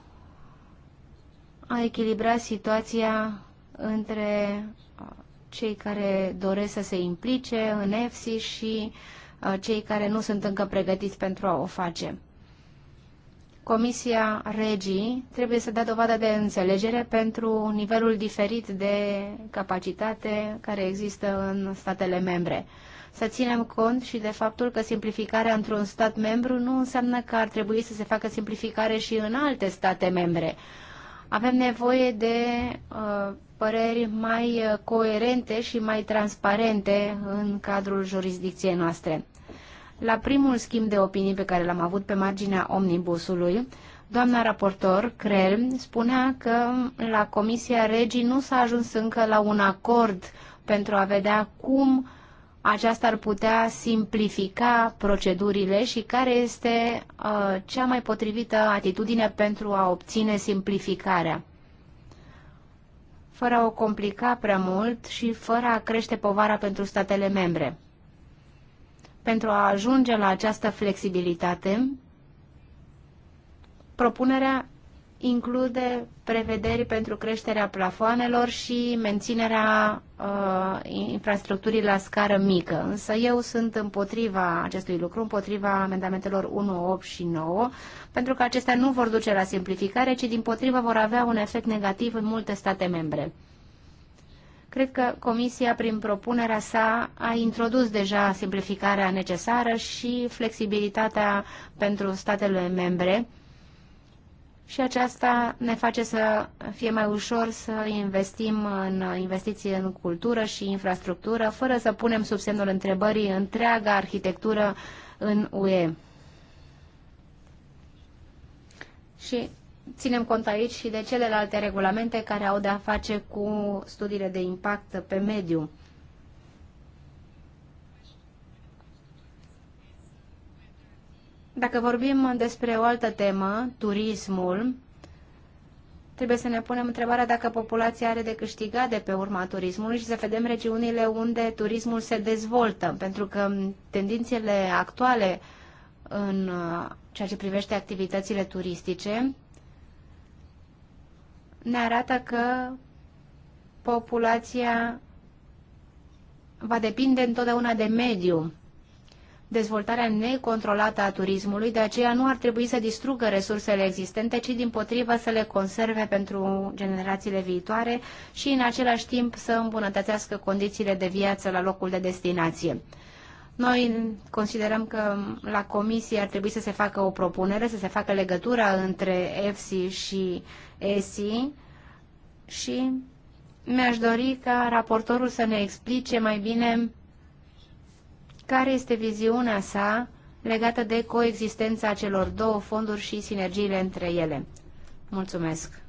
a echilibra situația între uh, cei care doresc să se implice în EFSI și uh, cei care nu sunt încă pregătiți pentru a o face. Comisia Regii trebuie să dea dovadă de înțelegere pentru nivelul diferit de capacitate care există în statele membre să ținem cont și de faptul că simplificarea într-un stat membru nu înseamnă că ar trebui să se facă simplificare și în alte state membre. Avem nevoie de uh, păreri mai uh, coerente și mai transparente în cadrul jurisdicției noastre. La primul schimb de opinii pe care l-am avut pe marginea omnibusului, doamna raportor, Crel, spunea că la Comisia Regii nu s-a ajuns încă la un acord pentru a vedea cum aceasta ar putea simplifica procedurile și care este uh, cea mai potrivită atitudine pentru a obține simplificarea fără a o complica prea mult și fără a crește povara pentru statele membre. Pentru a ajunge la această flexibilitate, propunerea include prevederi pentru creșterea plafoanelor și menținerea uh, infrastructurii la scară mică. Însă eu sunt împotriva acestui lucru, împotriva amendamentelor 1, 8 și 9, pentru că acestea nu vor duce la simplificare, ci din potrivă vor avea un efect negativ în multe state membre. Cred că Comisia, prin propunerea sa, a introdus deja simplificarea necesară și flexibilitatea pentru statele membre, și aceasta ne face să fie mai ușor să investim în investiții în cultură și infrastructură, fără să punem sub semnul întrebării întreaga arhitectură în UE. Și ținem cont aici și de celelalte regulamente care au de-a face cu studiile de impact pe mediu. Dacă vorbim despre o altă temă, turismul, trebuie să ne punem întrebarea dacă populația are de câștigat de pe urma turismului și să vedem regiunile unde turismul se dezvoltă, pentru că tendințele actuale în uh, ceea ce privește activitățile turistice ne arată că populația va depinde întotdeauna de mediu dezvoltarea necontrolată a turismului, de aceea nu ar trebui să distrugă resursele existente, ci din potrivă să le conserve pentru generațiile viitoare și în același timp să îmbunătățească condițiile de viață la locul de destinație. Noi considerăm că la comisie ar trebui să se facă o propunere, să se facă legătura între EFSI și ESI și mi-aș dori ca raportorul să ne explice mai bine care este viziunea sa legată de coexistența celor două fonduri și sinergiile între ele. Mulțumesc!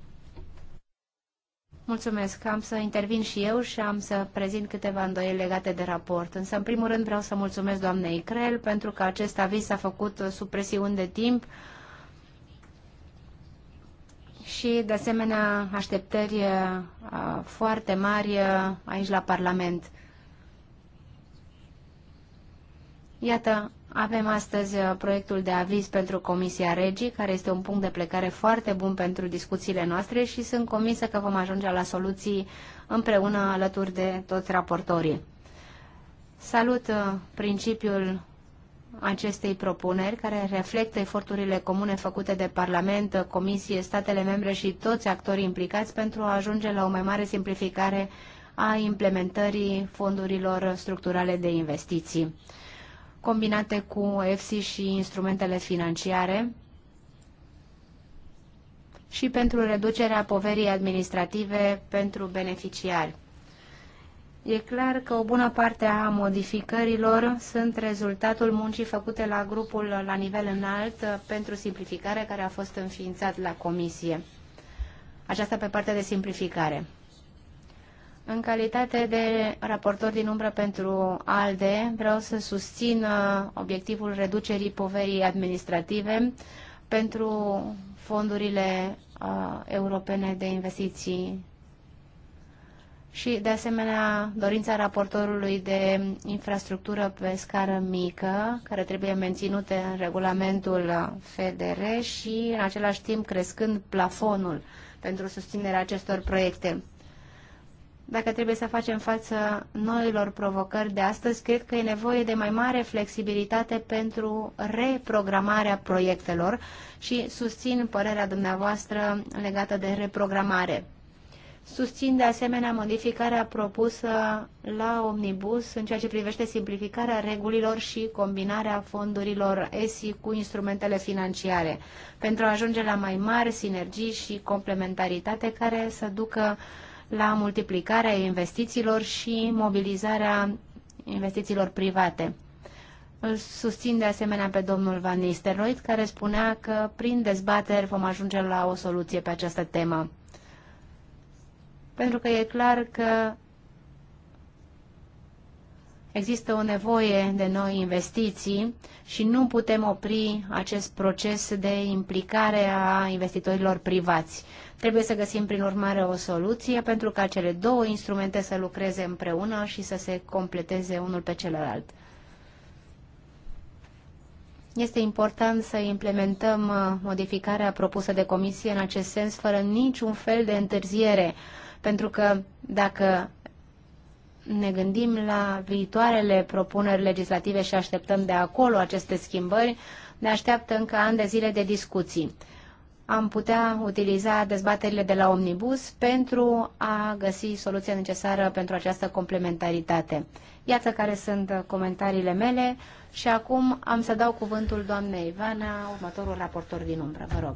Mulțumesc! Am să intervin și eu și am să prezint câteva îndoieli legate de raport. Însă, în primul rând, vreau să mulțumesc doamnei Crel pentru că acest aviz s-a făcut uh, sub presiuni de timp și, de asemenea, așteptări uh, uh, foarte mari aici la Parlament. Iată, avem astăzi uh, proiectul de aviz pentru Comisia Regii, care este un punct de plecare foarte bun pentru discuțiile noastre și sunt convinsă că vom ajunge la soluții împreună alături de toți raportorii. Salut uh, principiul acestei propuneri, care reflectă eforturile comune făcute de Parlament, Comisie, statele membre și toți actorii implicați pentru a ajunge la o mai mare simplificare a implementării fondurilor structurale de investiții combinate cu EFSI și instrumentele financiare și pentru reducerea poverii administrative pentru beneficiari. E clar că o bună parte a modificărilor sunt rezultatul muncii făcute la grupul la nivel înalt pentru simplificare care a fost înființat la comisie. Aceasta pe partea de simplificare. În calitate de raportor din umbră pentru ALDE, vreau să susțin uh, obiectivul reducerii poverii administrative pentru fondurile uh, europene de investiții și, de asemenea, dorința raportorului de infrastructură pe scară mică, care trebuie menținute în regulamentul FDR și, în același timp, crescând plafonul pentru susținerea acestor proiecte dacă trebuie să facem față noilor provocări de astăzi, cred că e nevoie de mai mare flexibilitate pentru reprogramarea proiectelor și susțin părerea dumneavoastră legată de reprogramare. Susțin de asemenea modificarea propusă la Omnibus în ceea ce privește simplificarea regulilor și combinarea fondurilor ESI cu instrumentele financiare pentru a ajunge la mai mari sinergii și complementaritate care să ducă uh, la multiplicarea investițiilor și mobilizarea investițiilor private. Îl susțin de asemenea pe domnul Van Nistelrooy, care spunea că prin dezbateri vom ajunge la o soluție pe această temă. Pentru că e clar că există o nevoie de noi investiții și nu putem opri acest proces de implicare a investitorilor privați. Trebuie să găsim, prin urmare, o soluție pentru ca cele două instrumente să lucreze împreună și să se completeze unul pe celălalt. Este important să implementăm uh, modificarea propusă de comisie în acest sens fără niciun fel de întârziere, pentru că dacă ne gândim la viitoarele propuneri legislative și așteptăm de acolo aceste schimbări, ne așteaptă încă ani de zile de discuții am putea utiliza dezbaterile de la Omnibus pentru a găsi soluția necesară pentru această complementaritate. Iată care sunt comentariile mele și acum am să dau cuvântul doamnei Ivana, următorul raportor din umbră. Vă rog.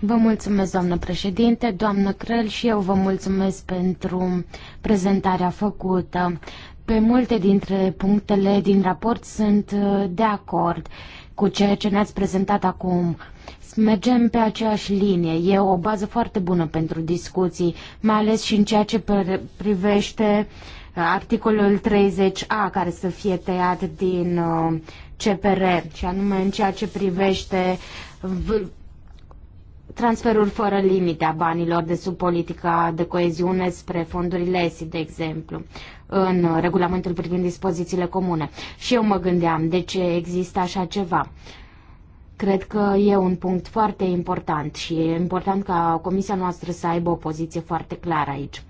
Vă mulțumesc, doamnă președinte, doamnă Crel și eu vă mulțumesc pentru prezentarea făcută. Pe multe dintre punctele din raport sunt uh, de acord. Uh, cu ceea ce ne-ați prezentat acum. Mergem pe aceeași linie. E o bază foarte bună pentru discuții, mai ales și în ceea ce privește articolul 30A care să fie tăiat din uh, CPR și anume în ceea ce privește transferuri fără limite a banilor de sub politica de coeziune spre fondurile ESI, de exemplu, în regulamentul privind dispozițiile comune. Și eu mă gândeam de ce există așa ceva. Cred că e un punct foarte important și e important ca comisia noastră să aibă o poziție foarte clară aici.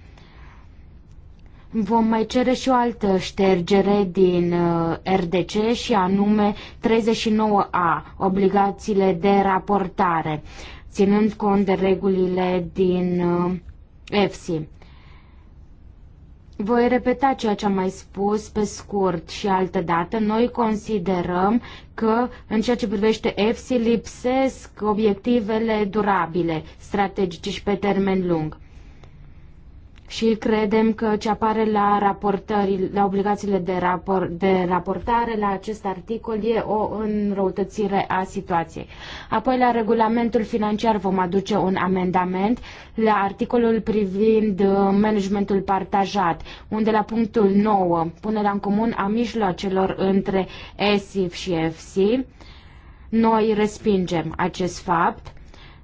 Vom mai cere și o altă ștergere din uh, RDC și anume 39A, obligațiile de raportare ținând cont de regulile din EFSI. Uh, Voi repeta ceea ce am mai spus pe scurt și altă dată. Noi considerăm că în ceea ce privește EFSI lipsesc obiectivele durabile, strategice și pe termen lung și credem că ce apare la, raportări, la obligațiile de, rapor, de raportare la acest articol e o înrăutățire a situației. Apoi la regulamentul financiar vom aduce un amendament la articolul privind uh, managementul partajat, unde la punctul 9 punerea în comun a mijloacelor între ESIF și FC, Noi respingem acest fapt.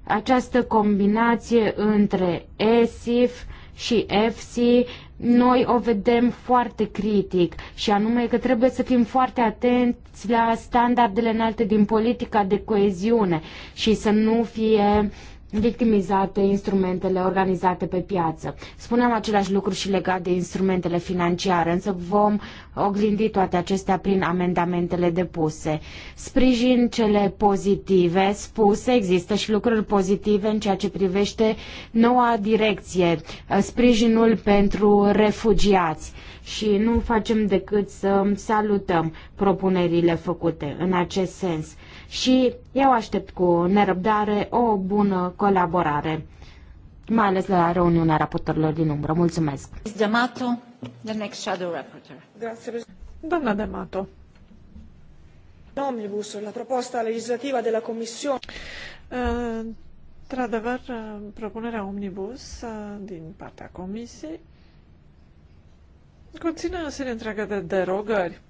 Această combinație între ESIF și EFSI, noi o vedem foarte critic și anume că trebuie să fim foarte atenți la standardele înalte din politica de coeziune și să nu fie uh, victimizate instrumentele organizate pe piață. Spuneam același lucru și legat de instrumentele financiare, însă vom oglindi toate acestea prin amendamentele depuse. Sprijin cele pozitive spuse, există și lucruri pozitive în ceea ce privește noua direcție, sprijinul pentru refugiați și nu facem decât să salutăm propunerile făcute în acest sens și eu aștept cu nerăbdare o bună colaborare, mai ales la reuniunea raportorilor din umbră. Mulțumesc! Damato, the next shadow rapporteur. Doamna Damato. Omnibus, la proposta legislativă de la Comisiune. Într-adevăr, propunerea Omnibus uh, din partea Comisiei conține o serie întreagă de derogări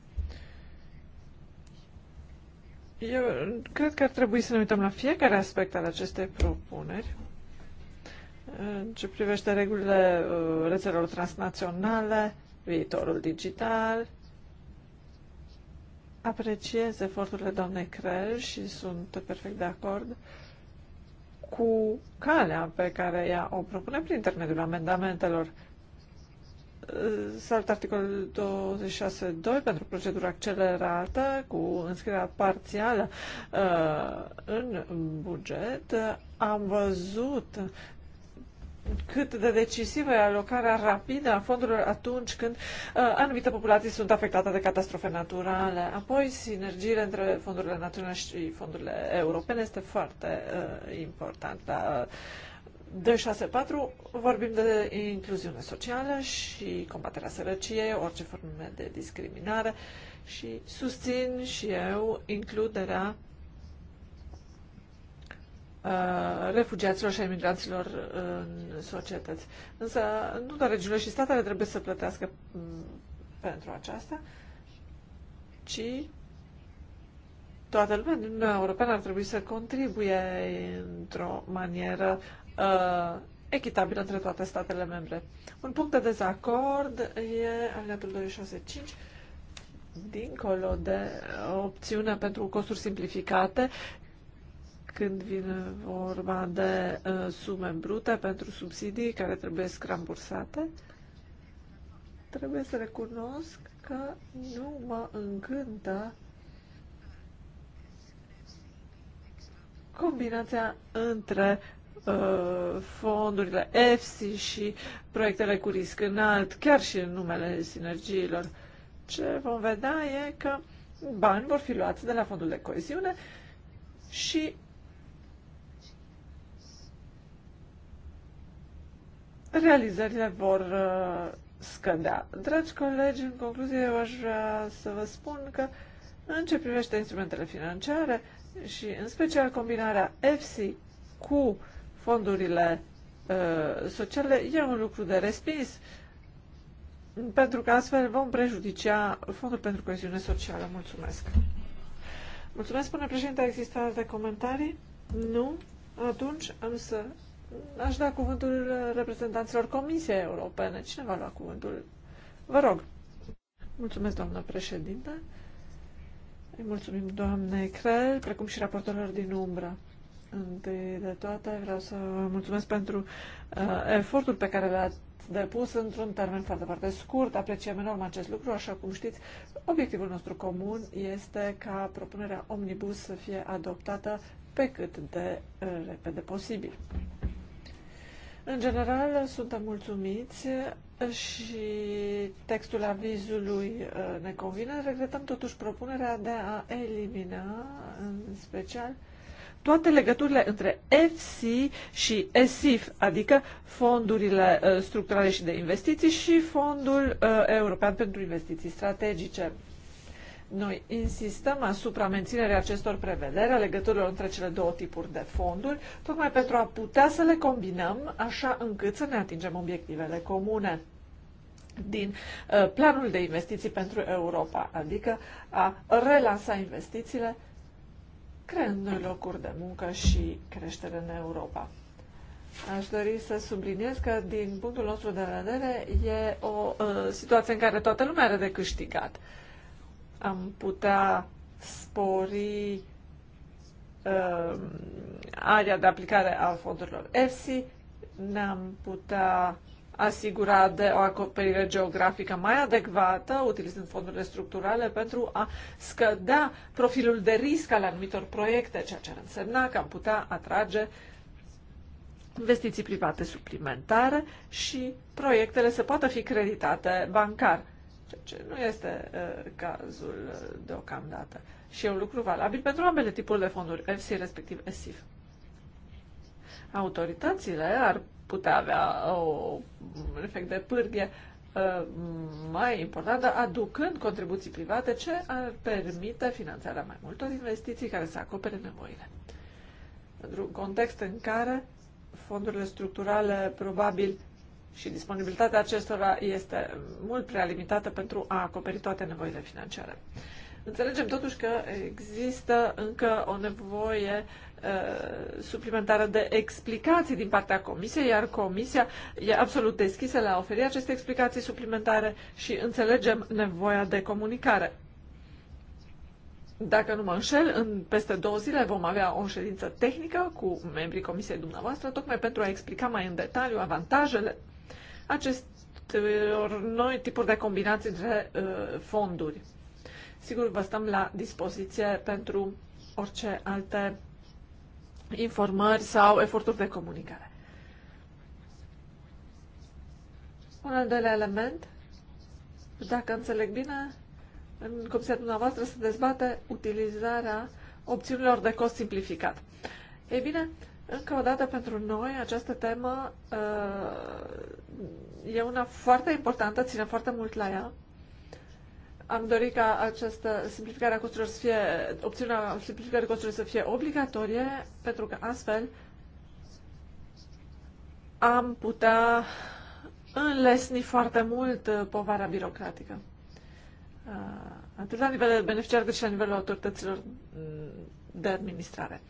Eu cred că ar trebui să ne uităm la fiecare aspect al acestei propuneri. În ce privește regulile uh, rețelelor transnaționale, viitorul digital, apreciez eforturile doamnei Crel și sunt perfect de acord cu calea pe care ea o propune prin intermediul amendamentelor salut articolul 26.2 pentru procedura accelerată cu înscrierea parțială uh, în buget. Am văzut cât de decisivă e alocarea rapidă a fondurilor atunci când uh, anumite populații sunt afectate de catastrofe naturale. Apoi, sinergiile între fondurile naționale și fondurile europene este foarte uh, importantă. Uh, 264 vorbim de incluziune socială și combaterea sărăciei, orice formă de discriminare și susțin și eu includerea uh, refugiaților și emigranților în societăți. Însă nu doar regiunile și statele trebuie să plătească mm, pentru aceasta, ci toată lumea din Uniunea Europeană ar trebui să contribuie într-o manieră uh, echitabilă între toate statele membre. Un punct de dezacord e alineatul 265 dincolo de opțiunea pentru costuri simplificate, când vine vorba de uh, sume brute pentru subsidii care trebuie scrambursate, trebuie să recunosc că nu mă încântă combinația între Uh, fondurile EFSI și proiectele cu risc înalt, chiar și în numele sinergiilor. Ce vom vedea e că bani vor fi luați de la fondul de coeziune și realizările vor uh, scădea. Dragi colegi, în concluzie eu aș vrea să vă spun că în ce privește instrumentele financiare și în special combinarea EFSI cu fondurile uh, sociale, e un lucru de respins, pentru că astfel vom prejudicia fondul pentru coeziune socială. Mulțumesc! Mulțumesc, până președinte, există alte comentarii? Nu? Atunci am să... Aș da cuvântul reprezentanților Comisiei Europene. Cine va lua cuvântul? Vă rog. Mulțumesc, doamnă președinte. Îi mulțumim doamne Crel, precum și raportorilor din umbră. Întâi de toate vreau să mulțumesc pentru uh, efortul pe care l-ați depus într-un termen foarte, foarte scurt. Apreciem enorm acest lucru. Așa cum știți, obiectivul nostru comun este ca propunerea Omnibus să fie adoptată pe cât de uh, repede posibil. În general, suntem mulțumiți și textul avizului uh, ne convine. Regretăm totuși propunerea de a elimina, în special, toate legăturile între FC și ESIF, adică fondurile uh, structurale și de investiții și Fondul uh, European pentru Investiții Strategice. Noi insistăm asupra menținerii acestor prevederi, a legăturilor între cele două tipuri de fonduri, tocmai pentru a putea să le combinăm așa încât să ne atingem obiectivele comune din uh, planul de investiții pentru Europa, adică a relansa investițiile creând noi locuri de muncă și creștere în Europa. Aș dori să subliniez că, din punctul nostru de vedere, e o uh, situație în care toată lumea are de câștigat. Am putea spori uh, area de aplicare a fondurilor EFSI, ne-am putea asigura de o acoperire geografică mai adecvată, utilizând fondurile structurale pentru a scădea profilul de risc al anumitor proiecte, ceea ce ar însemna că am putea atrage investiții private suplimentare și proiectele se poată fi creditate bancar, ceea ce nu este uh, cazul deocamdată. Și e un lucru valabil pentru ambele tipuri de fonduri, EFSI respectiv ESIF. Autoritățile ar putea avea o, uh, un efect de pârghie uh, mai importantă, aducând contribuții private ce ar permite finanțarea mai multor investiții care să acopere nevoile. Într-un context în care fondurile structurale probabil și disponibilitatea acestora este mult prea limitată pentru a acoperi toate nevoile financiare. Înțelegem totuși că există încă o nevoie Uh, suplimentară de explicații din partea Comisiei, iar Comisia e absolut deschisă la a oferi aceste explicații suplimentare și înțelegem nevoia de comunicare. Dacă nu mă înșel, în peste două zile vom avea o ședință tehnică cu membrii Comisiei dumneavoastră, tocmai pentru a explica mai în detaliu avantajele acestor noi tipuri de combinații de uh, fonduri. Sigur, vă stăm la dispoziție pentru orice alte informări sau eforturi de comunicare. Un al doilea element, dacă înțeleg bine, în comisia dumneavoastră se dezbate utilizarea opțiunilor de cost simplificat. Ei bine, încă o dată pentru noi această temă uh, e una foarte importantă, ține foarte mult la ea am dorit ca această simplificare a costurilor să fie, opțiunea simplificării costurilor să fie obligatorie, pentru că astfel am putea înlesni foarte mult uh, povara birocratică. Uh, atât la nivel de beneficiar, cât și la nivelul autorităților mm, de administrare.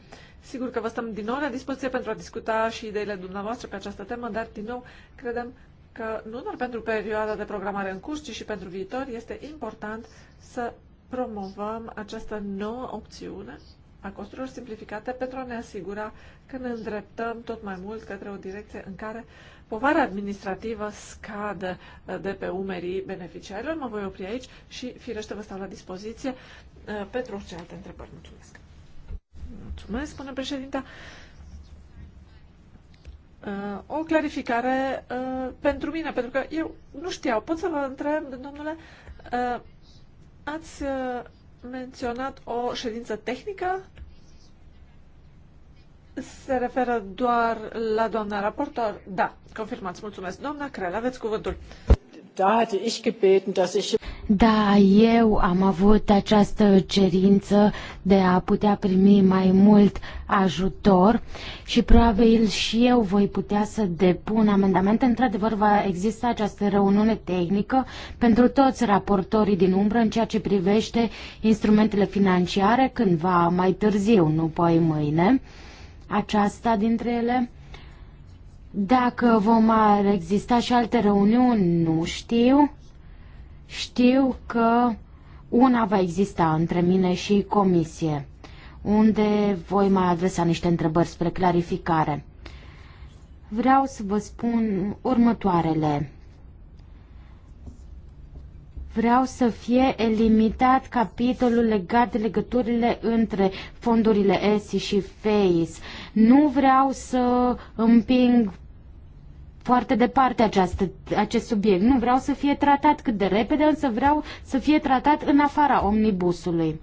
Sigur că vă stăm din nou la dispoziție pentru a discuta și ideile dumneavoastră pe această temă, dar din nou credem că nu doar pentru perioada de programare în curs, ci și pentru viitor este important să promovăm această nouă opțiune a costurilor simplificate pentru a ne asigura că ne îndreptăm tot mai mult către o direcție în care povara administrativă scade uh, de pe umerii beneficiarilor. Mă voi opri aici și, firește, vă stau la dispoziție uh, pentru orice alte întrebări. Mulțumesc! Mulțumesc, spune președinta uh, o clarificare uh, pentru mine, pentru că eu nu știau. Pot să vă întreb, domnule, uh, ați uh, menționat o ședință tehnică? Se referă doar la doamna raportor? Da, confirmați, mulțumesc. Doamna Crel, aveți cuvântul. Da hatte ich gebeten, dass ich da, eu am avut această cerință de a putea primi mai mult ajutor și probabil și eu voi putea să depun amendamente. Într-adevăr, va exista această reuniune tehnică pentru toți raportorii din umbră în ceea ce privește instrumentele financiare cândva mai târziu, nu poi mâine. Aceasta dintre ele. Dacă vom mai exista și alte reuniuni, nu știu. Știu că una va exista între mine și comisie, unde voi mai adresa niște întrebări spre clarificare. Vreau să vă spun următoarele. Vreau să fie eliminat capitolul legat de legăturile între fondurile ESI și FACE. Nu vreau să împing foarte departe această, acest subiect. Nu vreau să fie tratat cât de repede, însă vreau să fie tratat în afara omnibusului.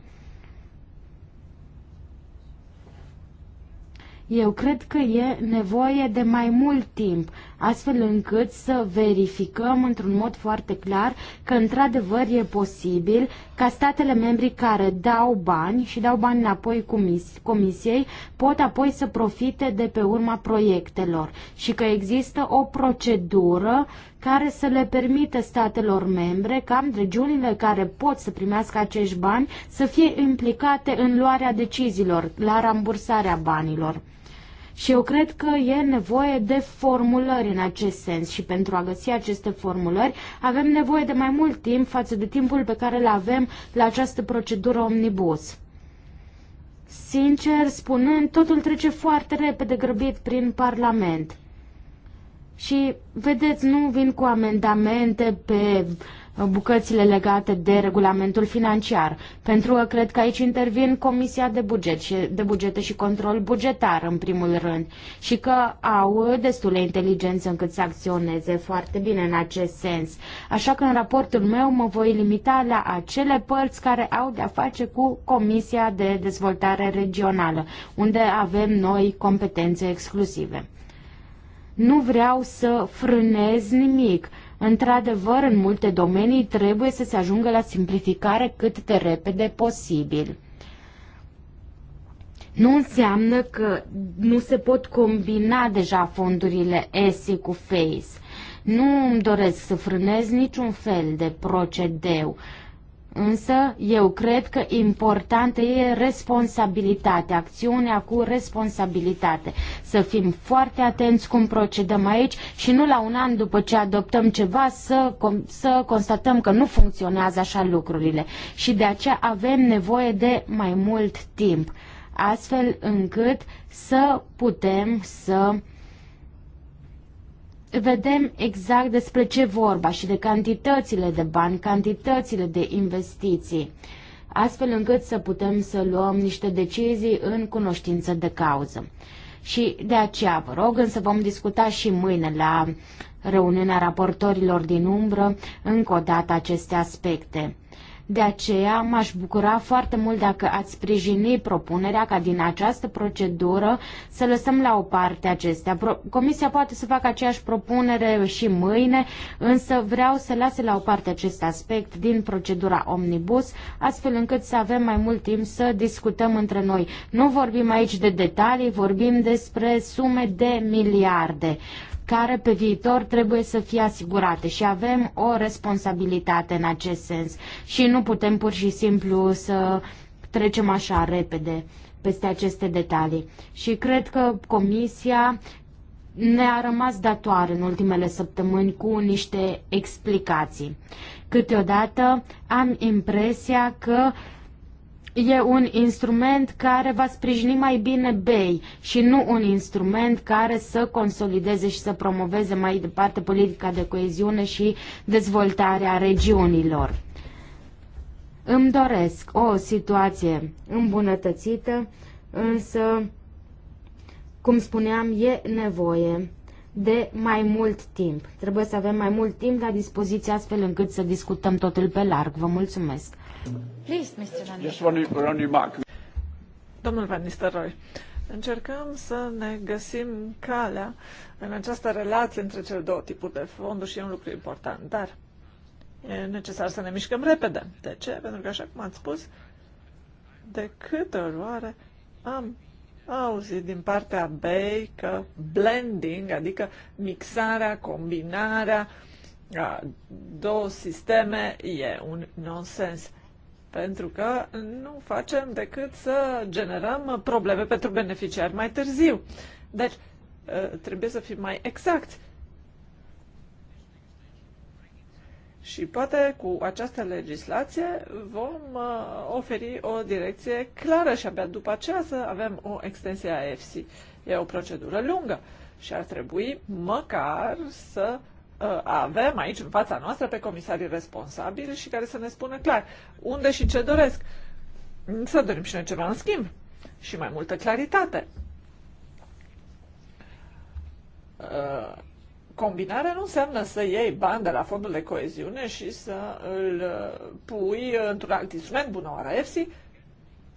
Eu cred că e nevoie de mai mult timp, astfel încât să verificăm într-un mod foarte clar că într-adevăr e posibil ca statele membri care dau bani și dau bani înapoi comis comisiei pot apoi să profite de pe urma proiectelor și că există o procedură care să le permită statelor membre cam regiunile care pot să primească acești bani să fie implicate în luarea deciziilor, la rambursarea banilor. Și eu cred că e nevoie de formulări în acest sens și pentru a găsi aceste formulări avem nevoie de mai mult timp față de timpul pe care îl avem la această procedură omnibus. Sincer spunând, totul trece foarte repede grăbit prin Parlament. Și, vedeți, nu vin cu amendamente pe uh, Uh, bucățile legate de regulamentul financiar, pentru că cred că aici intervin Comisia de, buget și, de Bugete și Control Bugetar, în primul rând, și că au destule inteligență încât să acționeze foarte bine în acest sens. Așa că în raportul meu mă voi limita la acele părți care au de-a face cu Comisia de Dezvoltare Regională, unde avem noi competențe exclusive. Nu vreau să frânez nimic. Într-adevăr, în multe domenii trebuie să se ajungă la simplificare cât de repede posibil. Nu înseamnă că nu se pot combina deja fondurile ESI cu FACE. Nu îmi doresc să frânez niciun fel de procedeu. Însă, eu cred că importantă e responsabilitatea, acțiunea cu responsabilitate. Să fim foarte atenți cum procedăm aici și nu la un an după ce adoptăm ceva să, să constatăm că nu funcționează așa lucrurile. Și de aceea avem nevoie de mai mult timp, astfel încât să putem să vedem exact despre ce vorba și de cantitățile de bani, cantitățile de investiții, astfel încât să putem să luăm niște decizii în cunoștință de cauză. Și de aceea vă rog, însă vom discuta și mâine la reuniunea raportorilor din umbră încă o dată aceste aspecte. De aceea m-aș bucura foarte mult dacă ați sprijini propunerea ca din această procedură să lăsăm la o parte acestea. Comisia poate să facă aceeași propunere și mâine, însă vreau să lase la o parte acest aspect din procedura omnibus, astfel încât să avem mai mult timp să discutăm între noi. Nu vorbim aici de detalii, vorbim despre sume de miliarde care pe viitor trebuie să fie asigurate și avem o responsabilitate în acest sens și nu putem pur și simplu să trecem așa repede peste aceste detalii. Și cred că Comisia ne-a rămas datoare în ultimele săptămâni cu niște explicații. Câteodată am impresia că uh, e un instrument care va sprijini mai bine BEI și nu un instrument care să consolideze și să promoveze mai departe politica de coeziune și dezvoltarea regiunilor. Îmi doresc o situație îmbunătățită, însă, cum spuneam, e nevoie de mai mult timp. Trebuie să avem mai mult timp la dispoziție astfel încât să discutăm totul pe larg. Vă mulțumesc! Please, Mr. Just one, one remark. Domnul Van Nistelrooy, încercăm să ne găsim calea în această relație între cele două tipuri de fonduri și e un lucru important, dar e necesar să ne mișcăm repede. De ce? Pentru că, așa cum ați spus, de câte ori oare am auzit din partea BEI că blending, adică mixarea, combinarea a două sisteme, e un nonsens pentru că nu facem decât să generăm probleme pentru beneficiari mai târziu. Deci, ă, trebuie să fim mai exact Și poate cu această legislație vom ă, oferi o direcție clară și abia după aceea să avem o extensie a EFSI. E o procedură lungă și ar trebui măcar să Uh, avem aici în fața noastră pe comisarii responsabili și care să ne spună clar unde și ce doresc. Să dorim și noi ceva în schimb și mai multă claritate. Uh, combinarea nu înseamnă să iei bani de la fondul de coeziune și să îl uh, pui într-un alt instrument, bună oară EFSI,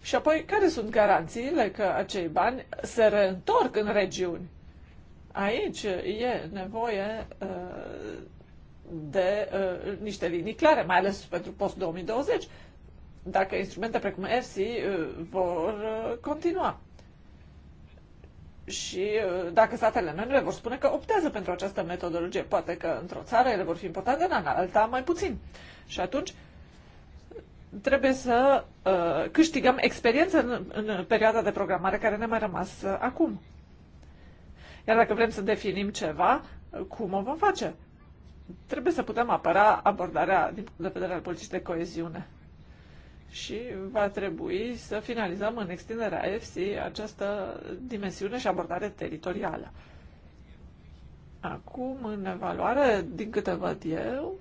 și apoi care sunt garanțiile că acei bani se reîntorc în regiuni? Aici e nevoie uh, de uh, niște linii clare, mai ales pentru post-2020, dacă instrumente precum EFSI uh, vor continua. Și dacă statele membre vor spune că optează pentru această metodologie, poate că într-o țară ele vor fi importante, în alta mai puțin. Și atunci trebuie să uh, câștigăm experiență în, în perioada de programare care ne mai rămas acum. Iar dacă vrem să definim ceva, cum o vom face? Trebuie să putem apăra abordarea din punct de vedere al politicii de coeziune. Și va trebui să finalizăm în extinderea EFSI această dimensiune și abordare teritorială. Acum, în evaluare, din câte văd eu,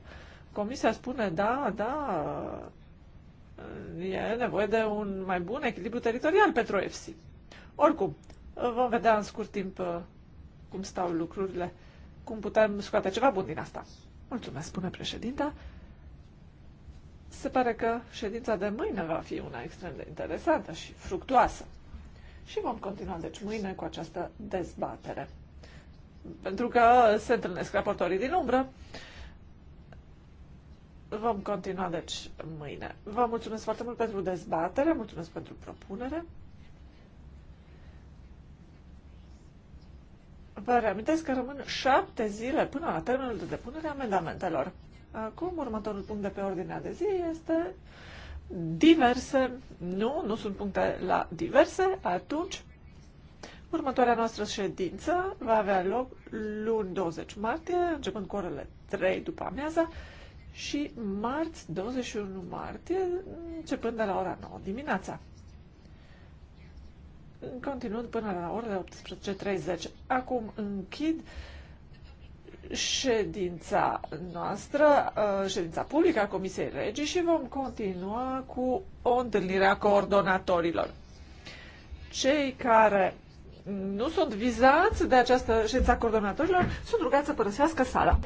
Comisia spune, da, da, e nevoie de un mai bun echilibru teritorial pentru EFSI. Oricum, vom vedea în scurt timp cum stau lucrurile, cum putem scoate ceva bun din asta. Mulțumesc, spune președinta. Se pare că ședința de mâine va fi una extrem de interesantă și fructuoasă. Și vom continua, deci, mâine cu această dezbatere. Pentru că se întâlnesc raportorii din umbră, vom continua, deci, mâine. Vă mulțumesc foarte mult pentru dezbatere, mulțumesc pentru propunere. Vă reamintesc că rămân șapte zile până la termenul de depunere a amendamentelor. Acum, următorul punct de pe ordinea de zi este diverse. Nu, nu sunt puncte la diverse. Atunci, următoarea noastră ședință va avea loc luni 20 martie, începând cu orele 3 după amiaza, și marți 21 martie, începând de la ora 9 dimineața continuând până la orele 18.30. Acum închid ședința noastră, uh, ședința publică a Comisiei Regii și vom continua cu o întâlnire a coordonatorilor. Cei care nu sunt vizați de această ședință a coordonatorilor sunt rugați să părăsească sala.